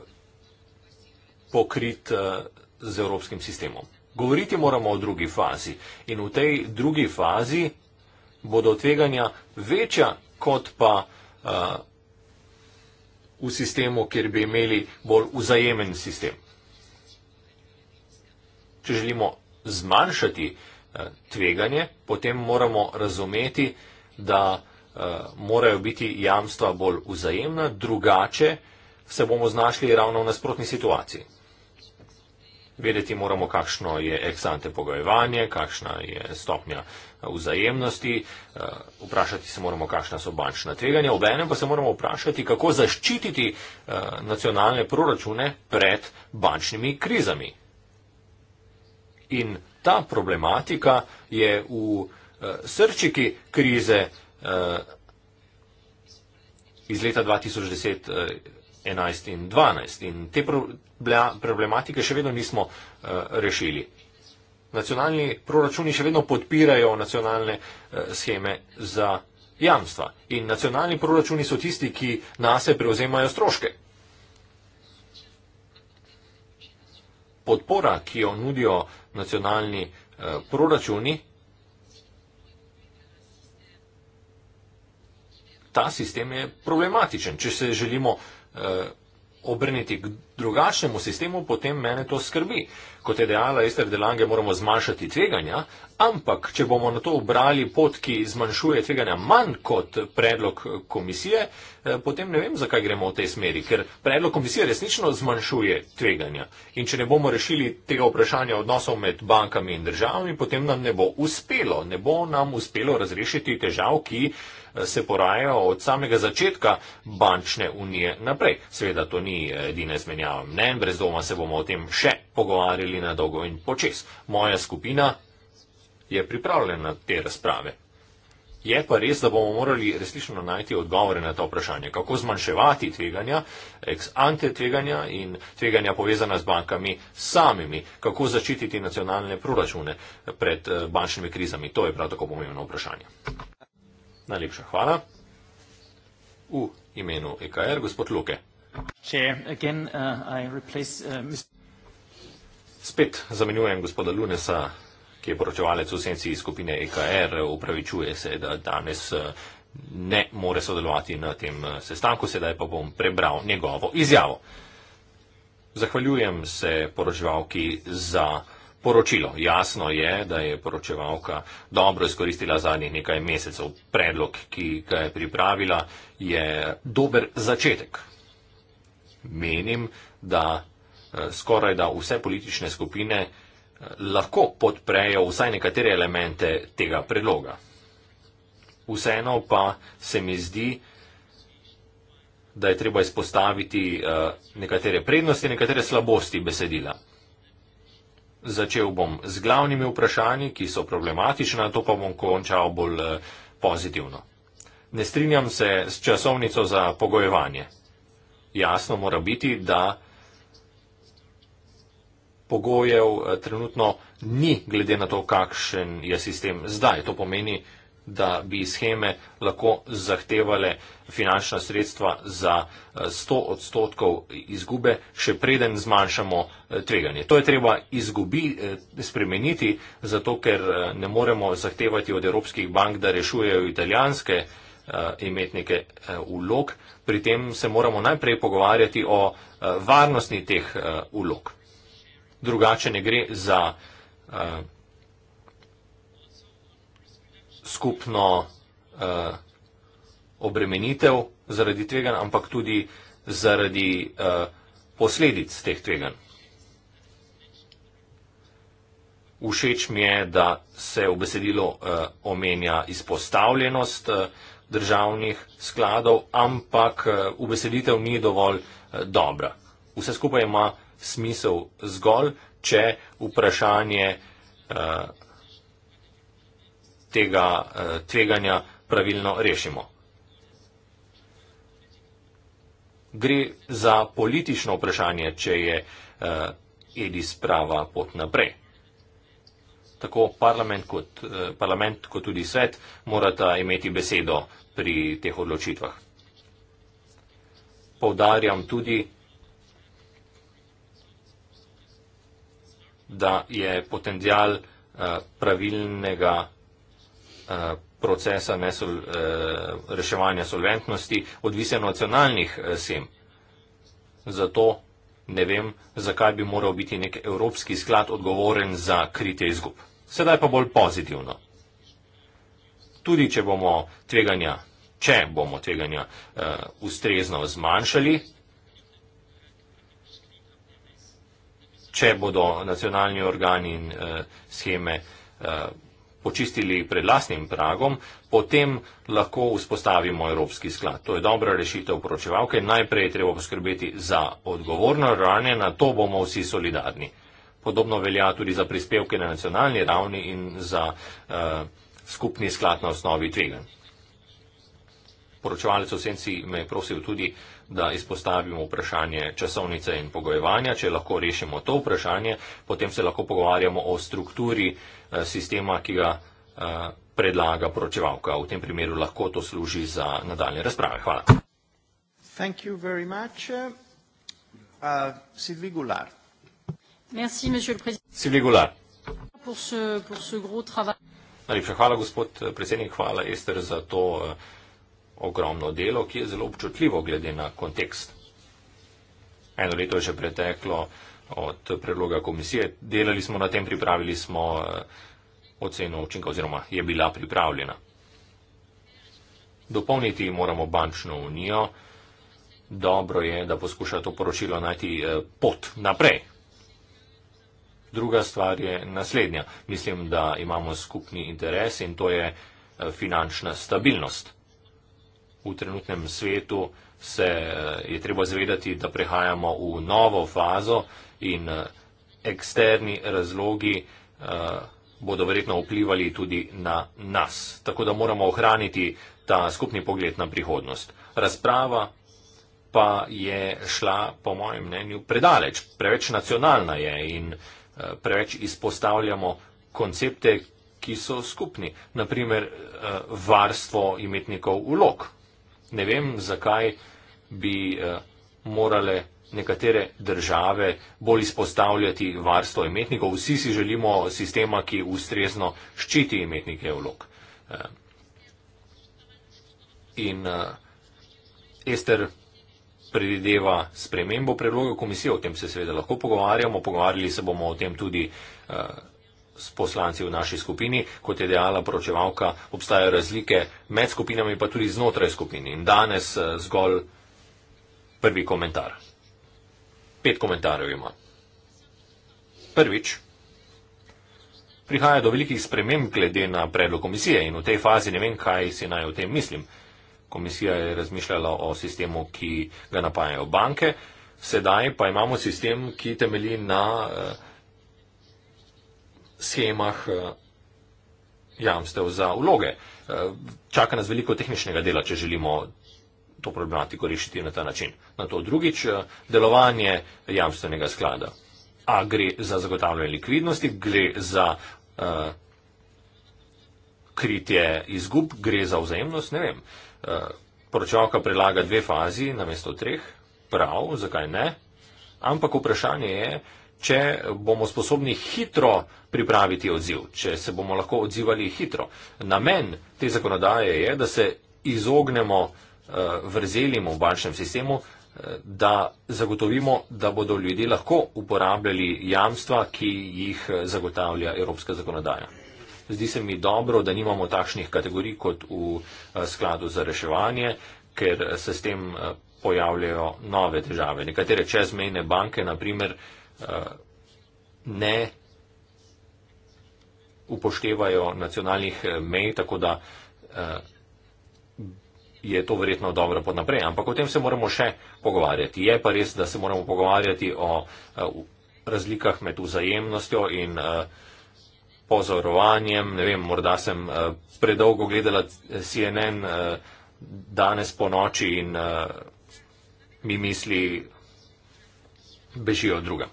pokrit eh, z evropskim sistemom. Govoriti moramo o drugi fazi in v tej drugi fazi bodo tveganja večja kot pa v sistemu, kjer bi imeli bolj vzajemen sistem če želimo zmanjšati eh, tveganje, potem moramo razumeti, da eh, morajo biti jamstva bolj vzajemna, drugače se bomo znašli ravno v nasprotni situaciji. Vedeti moramo, kakšno je eksante pogojevanje, kakšna je stopnja eh, vzajemnosti, vprašati se moramo, kakšna so bančna tveganja, obenem pa se moramo vprašati, kako zaščititi nacionalne proračune pred bančnimi krizami. In ta problematika je v eh, srčiki krize eh, iz leta 2010, 2011 eh, in 2012. In te problematike še vedno nismo rešili. Nacionalni proračuni še vedno podpirajo nacionalne scheme za jamstva. In nacionalni proračuni so tisti, ki nase prevzemajo stroške. Podpora, ki jo nudijo nacionalni eh, proračuni, ta sistem je problematičen. Če se želimo eh, obrniti drugačnemu sistemu, potem mene to skrbi. Kot je dejala Ester Delange, moramo zmanjšati tveganja, ampak če bomo na to obrali pot, ki zmanjšuje tveganja manj kot predlog komisije, eh, potem ne vem, zakaj gremo v tej smeri, ker predlog komisije resnično zmanjšuje tveganja. In če ne bomo rešili tega vprašanja odnosov med bankami in državami, potem nam ne bo uspelo, ne bo nam uspelo razrešiti težav, ki eh, se porajajo od samega začetka bančne unije naprej. Seveda to ni eh, edina izmenja zbiranja mnen brez doma se bomo o tem še pogovarjali na dolgo in počes. Moja skupina je pripravljena te razprave. Je pa res, da bomo morali resnično najti odgovore na ta vprašanja. Kako zmanjševati tveganja, ex ante tveganja in tveganja povezana z bankami samimi. Kako začititi nacionalne proračune pred eh, bančnimi krizami. To je prav tako pomembno vprašanje. Najlepša hvala. V imenu EKR, gospod Luke. Chair, again, uh, I replace, uh, Ms. Spet zamenjujem gospoda Lunesa, ki je poročevalec v senci skupine EKR, upravičuje se, da danes uh, ne more sodelovati na tem uh, sestanku, sedaj pa bom prebral njegovo izjavo. Zahvaljujem se poročevalki za. Poročilo. Jasno je, da je poročevalka dobro izkoristila zadnjih nekaj mesecev. Predlog, ki ga je pripravila, je dober začetek menim, da eh, skoraj da vse politične skupine eh, lahko podprejo vsaj nekatere elemente tega predloga. Vseeno pa se mi zdi, da je treba izpostaviti eh, nekatere prednosti, nekatere slabosti besedila. Začel bom z glavnimi vprašanji, ki so problematična, to pa bom končal bolj pozitivno. Ne strinjam se s časovnico za pogojevanje jasno mora biti, da pogojev eh, trenutno ni, glede na to, kakšen je sistem zdaj. To pomeni, da bi scheme lahko zahtevale finančna sredstva za 100 eh, odstotkov izgube, še preden zmanjšamo eh, tveganje. To je treba izgubi spremeniti, zato ker ne moremo zahtevati od evropskih bank, da rešujejo italijanske Eh, imetnike ulog. Eh, Pri tem se moramo najprej pogovarjati o eh, varnosti teh ulog. Drugače ne gre za skupno obremenitev zaradi tvegan, ampak tudi zaradi posledic teh tvegan. Všeč mi je, da se v besedilo eh, omenja izpostavljenost eh, državnih skladov, ampak eh, ubeseditev ni dovolj eh, dobra. Vse skupaj ima smisel zgolj, če vprašanje eh, tega tveganja pravilno rešimo. Gre za politično vprašanje, če je eh, Edis prava pot naprej. Tako parlament kot, eh, parlament kot tudi svet morata imeti besedo pri teh odločitvah. Povdarjam tudi, da je potencijal eh, pravilnega eh, procesa nesol, eh, reševanja solventnosti odvisen od nacionalnih sem. Zato ne vem, zakaj bi moral biti nek evropski sklad odgovoren za kritje izgub. Sedaj pa bolj pozitivno tudi če bomo tveganja, če bomo tveganja uh, ustrezno zmanjšali, če bodo nacionalni organi in uh, eh, scheme uh, eh, počistili pred lasnim pragom, potem lahko vzpostavimo Evropski sklad. To je dobra rešitev poročevalke. Najprej je treba poskrbeti za odgovorno ravnanje, na to bomo vsi solidarni. Podobno velja tudi za prispevke na nacionalni ravni in za. Uh, skupni sklad na osnovi tvega. Poročevalec v senci me je prosil tudi, da izpostavimo vprašanje časovnice in pogojevanja. Če lahko rešimo to vprašanje, potem se lahko pogovarjamo o strukturi eh, sistema, ki ga eh, predlaga poročevalka. V tem primeru lahko to služi za nadaljne razprave. Hvala. Thank you very much. Uh, Merci, Silvi Goulart. Najlepša hvala, gospod eh, predsednik, hvala Ester za to eh, ogromno delo, ki je zelo občutljivo glede na kontekst. Eno leto je že preteklo od predloga komisije, delali smo na tem, pripravili smo eh, oceno učinka oziroma je bila pripravljena. Dopolniti moramo bančno unijo. Dobro je, da poskuša to poročilo najti pot naprej, Druga stvar je naslednja. Mislim, da imamo skupni interes in to je eh, finančna stabilnost. V trenutnem svetu se eh, je treba zavedati, da prehajamo v novo fazo in eh, eksterni razlogi bodo verjetno vplivali tudi na nas. Tako da moramo ohraniti ta skupni pogled na prihodnost. Razprava pa je šla, po mojem mnenju, predaleč, preveč nacionalna je in Eh, preveč izpostavljamo koncepte, ki so skupni. Naprimer, eh, varstvo imetnikov ulog. Ne vem, zakaj bi eh, morale nekatere države bolj izpostavljati varstvo imetnikov. Vsi si želimo sistema, ki ustrezno ščiti imetnike ulog. In uh, Ester predvideva spremembo predloga komisije, o tem se seveda lahko pogovarjamo, pogovarjali se bomo o tem tudi eh, s poslanci v naši skupini, kot je dejala poročevalka, obstajajo razlike med skupinami, pa tudi znotraj skupini. In danes eh, zgolj prvi komentar. Pet komentarjev ima. Prvič, prihaja do velikih sprememb glede na predlog komisije in v tej fazi ne vem, kaj si naj o tem mislim komisija je razmišljala o sistemu, ki ga napajajo banke, sedaj pa imamo sistem, ki temelji na eh, schemah eh, jamstev za vloge. Eh, čaka nas veliko tehničnega dela, če želimo to problematiko rešiti na ta način. Na to drugič, eh, delovanje jamstvenega sklada. A gre za zagotavljanje likvidnosti, gre za uh, kritje izgub, gre za vzajemnost, ne vem. Uh, Eh, poročavka prelaga dve fazi namesto treh, prav, zakaj ne, ampak vprašanje je, če bomo sposobni hitro pripraviti odziv, če se bomo lahko odzivali hitro. Namen te zakonodaje je, da se izognemo eh, vrzelim v bančnem sistemu, eh, da zagotovimo, da bodo ljudje lahko uporabljali jamstva, ki jih zagotavlja evropska zakonodaja. Zdi se mi dobro, da nimamo takšnih kategorij kot v eh, skladu za reševanje, ker eh, se s tem eh, pojavljajo nove težave. Nekatere čezmejne banke, naprimer, ne upoštevajo nacionalnih mej, tako da je to verjetno dobro podnaprej. Ampak o tem se moramo še pogovarjati. Je pa res, da se moramo pogovarjati o razlikah med vzajemnostjo in uh, pozorovanjem, ne vem, morda sem uh, predolgo gledala eh, CNN uh, eh, danes po noči in uh, mi misli bežijo druga.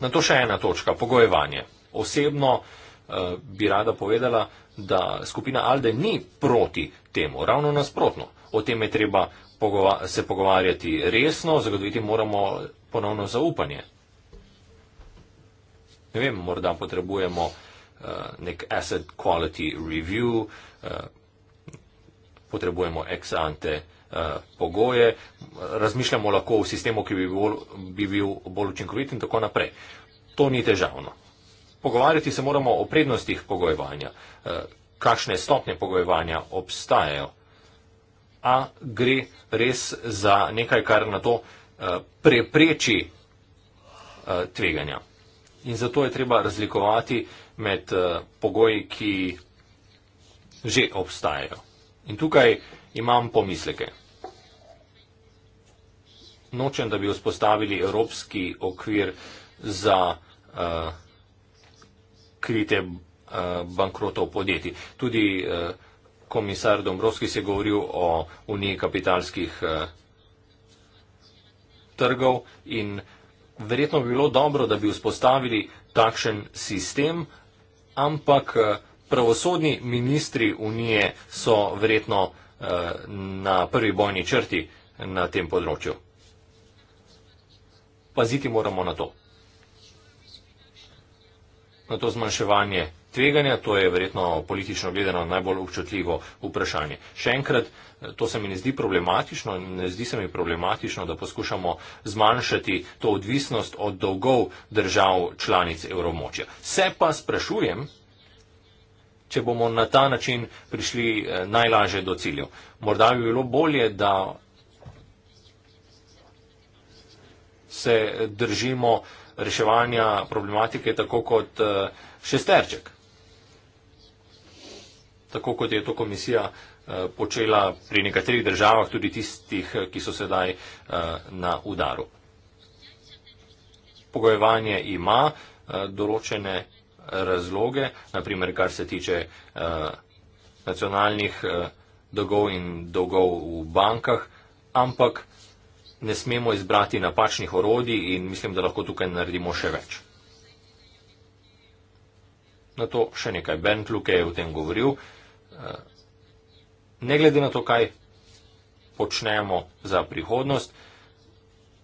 Na to še ena točka, pogojevanje. Osebno uh, bi rada povedala, da skupina Alde ni proti temu, ravno nasprotno. O tem je treba pogova se pogovarjati resno, zagotoviti moramo ponovno zaupanje. Ne vem, morda potrebujemo uh, Uh, nek asset quality review, uh, potrebujemo ex ante uh, pogoje, razmišljamo lahko v sistemu, ki bi bil, bi bil bolj učinkovit in tako naprej. To ni težavno. Pogovarjati se moramo o prednostih pogojevanja, kakšne stopne pogojevanja obstajajo. A gre res za nekaj, kar na to prepreči tveganja. In zato je treba razlikovati uh, med uh, pogoji, ki že obstajajo. In tukaj imam pomisleke. Nočem, da bi vzpostavili evropski okvir za uh, eh, krite uh, eh, bankrotov podjetij. Tudi uh, komisar Dombrovski se je govoril o uniji kapitalskih uh, trgov in verjetno bi bilo dobro, da bi vzpostavili takšen sistem, ampak eh, pravosodni ministri Unije so verjetno eh, na prvi bojni črti na tem področju. Paziti moramo na to. Na to zmanjševanje tveganja, to je verjetno politično gledano najbolj občutljivo vprašanje. Še enkrat, to se mi ne zdi problematično, ne zdi se mi problematično, da poskušamo zmanjšati to odvisnost od dolgov držav članic evromočja. Se pa sprašujem, če bomo na ta način prišli eh, najlažje do ciljev. Morda bi bilo bolje, da se držimo reševanja problematike tako kot eh, šesterček tako kot je to komisija eh, počela pri nekaterih državah, tudi tistih, eh, ki so sedaj eh, na udaru. Pogojevanje ima določene razloge, naprimer, kar se tiče nacionalnih dolgov in dolgov v bankah, ampak ne smemo izbrati napačnih orodij in mislim, da lahko tukaj naredimo še več. Na to še nekaj Bentluke je o tem govoril ne glede na to, kaj počnemo za prihodnost,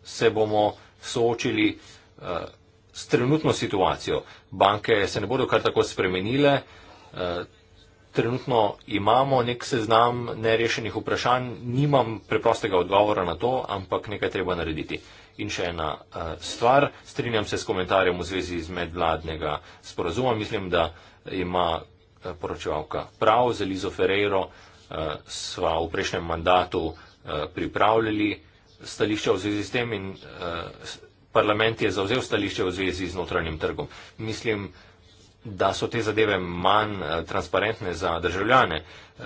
se bomo soočili eh, s trenutno situacijo. Banke se ne bodo kar tako spremenile. Eh, trenutno imamo nek seznam nerešenih vprašanj, nimam preprostega odgovora na to, ampak nekaj treba narediti. In še ena eh, stvar, strinjam se s komentarjem v zvezi z medvladnega sporazuma. Mislim, da ima Eh, poročevalka. Prav z Elizo Ferreiro uh, sva v prejšnjem mandatu uh, pripravljali stališče v zvezi s tem in uh, parlament je zauzel stališče v zvezi z notranjim trgom. Mislim, da so te zadeve manj uh, transparentne za državljane. Uh,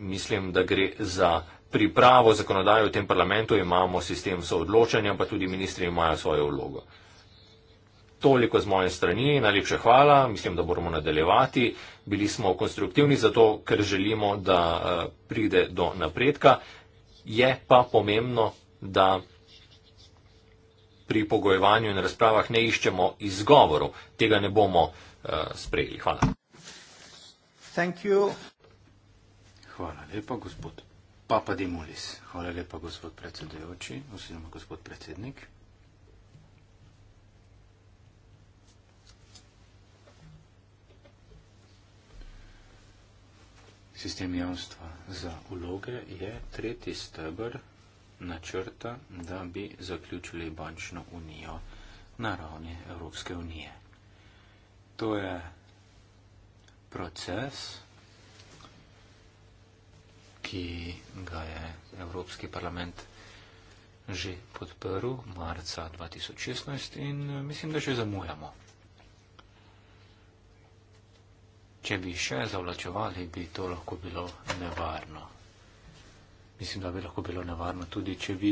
mislim, da gre za pripravo zakonodaje v tem parlamentu, imamo sistem soodločanja, pa tudi ministri imajo svojo vlogo. Toliko z moje strani, najlepše hvala, mislim, da moramo nadaljevati. Bili smo konstruktivni zato, ker želimo, da eh, pride do napredka. Je pa pomembno, da pri pogojevanju in razpravah ne iščemo izgovorov. Tega ne bomo eh, sprejeli. Hvala. Hvala lepa, gospod Papa Dimulis. Hvala lepa, gospod predsedujoči, oziroma gospod predsednik. sistem javstva za vloge je tretji stebr načrta, da bi zaključili bančno unijo na ravni Evropske unije. To je proces, ki ga je Evropski parlament že podprl marca 2016 in eh, mislim, da že zamujamo. Če bi še zavlačevali, bi to lahko bilo nevarno. Mislim, da bi lahko bilo nevarno tudi, če bi.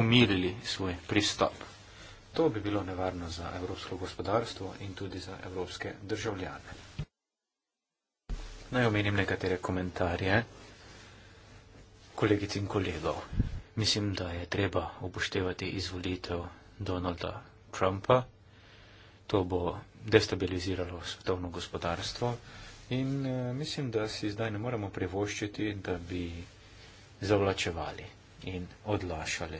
Umirili svoj pristop. To bi bilo nevarno za evropsko gospodarstvo in tudi za evropske državljane. Naj omenim nekatere komentarje kolegic in kolegov. Mislim, da je treba upoštevati izvolitev Donalda Trumpa. To bo destabiliziralo svetovno gospodarstvo in eh, mislim, da si zdaj ne moremo privoščiti, da bi zavlačevali in odlašali.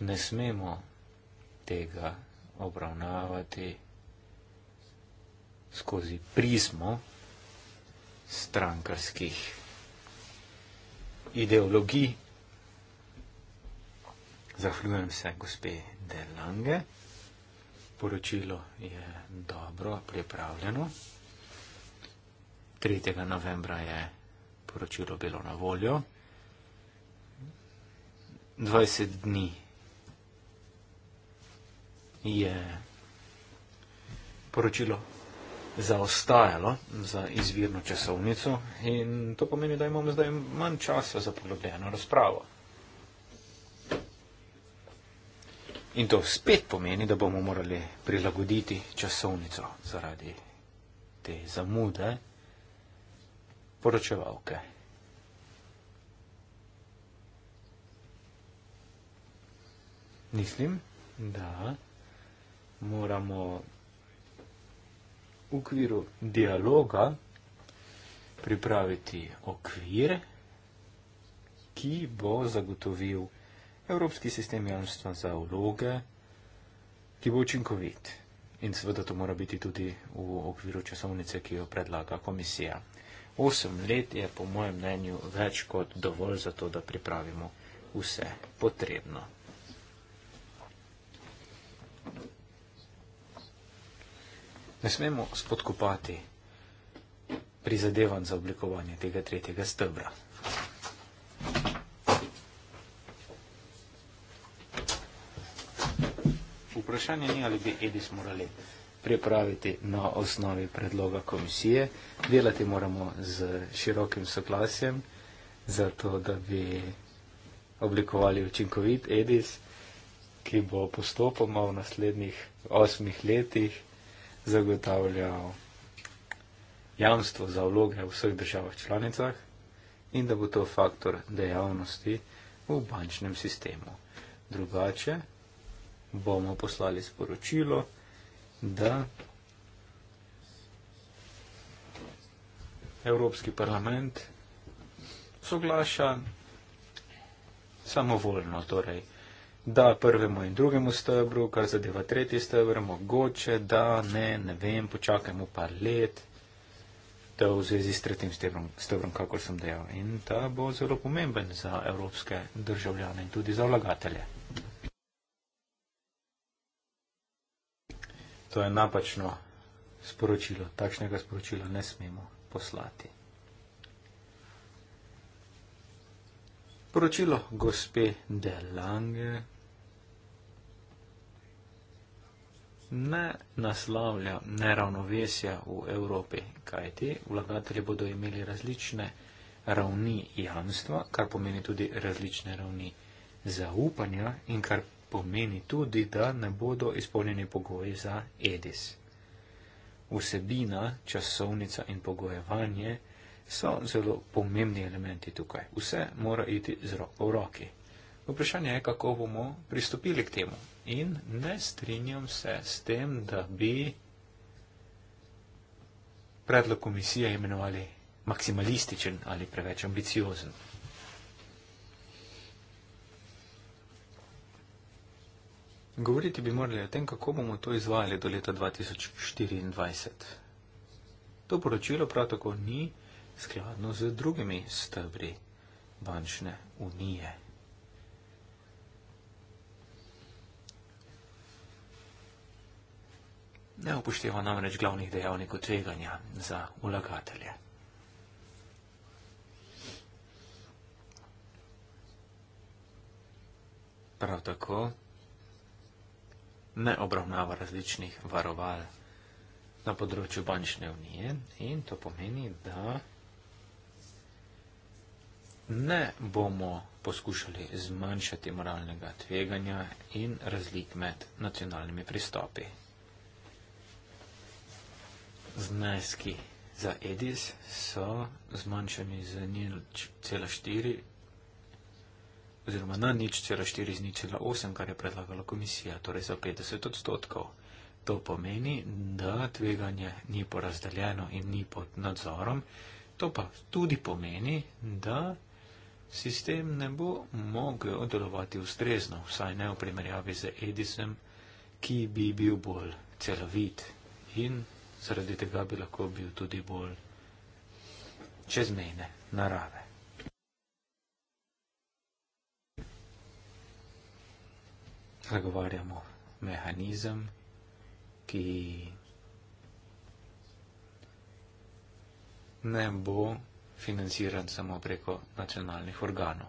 Ne smemo tega obravnavati skozi prizmo strankarskih ideologij. Zahvaljujem se, gospe de Lange. Poročilo je dobro pripravljeno. 3. novembra je poročilo bilo na voljo. 20 dni je poročilo zaostajalo za izvirno časovnico in to pomeni, da imamo zdaj manj časa za poglobljeno razpravo. In to spet pomeni, da bomo morali prilagoditi časovnico zaradi te zamude poročevalke. Mislim, da moramo v okviru dialoga pripraviti okvir, ki bo zagotovil Evropski sistem jamstva za vloge, ki bo učinkovit. In seveda to mora biti tudi v okviru časovnice, ki jo predlaga komisija. Osem let je po mojem mnenju več kot dovolj za to, da pripravimo vse potrebno. Ne smemo spodkopati prizadevanj za oblikovanje tega tretjega stebra. vprašanje ni, ali bi Edis morali pripraviti na osnovi predloga komisije. Delati moramo z širokim soglasjem, zato da bi oblikovali učinkovit Edis, ki bo postopoma v naslednjih osmih letih zagotavljal jamstvo za vloge v vseh državah članicah in da bo to faktor dejavnosti v bančnem sistemu. Drugače, bomo poslali sporočilo, da Evropski parlament soglaša samovoljno, torej, da prvemu in drugemu stebru, kar zadeva tretji stebr, mogoče, da ne, ne vem, počakajmo pa let, da v zvezi s tretjim stebrom, stebrom kako sem dejal. In ta bo zelo pomemben za evropske državljane in tudi za vlagatelje. to je napačno sporočilo. Takšnega sporočila ne smemo poslati. Poročilo gospe De Lange ne naslavlja neravnovesja v Evropi, kajti vlagatelji bodo imeli različne ravni jamstva, kar pomeni tudi različne ravni zaupanja in kar pomeni tudi, da ne bodo izpolnjeni pogoji za edis. Vsebina, časovnica in pogojevanje so zelo pomembni elementi tukaj. Vse mora iti z roko v roki. Vprašanje je, kako bomo pristopili k temu. In ne strinjam se s tem, da bi predlog komisije imenovali maksimalističen ali preveč ambiciozen. Govoriti bi morali o tem, kako bomo to izvajali do leta 2024. To poročilo prav tako ni skladno z drugimi stebri bančne unije. Ne upošteva namreč glavnih dejavnikov tveganja za vlagatelje. Prav tako ne obravnava različnih varoval na področju bančne unije in to pomeni, da ne bomo poskušali zmanjšati moralnega tveganja in razlik med nacionalnimi pristopi. Zneski za EDIS so zmanjšani za oziroma na nič cela štiri z nič cela osem, kar je predlagala komisija, torej za 50 odstotkov. To pomeni, da tveganje ni porazdeljeno in ni pod nadzorom. To pa tudi pomeni, da sistem ne bo mogel delovati ustrezno, vsaj ne v primerjavi z Edisem, ki bi bil bolj celovit in zaradi tega bi lahko bil tudi bolj čezmejne narave. zagovarjamo mehanizem, ki ne bo financiran samo preko nacionalnih organov.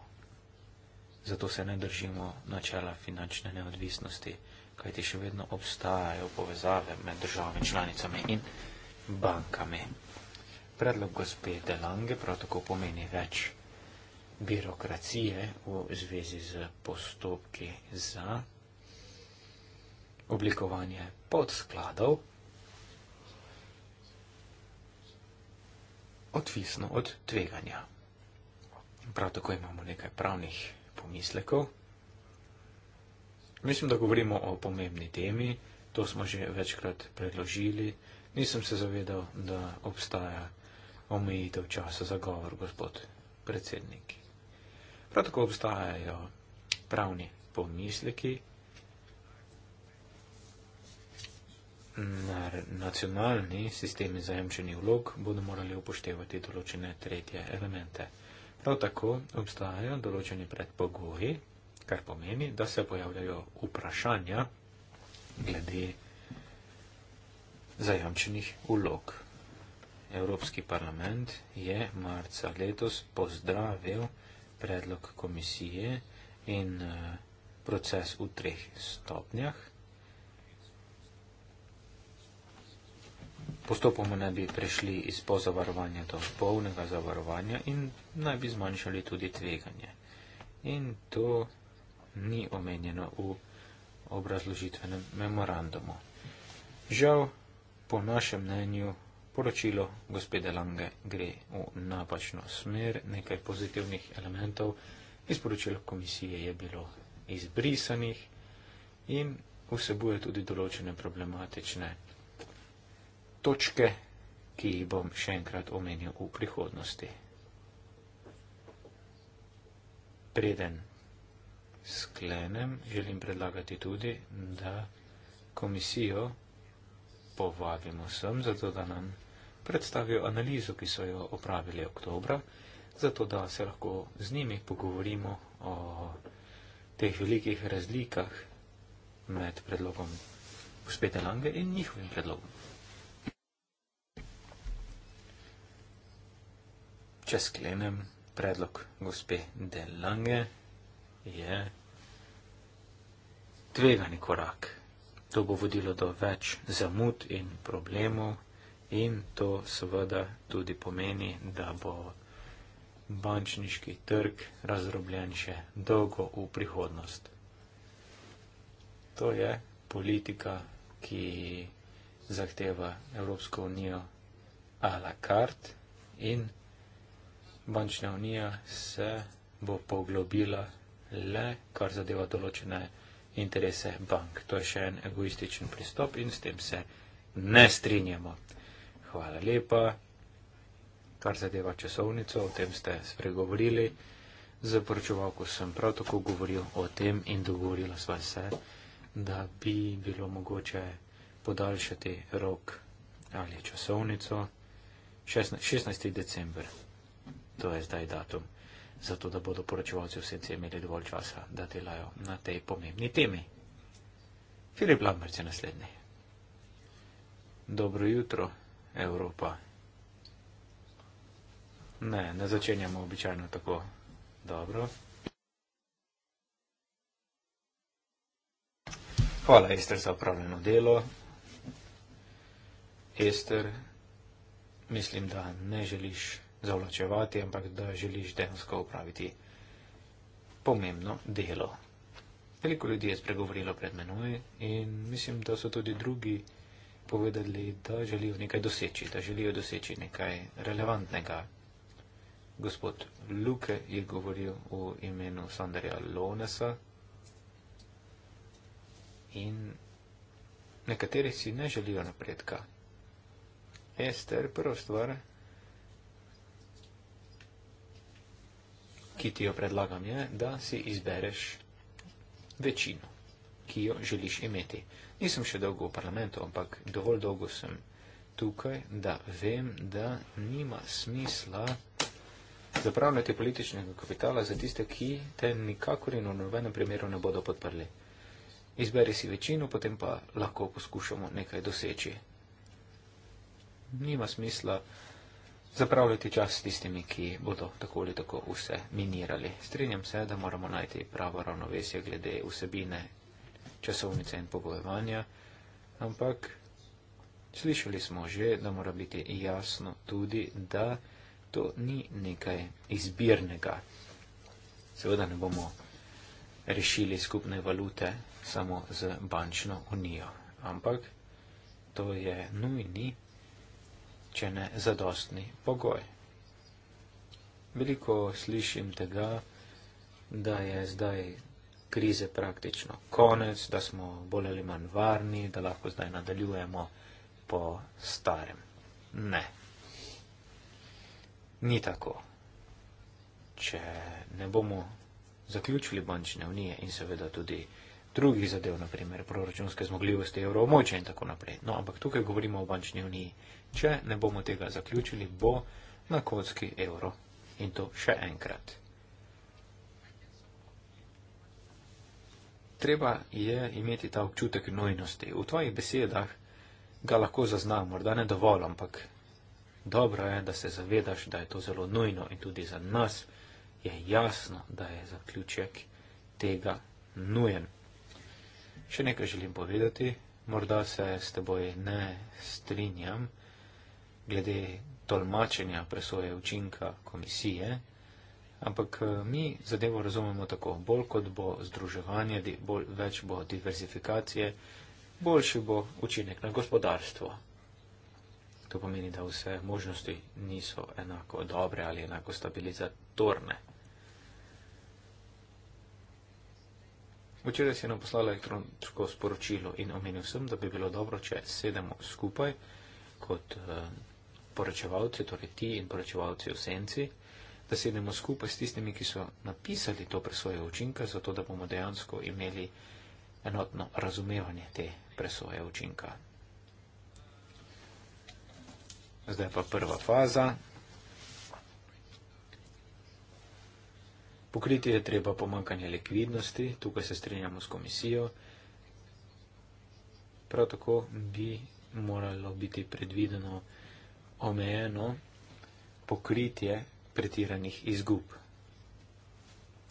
Zato se ne držimo načela finančne neodvisnosti, kajti še vedno obstajajo povezave med državami članicami in bankami. Predlog gospe Delange prav tako pomeni več birokracije v zvezi z postopki za oblikovanje podskladov odvisno od tveganja. Prav tako imamo nekaj pravnih pomislekov. Mislim, da govorimo o pomembni temi, to smo že večkrat predložili. Nisem se zavedal, da obstaja omejitev časa za govor, gospod predsednik. Prav tako obstajajo pravni pomisleki. Na nacionalni sistemi zajemčenih vlog bodo morali upoštevati določene tretje elemente. Prav tako obstajajo določeni predpogoji, kar pomeni, da se pojavljajo vprašanja glede zajamčenih vlog. Evropski parlament je marca letos pozdravil predlog komisije in eh, proces v treh stopnjah, Postopoma naj bi prešli iz pozavarovanja do polnega zavarovanja in naj bi zmanjšali tudi tveganje. In to ni omenjeno v obrazložitvenem memorandumu. Žal, po našem mnenju, poročilo gospede Lange gre v napačno smer, nekaj pozitivnih elementov iz poročila komisije je bilo izbrisanih in vsebuje tudi določene problematične elemente točke, ki jih bom še enkrat omenil v prihodnosti. Preden sklenem, želim predlagati tudi, da komisijo povabimo sem, zato da nam predstavijo analizo, ki so jo opravili oktobra, zato da se lahko z njimi pogovorimo o teh velikih razlikah med predlogom uspete lange in njihovim predlogom. Če sklenem, predlog gospe Delange je tvegani korak. To bo vodilo do več zamud in problemov in to seveda tudi pomeni, da bo bančniški trg razrobljen še dolgo v prihodnost. To je politika, ki zahteva Evropsko unijo a la carte in bančna unija se bo poglobila le, kar zadeva določene interese bank. To je še en egoističen pristop in s tem se ne strinjamo. Hvala lepa. Kar zadeva časovnico, o tem ste spregovorili. Zaporočeval, ko sem prav tako govoril o tem in dogovorila sva se, da bi bilo mogoče podaljšati rok ali časovnico 16. december to je zdaj datum, zato da bodo poročevalci v senci imeli dovolj časa, da delajo na tej pomembni temi. Filip Lambert je naslednji. Dobro jutro, Evropa. Ne, ne začenjamo običajno tako dobro. Hvala, Ester, za opravljeno delo. Ester, mislim, da ne želiš zavlačevati, ampak da želiš dejansko upraviti pomembno delo. Veliko ljudi je spregovorilo pred menoj in mislim, da so tudi drugi povedali, da želijo nekaj doseči, da želijo doseči nekaj relevantnega. Gospod Luke je govoril v imenu Sandarja Lonesa in nekateri si ne želijo napredka. Ester, prva stvar, ki ti jo predlagam, je, da si izbereš večino, ki jo želiš imeti. Nisem še dolgo v parlamentu, ampak dovolj dolgo sem tukaj, da vem, da nima smisla zapravljati političnega kapitala za tiste, ki te nikakor in v nobenem primeru ne bodo podprli. Izberi si večino, potem pa lahko poskušamo nekaj doseči. Nima smisla zapravljati čas tistimi, ki bodo tako ali tako vse minirali. Strinjam se, da moramo najti pravo ravnovesje glede vsebine časovnice in pogojevanja, ampak slišali smo že, da mora biti jasno tudi, da to ni nekaj izbirnega. Seveda ne bomo rešili skupne valute samo z bančno unijo, ampak to je nujni če ne zadostni pogoj. Veliko slišim tega, da je zdaj krize praktično konec, da smo bolj ali manj varni, da lahko zdaj nadaljujemo po starem. Ne. Ni tako. Če ne bomo zaključili bančne unije in seveda tudi drugih zadev, naprimer proračunske zmogljivosti evroomoče in tako naprej. No, ampak tukaj govorimo o bančni uniji. Če ne bomo tega zaključili, bo na kocki evro. In to še enkrat. Treba je imeti ta občutek nujnosti. V tvojih besedah ga lahko zaznam, morda ne dovolj, ampak dobro je, da se zavedaš, da je to zelo nujno in tudi za nas je jasno, da je zaključek tega nujen. Še nekaj želim povedati, morda se s teboj ne strinjam glede tolmačenja presoje učinka komisije, ampak eh, mi zadevo razumemo tako, bolj kot bo združevanje, bolj več bo diversifikacije, boljši bo učinek na gospodarstvo. To pomeni, da vse možnosti niso enako dobre ali enako stabilizatorne. Včeraj si nam poslala elektronsko sporočilo in omenil sem, da bi bilo dobro, če sedemo skupaj kot eh, poročevalci, torej ti in poročevalci v senci, da sedemo skupaj s tistimi, ki so napisali to presojo učinka, zato da bomo dejansko imeli enotno razumevanje te presoje učinka. Zdaj pa prva faza. Pokriti je treba pomankanje likvidnosti, tukaj se strinjamo s komisijo. Prav tako bi moralo biti predvideno, da omejeno pokritje pretiranih izgub.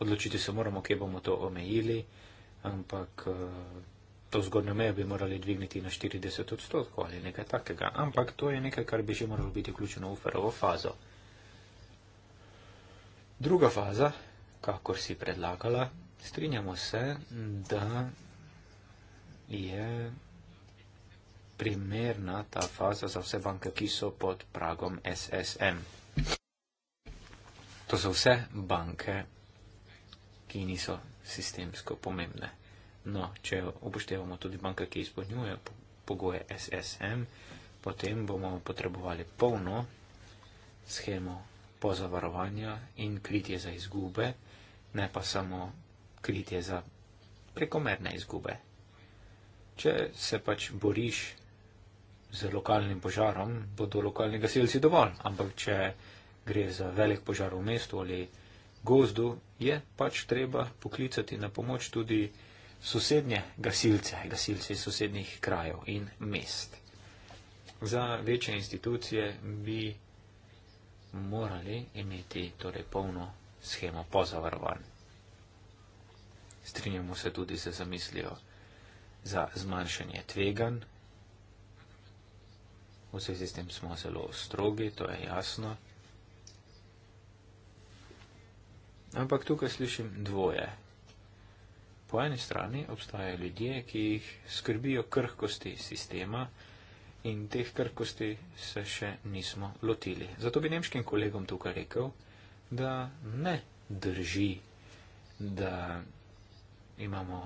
Odločiti se moramo, kje bomo to omejili, ampak eh, to zgodnjo mejo bi morali dvigniti na 40 odstotkov ali nekaj takega. Ampak to je nekaj, kar bi že moralo biti vključeno v prvo fazo. Druga faza, kakor si predlagala, strinjamo se, da je primerna ta faza za vse banke, ki so pod pragom SSM. To so vse banke, ki niso sistemsko pomembne. No, če upoštevamo tudi banke, ki izpolnjujejo pogoje SSM, potem bomo potrebovali polno schemo pozavarovanja in kritje za izgube, ne pa samo kritje za prekomerne izgube. Če se pač boriš z lokalnim požarom, bodo lokalni gasilci dovolj. Ampak, če gre za velik požar v mestu ali gozdu, je pač treba poklicati na pomoč tudi sosednje gasilce, gasilce iz sosednjih krajev in mest. Za večje institucije bi morali imeti torej polno schemo pozavarovanj. Strinjamo se tudi z zamislijo za zmanjšanje tveganj V vsezi s tem smo zelo strogi, to je jasno. Ampak tukaj slišim dvoje. Po eni strani obstajajo ljudje, ki jih skrbijo krhkosti sistema in teh krhkosti se še nismo lotili. Zato bi nemškim kolegom tukaj rekel, da ne drži, da imamo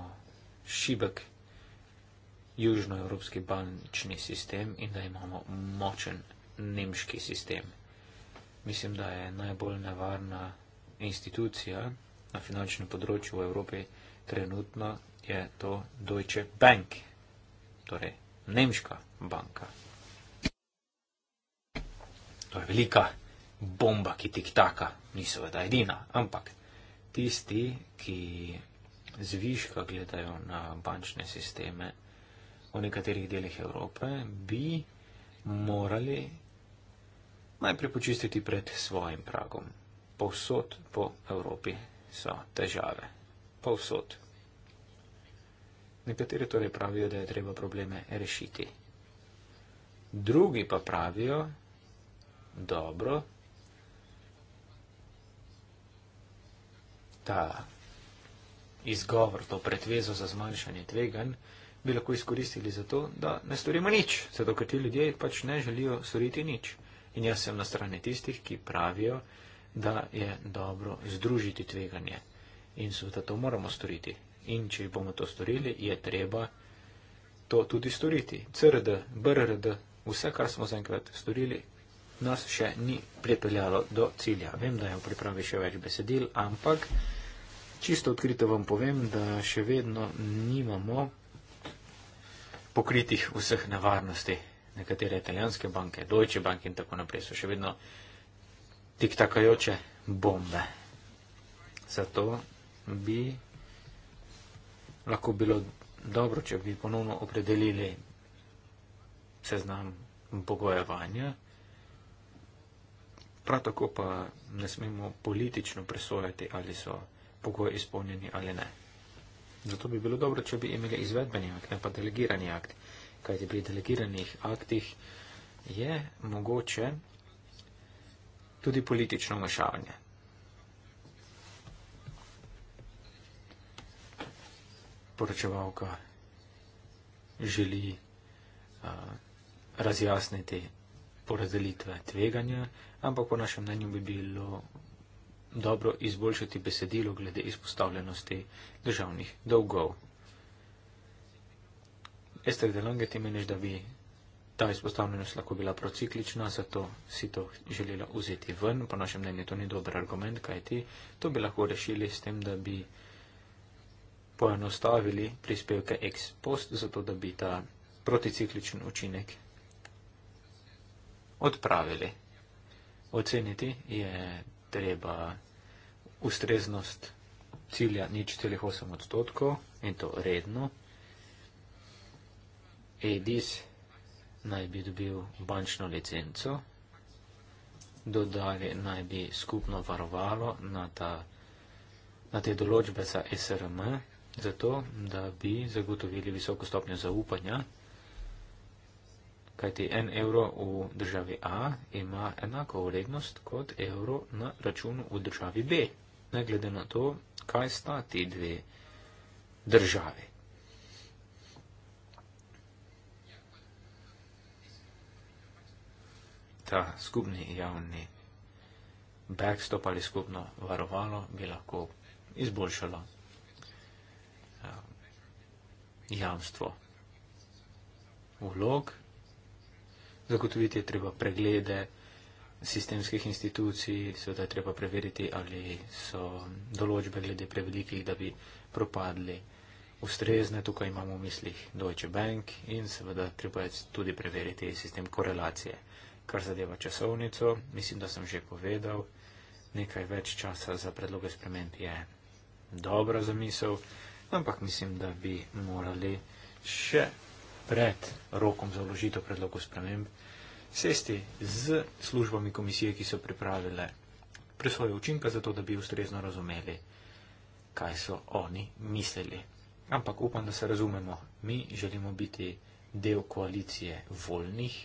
šibek južnoevropski bančni sistem in da imamo močen nemški sistem. Mislim, da je najbolj nevarna institucija na finančnem področju v Evropi trenutno je to Deutsche Bank, torej nemška banka. To je velika bomba, ki tik taka, ni seveda edina, ampak tisti, ki zviška gledajo na bančne sisteme, v nekaterih delih Evrope, bi morali najprej počistiti pred svojim pragom. Povsod po Evropi so težave. Povsod. Nekateri torej pravijo, da je treba probleme rešiti. Drugi pa pravijo, dobro, ta izgovor, to pretvezo za zmanjšanje tveganj, bi lahko izkoristili za to, da ne storimo nič, zato ker ti ljudje pač ne želijo storiti nič. In jaz sem na strani tistih, ki pravijo, da je dobro združiti tveganje. In seveda to moramo storiti. In če bomo to storili, je treba to tudi storiti. CRD, BRD, vse, kar smo zaenkrat storili, nas še ni pripeljalo do cilja. Vem, da je v pripravi še več besedil, ampak čisto odkrito vam povem, da še vedno nimamo pokritih vseh nevarnosti. Nekatere italijanske banke, Deutsche Bank in tako naprej so še vedno tik takajoče bombe. Zato bi lahko bilo dobro, če bi ponovno opredelili seznam pogojevanja. Prav tako pa ne smemo politično presojati, ali so pogoji izpolnjeni ali ne. Zato bi bilo dobro, če bi imeli izvedbeni akt, ne pa delegirani akt. Kaj ti pri delegiranih aktih je mogoče tudi politično vmešavanje. Poročevalka želi a, razjasniti porazdelitve tveganja, ampak po našem mnenju bi bilo dobro izboljšati besedilo glede izpostavljenosti državnih dolgov. Estek Delonget je meniš, da bi ta izpostavljenost lahko bila prociklična, zato si to želela vzeti ven. Po našem mnenju to ni dober argument, kaj ti. To bi lahko rešili s tem, da bi poenostavili prispevke ex post, zato da bi ta proticikličen učinek odpravili. Oceniti je treba ustreznost cilja nič celih 8 odstotkov in to redno. Edis naj bi dobil bančno licenco, dodali naj bi skupno varovalo na, ta, na te določbe za SRM, zato da bi zagotovili visoko stopnjo zaupanja, kajti en evro v državi A ima enako vrednost kot evro na računu v državi B ne glede na to, kaj sta ti dve državi. Ta skupni javni backstop ali skupno varovalo bi lahko izboljšalo ja, jamstvo vlog. Zagotoviti je treba preglede, sistemskih institucij, seveda je treba preveriti, ali so določbe glede prevelikih, da bi propadli ustrezne. Tukaj imamo v mislih Deutsche Bank in seveda treba je tudi preveriti sistem korelacije. Kar zadeva časovnico, mislim, da sem že povedal, nekaj več časa za predloge sprememb je dobra zamisel, ampak mislim, da bi morali še pred rokom za vložitev predlogov sprememb sesti z službami komisije, ki so pripravile presoje učinka, zato da bi ustrezno razumeli, kaj so oni mislili. Ampak upam, da se razumemo. Mi želimo biti del koalicije voljnih.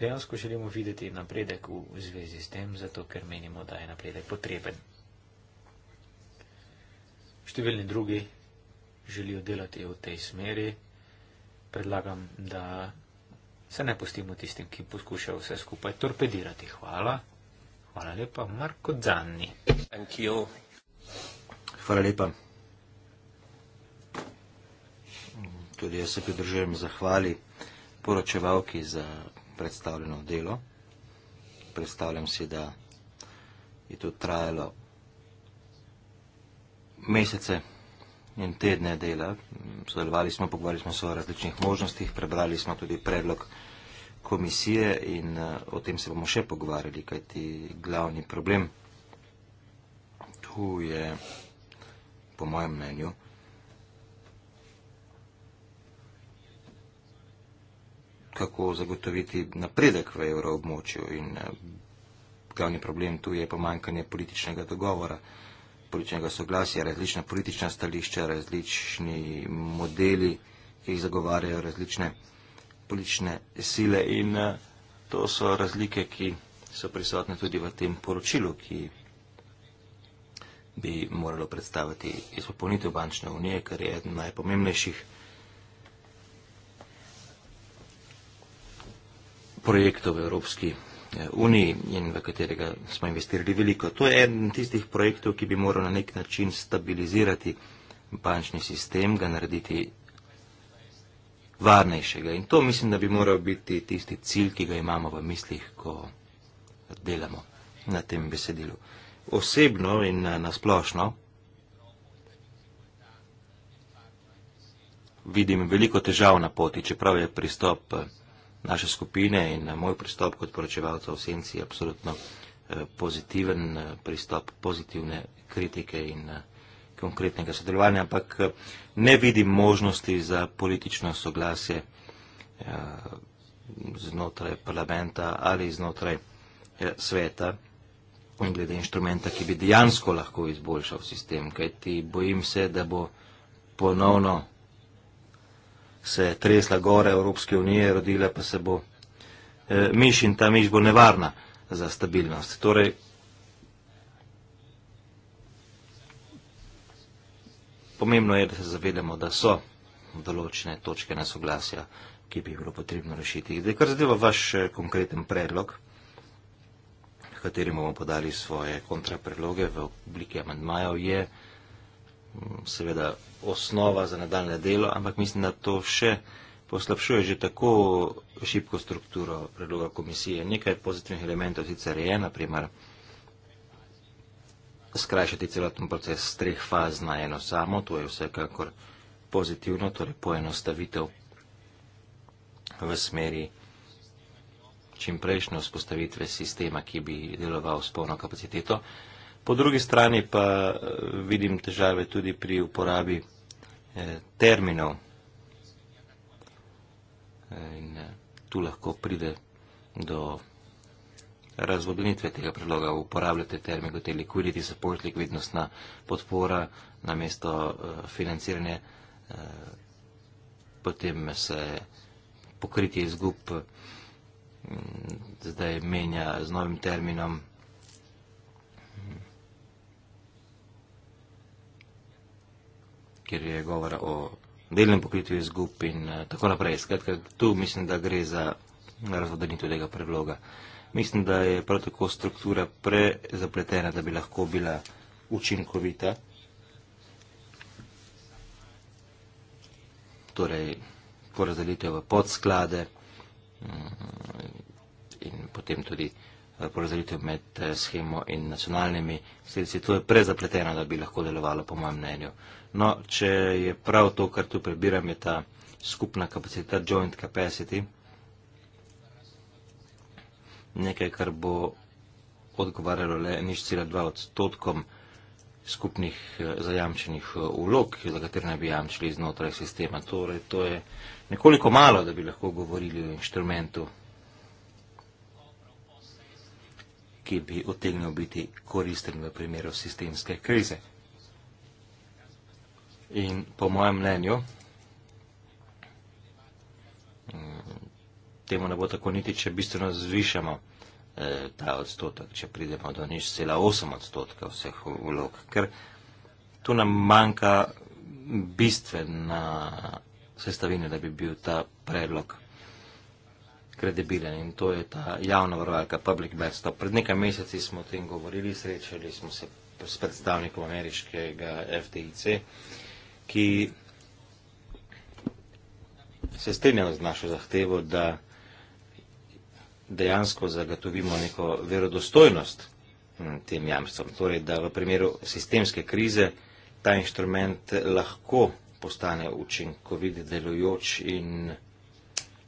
Dejansko želimo videti napredek v zvezi s tem, zato ker menimo, da je napredek potreben. Številni drugi želijo delati v tej smeri. Predlagam, da se ne pustimo tistim, ki poskušajo vse skupaj torpedirati. Hvala. Hvala lepa, Marko Zanni. Hvala lepa. Tudi jaz se pridržujem zahvali poročevalki za predstavljeno delo. Predstavljam si, da je to trajalo mesece in tedne dela. Sodelovali smo, pogovarjali smo se o različnih možnostih, prebrali smo tudi predlog komisije in uh, o tem se bomo še pogovarjali, kajti glavni problem tu je, po mojem mnenju, kako zagotoviti napredek v evroobmočju in uh, glavni problem tu je pomankanje političnega dogovora. Uh, političnega soglasja, različna politična stališča, različni modeli, ki jih zagovarjajo različne politične sile in eh, to so razlike, ki so prisotne tudi v tem poročilu, ki bi moralo predstaviti izpopolnitev bančne unije, kar je eden najpomembnejših projektov v Evropski uniji. Eh, uniji in v katerega smo investirali veliko. To je eden tistih projektov, ki bi moral na nek način stabilizirati bančni sistem, ga narediti varnejšega. In to mislim, da bi moral biti tisti cilj, ki ga imamo v mislih, ko delamo na tem besedilu. Osebno in nasplošno vidim veliko težav na poti, čeprav je pristop eh, naše skupine in eh, moj pristop kot poročevalca v senci je absolutno eh, pozitiven eh, pristop, pozitivne kritike in konkretnega sodelovanja, ampak ne vidim možnosti za politično soglasje znotraj parlamenta ali znotraj sveta in glede inštrumenta, ki bi dejansko lahko izboljšal sistem, kajti bojim se, da bo ponovno se je tresla gore Evropske unije, rodila pa se bo eh, miš in ta miš bo nevarna za stabilnost. Torej, pomembno je, da se zavedamo, da so določene točke nesoglasja, ki bi jih bilo potrebno rešiti. Zdaj, kar zadeva vaš eh, konkreten predlog, katerim bomo podali svoje kontrapredloge v obliki amandmajev, je, seveda osnova za nadaljne delo, ampak mislim, da to še poslabšuje že tako šibko strukturo predloga komisije. Nekaj pozitivnih elementov sicer je, naprimer, skrajšati celoten proces z treh faz na eno samo, to je vsekakor pozitivno, torej poenostavitev v smeri čimprejšnje vzpostavitve sistema, ki bi deloval s polno kapaciteto. Po drugi strani pa eh, vidim težave tudi pri uporabi eh, terminov. Eh, in eh, tu lahko pride do razvodnitve tega predloga. Uporabljate termin kot likviditi, support, likvidnostna podpora na mesto eh, financiranje, eh, potem se pokritje izgub eh, zdaj menja z novim terminom. kjer je govora o delnem pokritju izgub in uh, tako naprej. Skratka, tu mislim, da gre za razvodenitev tega predloga. Mislim, da je prav tako struktura prezapletena, da bi lahko bila učinkovita. Torej, porazdelitev v podsklade mm, in potem tudi porazdelitev med eh, schemo in nacionalnimi sredstvi. To je prezapleteno, da bi lahko delovalo, po mojem mnenju. No, če je prav to, kar tu prebiram, je ta skupna kapacita, joint capacity, nekaj, kar bo odgovarjalo le nič cela dva odstotkom skupnih eh, zajamčenih eh, vlog, za katere naj bi jamčili znotraj sistema. Torej, to je nekoliko malo, da bi lahko govorili o inštrumentu ki bi utegnil biti koristen v primeru sistemske krize. In po mojem mnenju, mm, temu ne bo tako niti, če bistveno zvišamo eh, ta odstotek, če pridemo do nič cela 8 odstotka vseh vlog, ker tu nam manjka bistvena sestavina, da bi bil ta predlog kredibilen in to je ta javna varovalka Public Best. Pred nekaj meseci smo o tem govorili, srečali smo se s predstavnikom ameriškega FDIC, ki se strinjajo z našo zahtevo, da dejansko zagotovimo neko verodostojnost tem jamstvom. Torej, da v primeru sistemske krize ta inštrument lahko postane učinkovit, delujoč in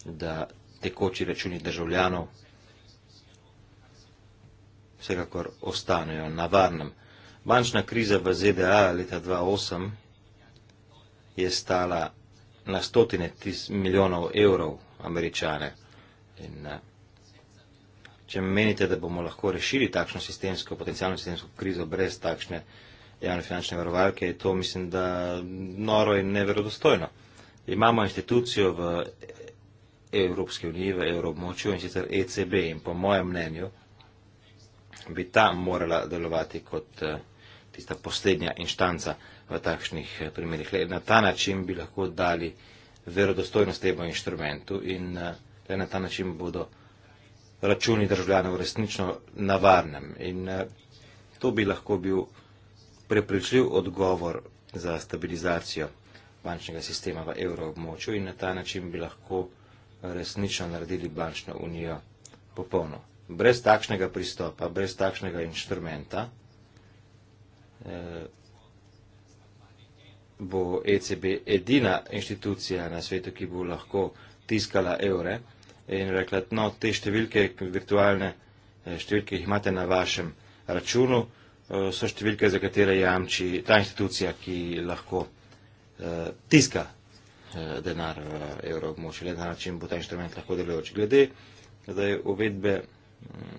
da tekoči računi državljanov vsekakor ostanejo na varnem. Bančna kriza v ZDA leta 2008 je stala na stotine tis milijonov evrov američane. In, eh, če menite, da bomo lahko rešili takšno sistemsko, potencijalno sistemsko krizo brez takšne javne finančne varovalke, je to, mislim, da noro in neverodostojno. Imamo institucijo v Evropske unije v evroobmočju in sicer ECB. In po mojem mnenju bi ta morala delovati kot eh, tista poslednja inštanca v takšnih eh, primerih. Na ta način bi lahko dali verodostojnost temu inštrumentu in eh, na ta način bodo računi državljanov resnično na varnem. In to bi lahko bil prepričljiv odgovor za stabilizacijo bančnega sistema v evroobmočju in na ta način bi lahko resnično naredili bančno unijo popolno. Brez takšnega pristopa, brez takšnega inštrumenta eh, bo ECB edina inštitucija na svetu, ki bo lahko tiskala evre in rekla, no, te številke virtualne, eh, številke jih imate na vašem računu, eh, so številke, za katere jamči ta inštitucija, ki lahko tiska Eh, denar v eh, evroobmočje. Le na način bo ta inštrument lahko delujoč. Glede zdaj uvedbe mm,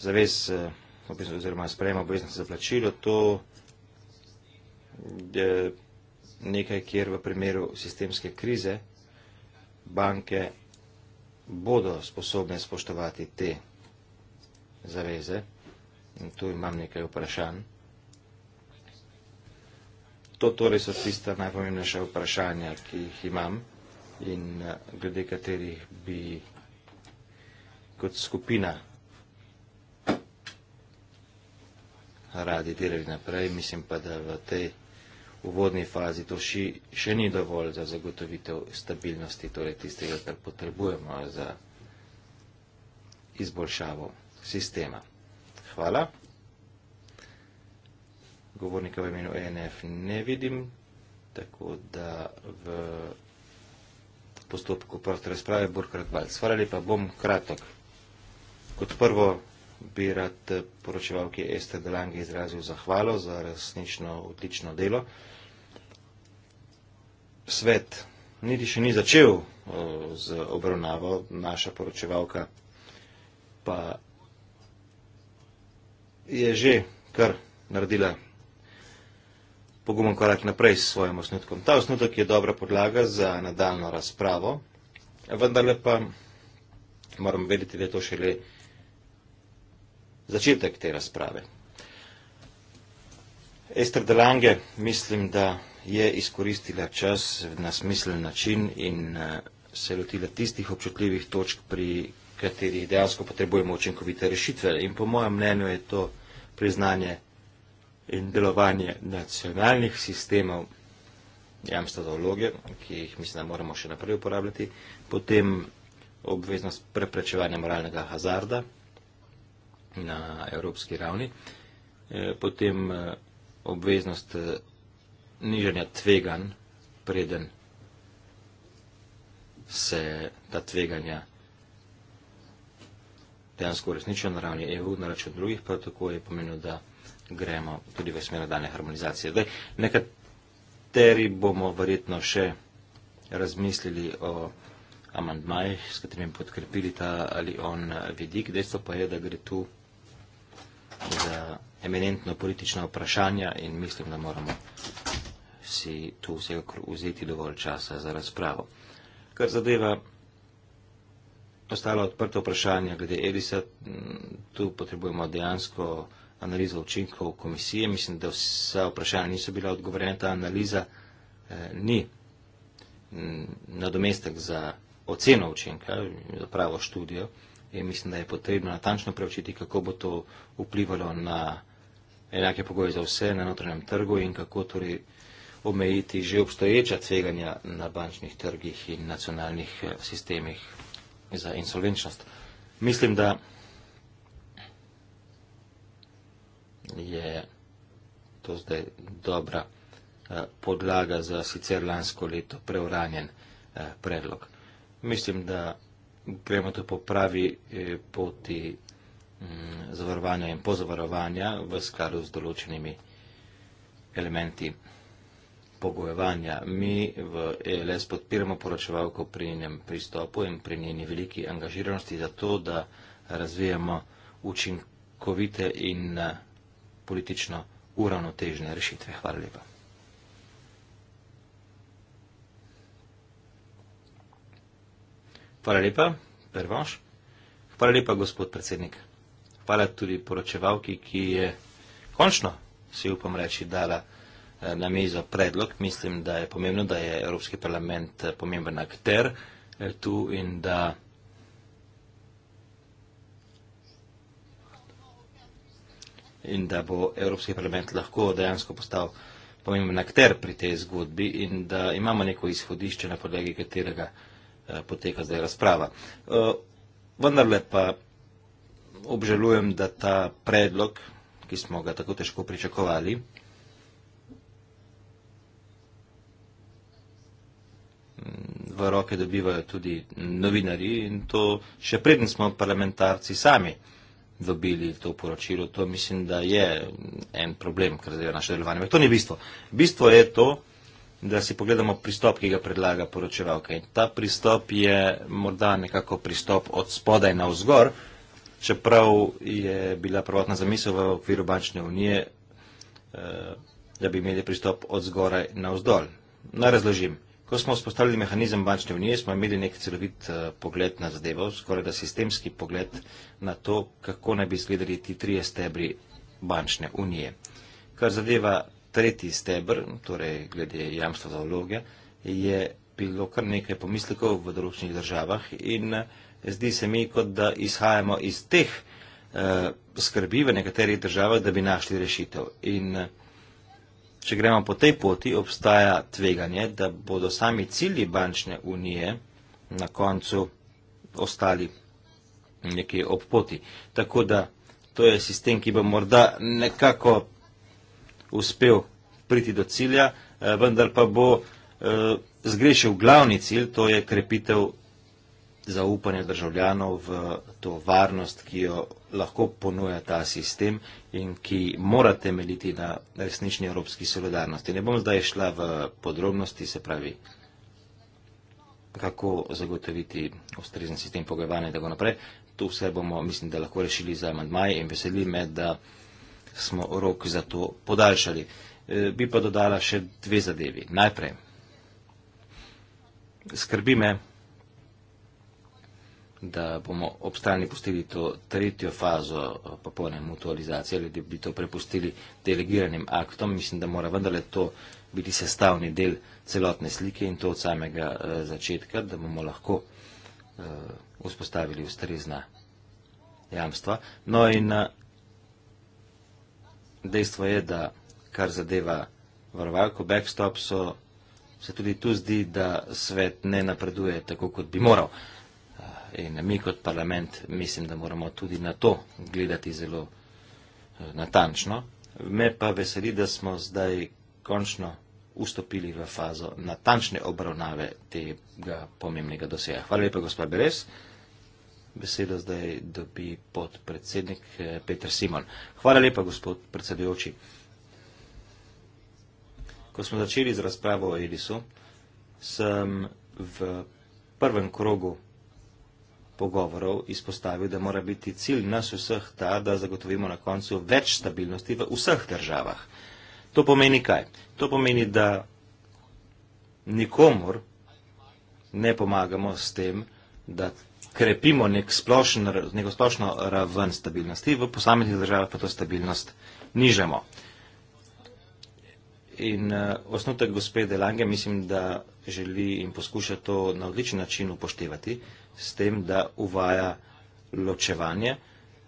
zavez eh, oziroma sprejema obveznosti za plačilo, to je nekaj, kjer v primeru sistemske krize banke bodo sposobne spoštovati te zaveze. In tu imam nekaj vprašanj. To torej so tista najpomembnejša vprašanja, ki jih imam in eh, glede katerih bi kot skupina radi delali naprej. Mislim pa, da v tej uvodni fazi to ši, še ni dovolj za zagotovitev stabilnosti, torej tistega, kar potrebujemo za izboljšavo sistema. Hvala govornika v imenu ENF ne vidim, tako da v postopku prvte razprave Burkrat Valc. Hvala lepa, bom kratok. Kot prvo bi rad poročevalki Ester Delange izrazil zahvalo za resnično odlično delo. Svet niti še ni začel z obravnavo, naša poročevalka pa je že kar naredila pogumen korak naprej s svojim osnutkom. Ta osnutek je dobra podlaga za nadaljno razpravo, vendar pa moram vedeti, da je to šele začetek te razprave. Ester Delange mislim, da je izkoristila čas na smislen način in eh, se lotila tistih občutljivih točk, pri katerih dejansko potrebujemo učinkovite rešitve. In po mojem mnenju je to priznanje in delovanje nacionalnih sistemov jamstva za vloge, ki jih mislim, da moramo še naprej uporabljati, potem obveznost preprečevanja moralnega hazarda na evropski ravni, eh, potem eh, obveznost eh, nižanja tvegan, preden se ta tveganja dejansko uresničijo na ravni EU, na račun drugih, pa tako je pomenilo, da gremo tudi v smer nadaljne harmonizacije. Zdaj, nekateri bomo verjetno še razmislili o amandmajih, s katerimi bi podkrepili ta ali on vidik. Dejstvo pa je, da gre tu za eminentno politična vprašanja in mislim, da moramo si tu vsekakor vzeti dovolj časa za razpravo. Kar zadeva ostala odprta vprašanja glede Edisa, tu potrebujemo dejansko analiza učinkov komisije. Mislim, da vsa vprašanja niso bila odgovorjena. Ta analiza eh, ni mm, nadomestek za oceno učinka, za pravo študijo. In mislim, da je potrebno natančno preučiti, kako bo to vplivalo na enake pogoje za vse na notranjem trgu in kako torej omejiti že obstoječa tveganja na bančnih trgih in nacionalnih eh, sistemih za insolvenčnost. Mislim, da je to zdaj dobra eh, podlaga za sicer lansko leto preuranjen eh, predlog. Mislim, da gremo to po pravi eh, poti mm, zavarovanja in pozavarovanja v skladu z določenimi elementi pogojevanja. Mi v ELS podpiramo poročevalko pri njenem pristopu in pri njeni veliki angažiranosti za to, da razvijamo učinkovite in politično uravnotežene rešitve. Hvala lepa. Hvala lepa, Pervanš. Hvala lepa, gospod predsednik. Hvala tudi poročevalki, ki je končno, si upam reči, dala eh, na mizo predlog. Mislim, da je pomembno, da je Evropski parlament eh, pomemben akter eh, tu in da. in da bo Evropski parlament lahko dejansko postal pomemben akter pri tej zgodbi in da imamo neko izhodišče, na podlagi katerega eh, poteka zdaj razprava. Eh, vendarle pa obžalujem, da ta predlog, ki smo ga tako težko pričakovali, mm, v roke dobivajo tudi novinari in to še predn smo parlamentarci sami dobili to poročilo. To mislim, da je en problem, kar zdaj je naše delovanje. To ni bistvo. Bistvo je to, da si pogledamo pristop, ki ga predlaga poročevalka. In ta pristop je morda nekako pristop od spodaj na vzgor, čeprav je bila prvotna zamisel v okviru bančne unije, eh, da bi imeli pristop od zgoraj na vzdolj. Naj razložim. Ko smo spostavili mehanizem bančne unije, smo imeli nek celovit uh, pogled na zadevo, skoraj da sistemski pogled na to, kako naj bi izgledali ti trije stebri bančne unije. Kar zadeva tretji stebr, torej glede jamstva za vloge, je bilo kar nekaj pomislekov v določenih državah in eh, zdi se mi, kot da izhajamo iz teh uh, skrbi v nekaterih državah, da bi našli rešitev. In, uh, Če gremo po tej poti, obstaja tveganje, da bodo sami cilji bančne unije na koncu ostali nekje ob poti. Tako da to je sistem, ki bo morda nekako uspel priti do cilja, eh, vendar pa bo eh, zgrešil glavni cilj, to je krepitev zaupanje državljanov v to varnost, ki jo lahko ponuja ta sistem in ki mora temeljiti na resnični evropski solidarnosti. Ne bom zdaj šla v podrobnosti, se pravi, kako zagotoviti ustrezen sistem pogajevanja in tako naprej. Tu vse bomo, mislim, da lahko rešili za amandmaj in veseli me, da smo rok za to podaljšali. E, bi pa dodala še dve zadevi. Najprej, skrbi me, da bomo ob strani pustili to tretjo fazo eh, popolne mutualizacije ali da bi to prepustili delegiranim aktom. Mislim, da mora vendarle to biti sestavni del celotne slike in to od samega uh, začetka, da bomo lahko uh, vzpostavili ustrezna jamstva. No in uh, dejstvo je, da kar zadeva varovalko backstop, so, se tudi tu zdi, da svet ne napreduje tako, kot bi moral. Uh, in mi kot parlament mislim, da moramo tudi na to gledati zelo eh, natančno. Me pa veseli, da smo zdaj končno vstopili v fazo natančne obravnave tega pomembnega doseja. Hvala lepa, gospod Beres. Besedo zdaj dobi podpredsednik eh, Petr Simon. Hvala lepa, gospod predsedujoči. Ko smo začeli z razpravo o Elisu, sem v prvem krogu pogovorov izpostavil, da mora biti cilj nas vseh ta, da zagotovimo na koncu več stabilnosti v vseh državah. To pomeni kaj? To pomeni, da nikomor ne pomagamo s tem, da krepimo nek splošen, neko splošno raven stabilnosti, v posameznih državah pa to stabilnost nižamo. In uh, osnutek gospe Delange mislim, da želi in poskuša to na odličen način upoštevati. Uh, s tem, da uvaja ločevanje,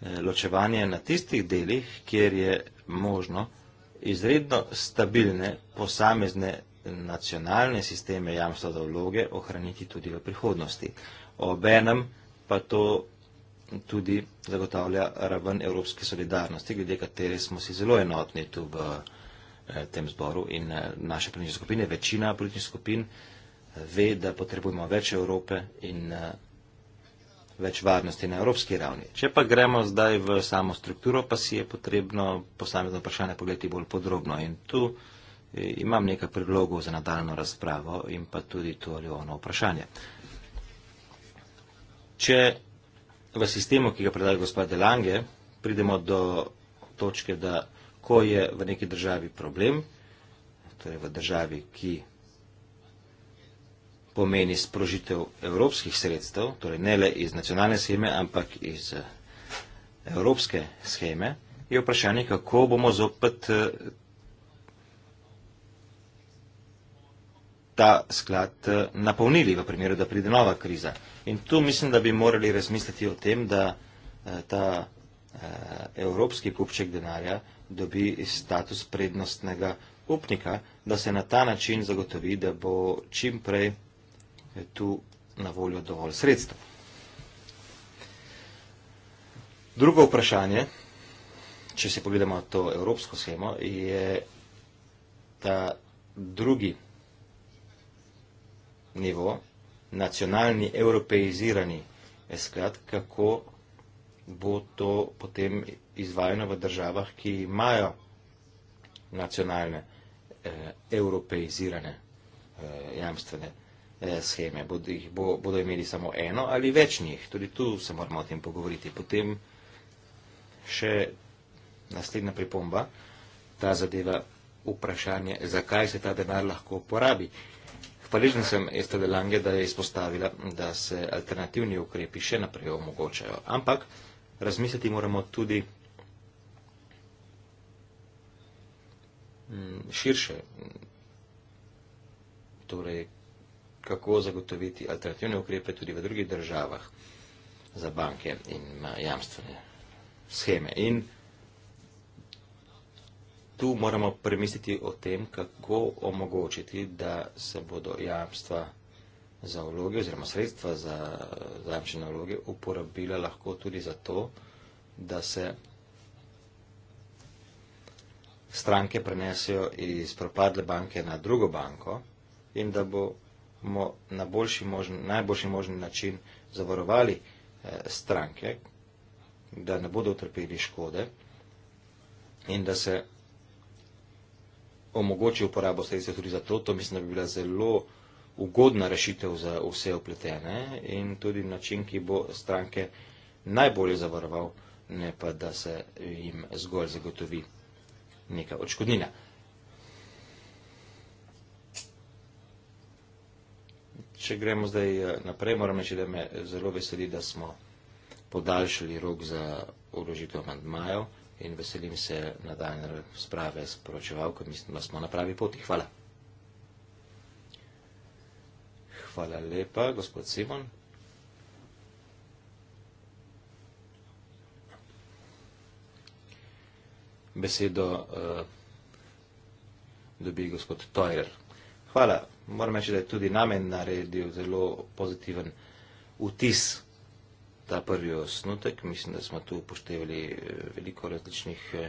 eh, ločevanje na tistih delih, kjer je možno izredno stabilne posamezne nacionalne sisteme jamstva za vloge ohraniti tudi v prihodnosti. Obenem pa to tudi zagotavlja raven evropske solidarnosti, glede katere smo si zelo enotni tu v eh, tem zboru in eh, naše politične skupine, večina političnih skupin ve, da potrebujemo več Evrope in več varnosti na evropski ravni. Če pa gremo zdaj v samo strukturo, pa si je potrebno posamezno vprašanje pogledati bolj podrobno. In tu eh, imam nekaj predlogov za nadaljno razpravo in pa tudi to ali ono vprašanje. Če v sistemu, ki ga predlaga gospod Delange, pridemo do točke, da ko je v neki državi problem, torej v državi, ki pomeni sprožitev evropskih sredstev, torej ne le iz nacionalne scheme, ampak iz eh, evropske scheme, je vprašanje, kako bomo zopet eh, ta sklad eh, napolnili v primeru, da pride nova kriza. In tu mislim, da bi morali razmisliti o tem, da ta evropski kupček denarja dobi status prednostnega upnika, da se na ta način zagotovi, da bo čim prej je tu na voljo dovolj sredstev. Drugo vprašanje, če se pogledamo to evropsko schemo, je ta drugi nivo, nacionalni evropeizirani sklad, kako bo to potem izvajano v državah, ki imajo nacionalne eh, evropeizirane eh, jamstvene eh, scheme, bodo, jih, bo, bodo imeli samo eno ali več njih. Tudi tu se moramo o tem pogovoriti. Potem še naslednja pripomba, ta zadeva vprašanje, zakaj se ta denar lahko uporabi. Hvaležen sem Estrade Lange, da je izpostavila, da se alternativni ukrepi še naprej omogočajo. Ampak razmisliti moramo tudi mm, širše, torej kako zagotoviti alternativne ukrepe tudi v drugih državah za banke in jamstvene scheme. In tu moramo premisliti o tem, kako omogočiti, da se bodo jamstva za vloge oziroma sredstva za zajamčene vloge uporabila lahko tudi za to, da se stranke prenesejo iz propadle banke na drugo banko in da bo bomo na boljši možen, najboljši možni način zavarovali eh, stranke, da ne bodo utrpeli škode in da se omogoči uporabo sredstev tudi za to. To mislim, da bi bila zelo ugodna rešitev za vse opletene in tudi način, ki bo stranke najbolje zavaroval, ne pa da se jim zgolj zagotovi neka odškodnina. če gremo zdaj eh, naprej, moram reči, da me zelo veseli, da smo podaljšali rok za uložitev amandmajev in veselim se nadaljne sprave s poročevalkom, mislim, da smo na pravi poti. Hvala. Hvala lepa, gospod Simon. Besedo uh, dobi gospod Tojer. Hvala moram reči, da je tudi namen naredil zelo pozitiven vtis ta prvi osnutek. Mislim, da smo tu upoštevali eh, veliko različnih eh,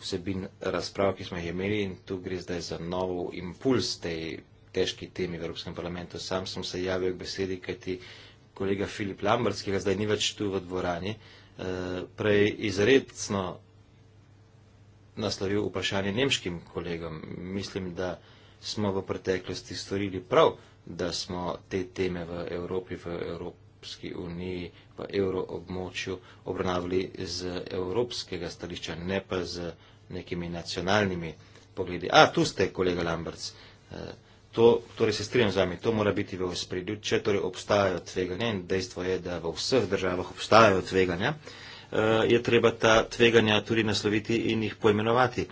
vsebin razprav, ki smo jih imeli in tu gre zdaj za nov impuls tej težki temi v Evropskem parlamentu. Sam sem se javil k besedi, kajti kolega Filip Lamberts, ki ga zdaj ni več tu v dvorani, eh, prej izredno naslovil vprašanje nemškim kolegom. Mislim, da smo v preteklosti storili prav, da smo te teme v Evropi, v Evropski uniji, v evroobmočju obravnavali z evropskega stališča, ne pa z nekimi nacionalnimi pogledi. A, tu ste, kolega Lamberts. E, to, torej se strinjam z vami, to mora biti v spredju, če torej obstajajo tveganja in dejstvo je, da v vseh državah obstajajo tveganja, e, je treba ta tveganja tudi nasloviti in jih poimenovati. E,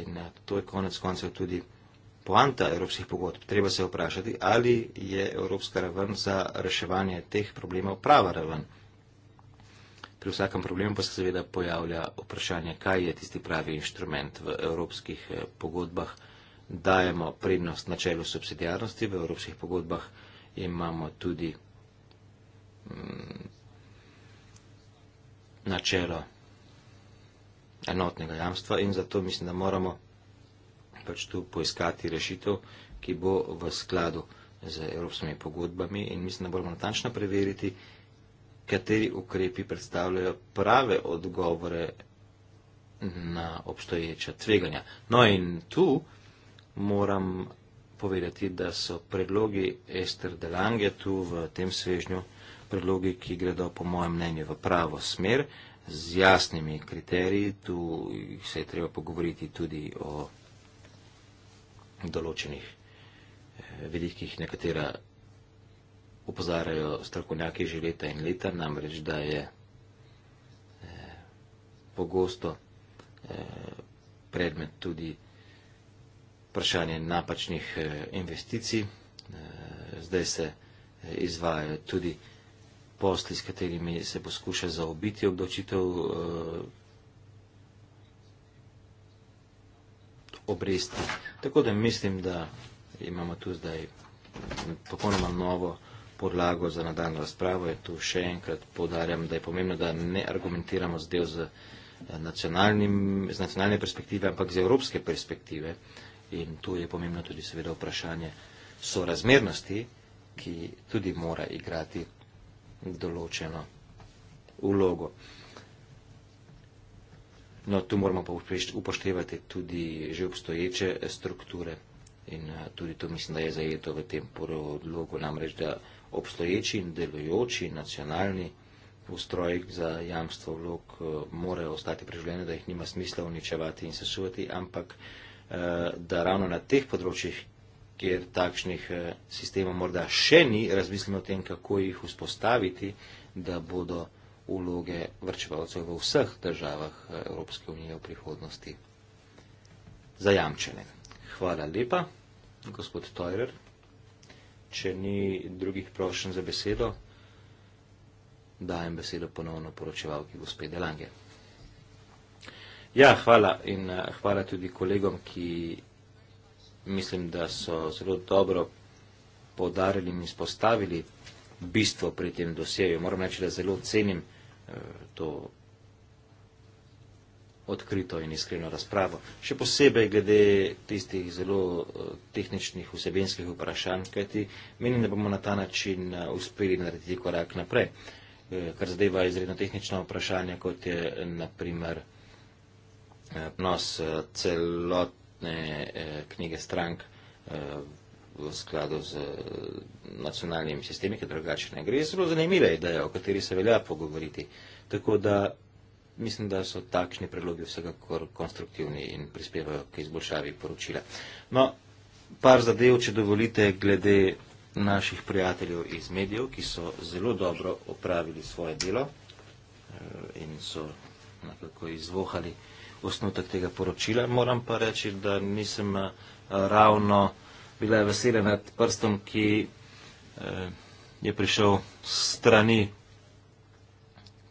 in to je konec koncev tudi poanta evropskih pogodb. Treba se vprašati, ali je evropska raven za reševanje teh problemov prava raven. Pri vsakem problemu pa se seveda pojavlja vprašanje, kaj je tisti pravi inštrument v evropskih eh, pogodbah. Dajemo prednost načelu subsidijarnosti v evropskih pogodbah, imamo tudi mm, načelo enotnega jamstva in zato mislim, da moramo pač tu poiskati rešitev, ki bo v skladu z evropskimi pogodbami in mislim, da moramo natančno preveriti, kateri ukrepi predstavljajo prave odgovore na obstoječa tveganja. No in tu moram povedati, da so predlogi Ester Delange tu v tem svežnju, predlogi, ki gredo po mojem mnenju v pravo smer, z jasnimi kriteriji, tu se je treba pogovoriti tudi o določenih eh, vidikih, na katera opozarjajo strokovnjaki že leta in leta, namreč da je eh, pogosto eh, predmet tudi vprašanje napačnih investicij. Zdaj se izvajajo tudi posli, s katerimi se poskuša zaobiti obdočitev obresti. Tako da mislim, da imamo tu zdaj popolnoma novo podlago za nadaljno razpravo. In tu še enkrat podarjam, da je pomembno, da ne argumentiramo zdaj z, eh, z nacionalne perspektive, ampak z evropske perspektive. In tu je pomembno tudi seveda vprašanje sorazmernosti, ki tudi mora igrati določeno ulogo. No, tu moramo pa upoštevati tudi že obstoječe strukture in eh, tudi to mislim, da je zajeto v tem porodlogu, namreč, da obstoječi in delujoči nacionalni ustroj za jamstvo vlog eh, morajo ostati preživljene, da jih nima smisla uničevati in sesuvati, ampak eh, da ravno na teh področjih, kjer takšnih sistemov morda še ni, razmislimo o tem, kako jih vzpostaviti, da bodo vloge vrčevalcev v vseh državah eh, Evropske unije v prihodnosti zajamčene. Hvala lepa, gospod Teurer. Če ni drugih prošen za besedo, dajem besedo ponovno poročevalki gospede Lange. Ja, hvala in eh, hvala tudi kolegom, ki mislim, da so zelo dobro podarili in izpostavili bistvo pri tem dosjeju. Moram reči, da zelo cenim to odkrito in iskreno razpravo. Še posebej glede tistih zelo eh, tehničnih vsebenskih vprašanj, kajti menim, da bomo na ta način eh, uspeli narediti korak naprej, eh, kar zadeva izredno tehnična vprašanja, kot je naprimer nos celotne knjige strank v skladu z eh, nacionalnimi sistemi, ki drugače ne gre. Zelo zanimive ideje, o kateri se velja pogovoriti. Tako da mislim, da so takšni predlogi vsekakor konstruktivni in prispevajo k izboljšavi poročila. No, par zadev, če dovolite, glede naših prijateljev iz medijev, ki so zelo dobro opravili svoje delo eh, in so nekako izvohali osnutek tega poročila. Moram pa reči, da nisem eh, ravno uh, bila je vesela nad prstom, ki eh, je prišel strani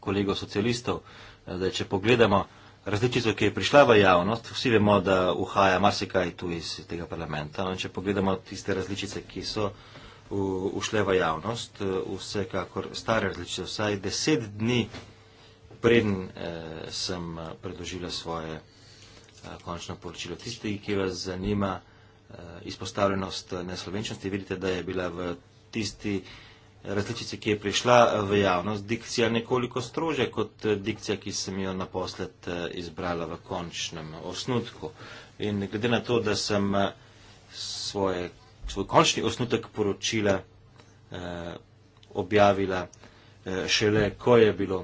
kolegov socialistov. Eh, zdaj, če pogledamo različico, ki je prišla v javnost, vsi vemo, da uhaja marsikaj tu iz tega parlamenta. No, če pogledamo tiste različice, ki so v, ušle v javnost, eh, vsekakor stare različice, vsaj deset dni preden eh, sem eh, predložila svoje eh, končno poročilo. Tisti, ki vas zanima, eh, Eh, izpostavljenost eh, neslovenčnosti. Vidite, da je bila v tisti različici, ki je prišla eh, v javnost, dikcija nekoliko strože kot dikcija, ki sem jo naposled izbrala v končnem osnutku. In glede na to, da sem svoje, svoj končni osnutek poročila objavila šele, ko je bilo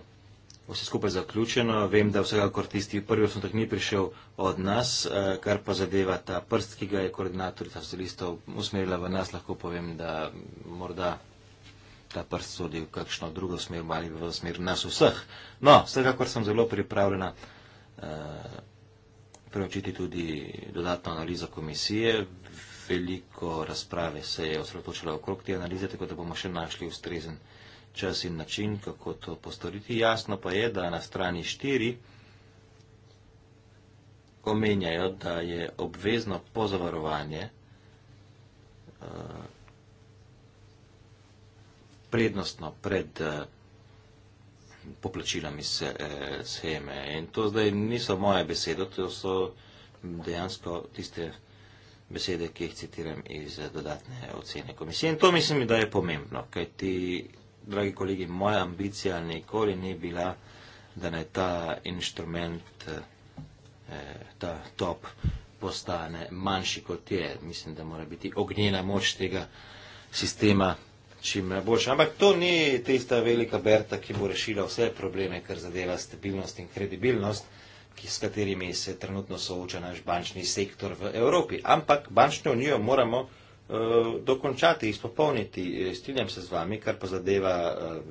vse skupaj zaključeno. Vem, da vsekakor tisti prvi osnutek ni prišel od nas, eh, kar pa zadeva ta prst, ki ga je koordinatorica socialistov usmerila v nas, lahko povem, da morda ta prst sodi v kakšno drugo smer ali v smer nas vseh. No, vsekakor sem zelo pripravljena eh, preučiti tudi dodatno analizo komisije. Veliko razprave se je osredotočilo okrog te analize, tako da bomo še našli ustrezen čas in način, kako to postoriti. Jasno pa je, da na strani 4 omenjajo, da je obvezno pozavarovanje eh, prednostno pred eh, poplačilami eh, sheme. In to zdaj niso moje besede, to so dejansko tiste besede, ki jih citiram iz dodatne ocene komisije. In to mislim, da je pomembno, kaj ti dragi kolegi, moja ambicija nikoli ni bila, da naj ta inštrument, eh, ta top postane manjši kot je. Mislim, da mora biti ognjena moč tega sistema čim boljša. Ampak to ni tista velika berta, ki bo rešila vse probleme, kar zadeva stabilnost in kredibilnost s katerimi se trenutno sooča naš bančni sektor v Evropi. Ampak bančno unijo moramo Eh, dokončati, izpopolniti. Eh, strinjam se z vami, kar pa zadeva eh,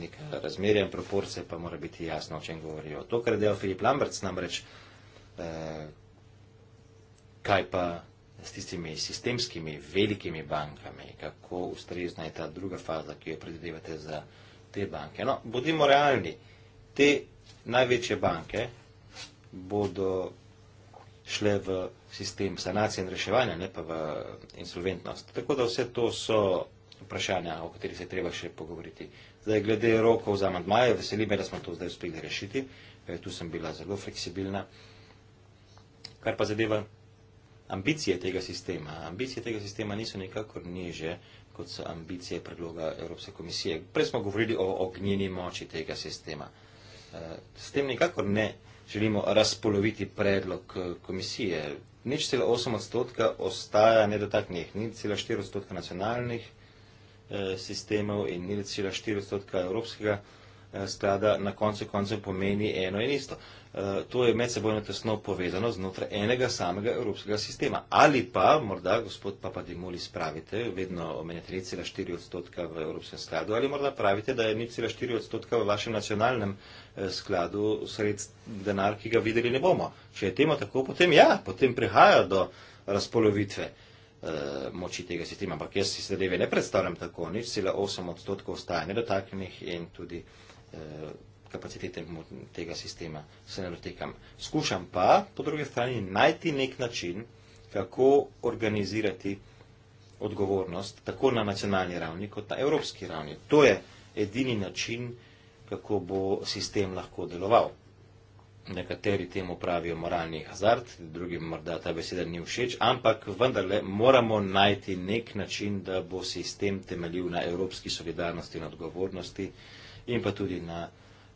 neka razmerja in proporcije, pa mora biti jasno, o čem govorijo. To, kar je del Filip Lambert, namreč kaj pa s tistimi sistemskimi velikimi bankami, kako ustrezna je ta druga faza, ki jo predvidevate za te banke. No, bodimo realni, te največje banke bodo šle v sistem sanacije in reševanja, ne pa v insolventnost. Tako da vse to so vprašanja, o katerih se je treba še pogovoriti. Zdaj, glede rokov za amantmaje, veseli me, da smo to zdaj uspeli rešiti. Eh, tu sem bila zelo fleksibilna. Kar pa zadeva ambicije tega sistema. Ambicije tega sistema niso nekakor niže, kot so ambicije predloga Evropske komisije. Prej smo govorili o ognjeni moči tega sistema. Eh, s tem nekakor ne želimo razpoloviti predlog eh, komisije. Nič celo 8 odstotka ostaja nedotaknjenih, nič celo 4 odstotka nacionalnih eh, sistemov in nič celo 4 odstotka evropskega eh, sklada na koncu konca pomeni eno in isto. To je medsebojno tesno povezano znotraj enega samega evropskega sistema. Ali pa, morda, gospod Papadimoli, spravite, vedno omenjate nič celo 4 odstotka v evropskem skladu, ali morda pravite, da je nič celo 4 odstotka v vašem nacionalnem sistemu skladu sredst, denar, ki ga videli ne bomo. Če je tema tako, potem ja, potem prihaja do razpolovitve eh, moči tega sistema. Ampak jaz si sedeve ne predstavljam tako, nič sila 8 odstotkov ostaje nedotaknjenih in tudi eh, kapacitete tega sistema se ne dotekam. Skušam pa, po drugi strani, najti nek način, kako organizirati odgovornost tako na nacionalni ravni kot na evropski ravni. To je edini način, kako bo sistem lahko deloval. Nekateri temu pravijo moralni hazard, drugi morda ta beseda ni všeč, ampak vendarle moramo najti nek način, da bo sistem temeljil na evropski solidarnosti in odgovornosti in pa tudi na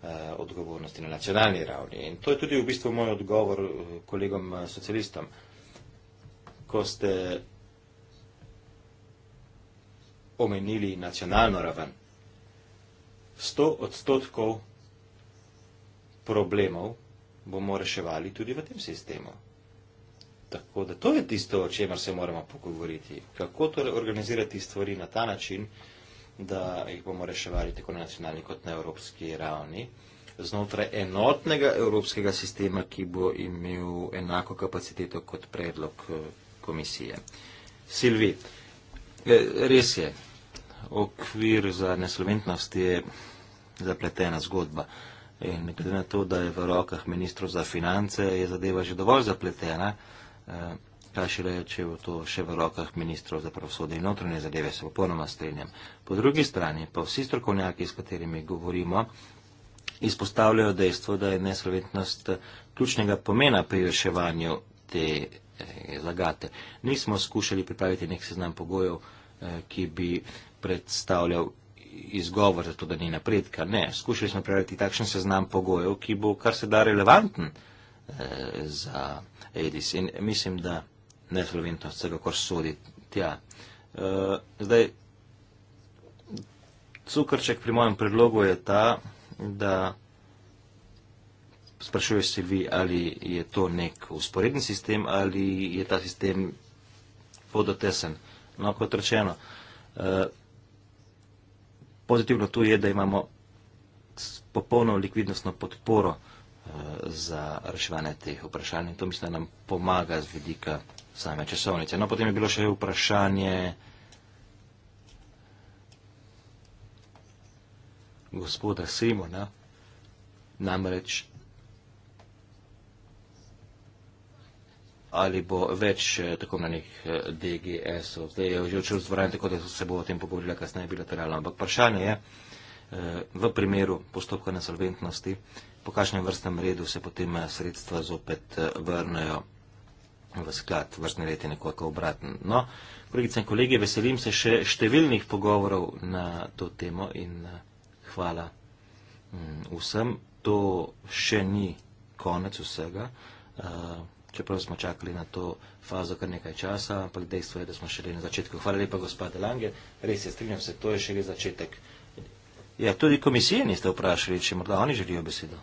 eh, odgovornosti na nacionalni ravni. In to je tudi v bistvu moj odgovor eh, kolegom eh, socialistom. Ko ste omenili nacionalno raven, 100 odstotkov problemov bomo reševali tudi v tem sistemu. Tako da to je tisto, o čemer se moramo pogovoriti. Kako torej organizirati stvari na ta način, da jih bomo reševali tako na nacionalni kot na evropski ravni, znotraj enotnega evropskega sistema, ki bo imel enako kapaciteto kot predlog eh, komisije. Silvi, eh, res je, okvir za nesloventnost je zapletena zgodba. In glede na to, da je v rokah ministrov za finance, je zadeva že dovolj zapletena. Eh, kaj še reče, bo to še v rokah ministrov za pravosodne in notranje zadeve, se popolnoma strenjam. Po drugi strani pa vsi strokovnjaki, s katerimi govorimo, izpostavljajo dejstvo, da je nesolventnost ključnega pomena pri reševanju te eh, zagate. Nismo skušali pripraviti nek seznam pogojev, eh, ki bi predstavljal izgovor za to, da ni napredka. Ne, skušali smo preveriti takšen seznam pogojev, ki bo kar se da relevanten eh, za Edis. In mislim, da nesolventnost vsega, kar sodi tja. Eh, zdaj, cukrček pri mojem predlogu je ta, da sprašuje se vi, ali je to nek usporedni sistem ali je ta sistem podotesen. No, kot rečeno. Eh, pozitivno tu je, da imamo popolno likvidnostno podporo eh, za reševanje teh vprašanj in to mislim, da nam pomaga z vidika same časovnice. No, potem je bilo še vprašanje gospoda Simona, namreč ali bo več eh, tako imenih eh, DGS-ov. Zdaj je že odšel z dvorane, tako da se bo o tem pogovorila kasneje bilateralno. Ampak vprašanje je, eh, v primeru postopka nesolventnosti, po kakšnem vrstnem redu se potem sredstva zopet vrnejo v sklad, vrstni red je nekoliko obraten. No, kolegice in kolegi, veselim se še številnih pogovorov na to temo in hvala mm, vsem. To še ni konec vsega čeprav smo čakali na to fazo kar nekaj časa, ampak dejstvo je, da smo šele na začetku. Hvala lepa, gospod Lange, res je, strinjam se, to je šele začetek. Ja, tudi komisije niste vprašali, če morda oni želijo besedo.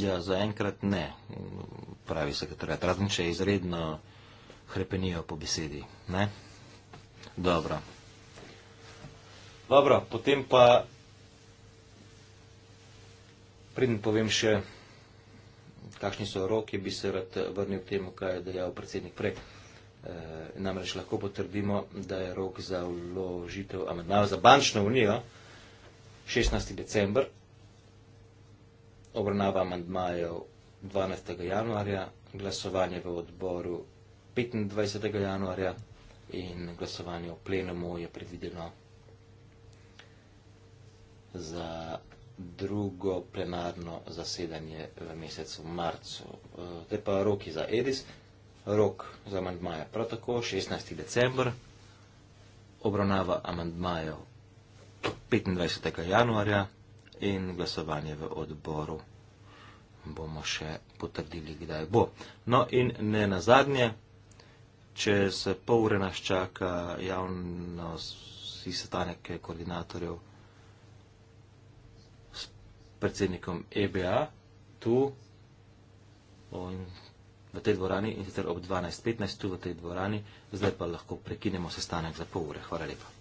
Ja, zaenkrat ne, pravi sekretarjat, razen če izredno hrepenijo po besedi. Ne? Dobro. Dobro, potem pa Predn povem še, kakšni so roki, bi se rad vrnil k temu, kaj je dejal predsednik prej. E, namreč lahko potrdimo, da je rok za vložitev amendmaja za bančno unijo 16. december, obravnava amendmajev 12. januarja, glasovanje v odboru 25. januarja in glasovanje v plenumu je predvideno za drugo plenarno zasedanje v mesecu marcu. Te eh, pa roki za Edis, rok za amandmaje. Prav tako 16. december obravnava amandmajev 25. januarja in glasovanje v odboru bomo še potrdili, kdaj bo. No in ne na zadnje, čez pol ure nas čaka javnost, vsi satanek koordinatorjev predsednikom EBA tu on, v tej dvorani in sicer ob 12.15 tu v tej dvorani. Zdaj pa lahko prekinemo sestanek za pol ure. Hvala lepa.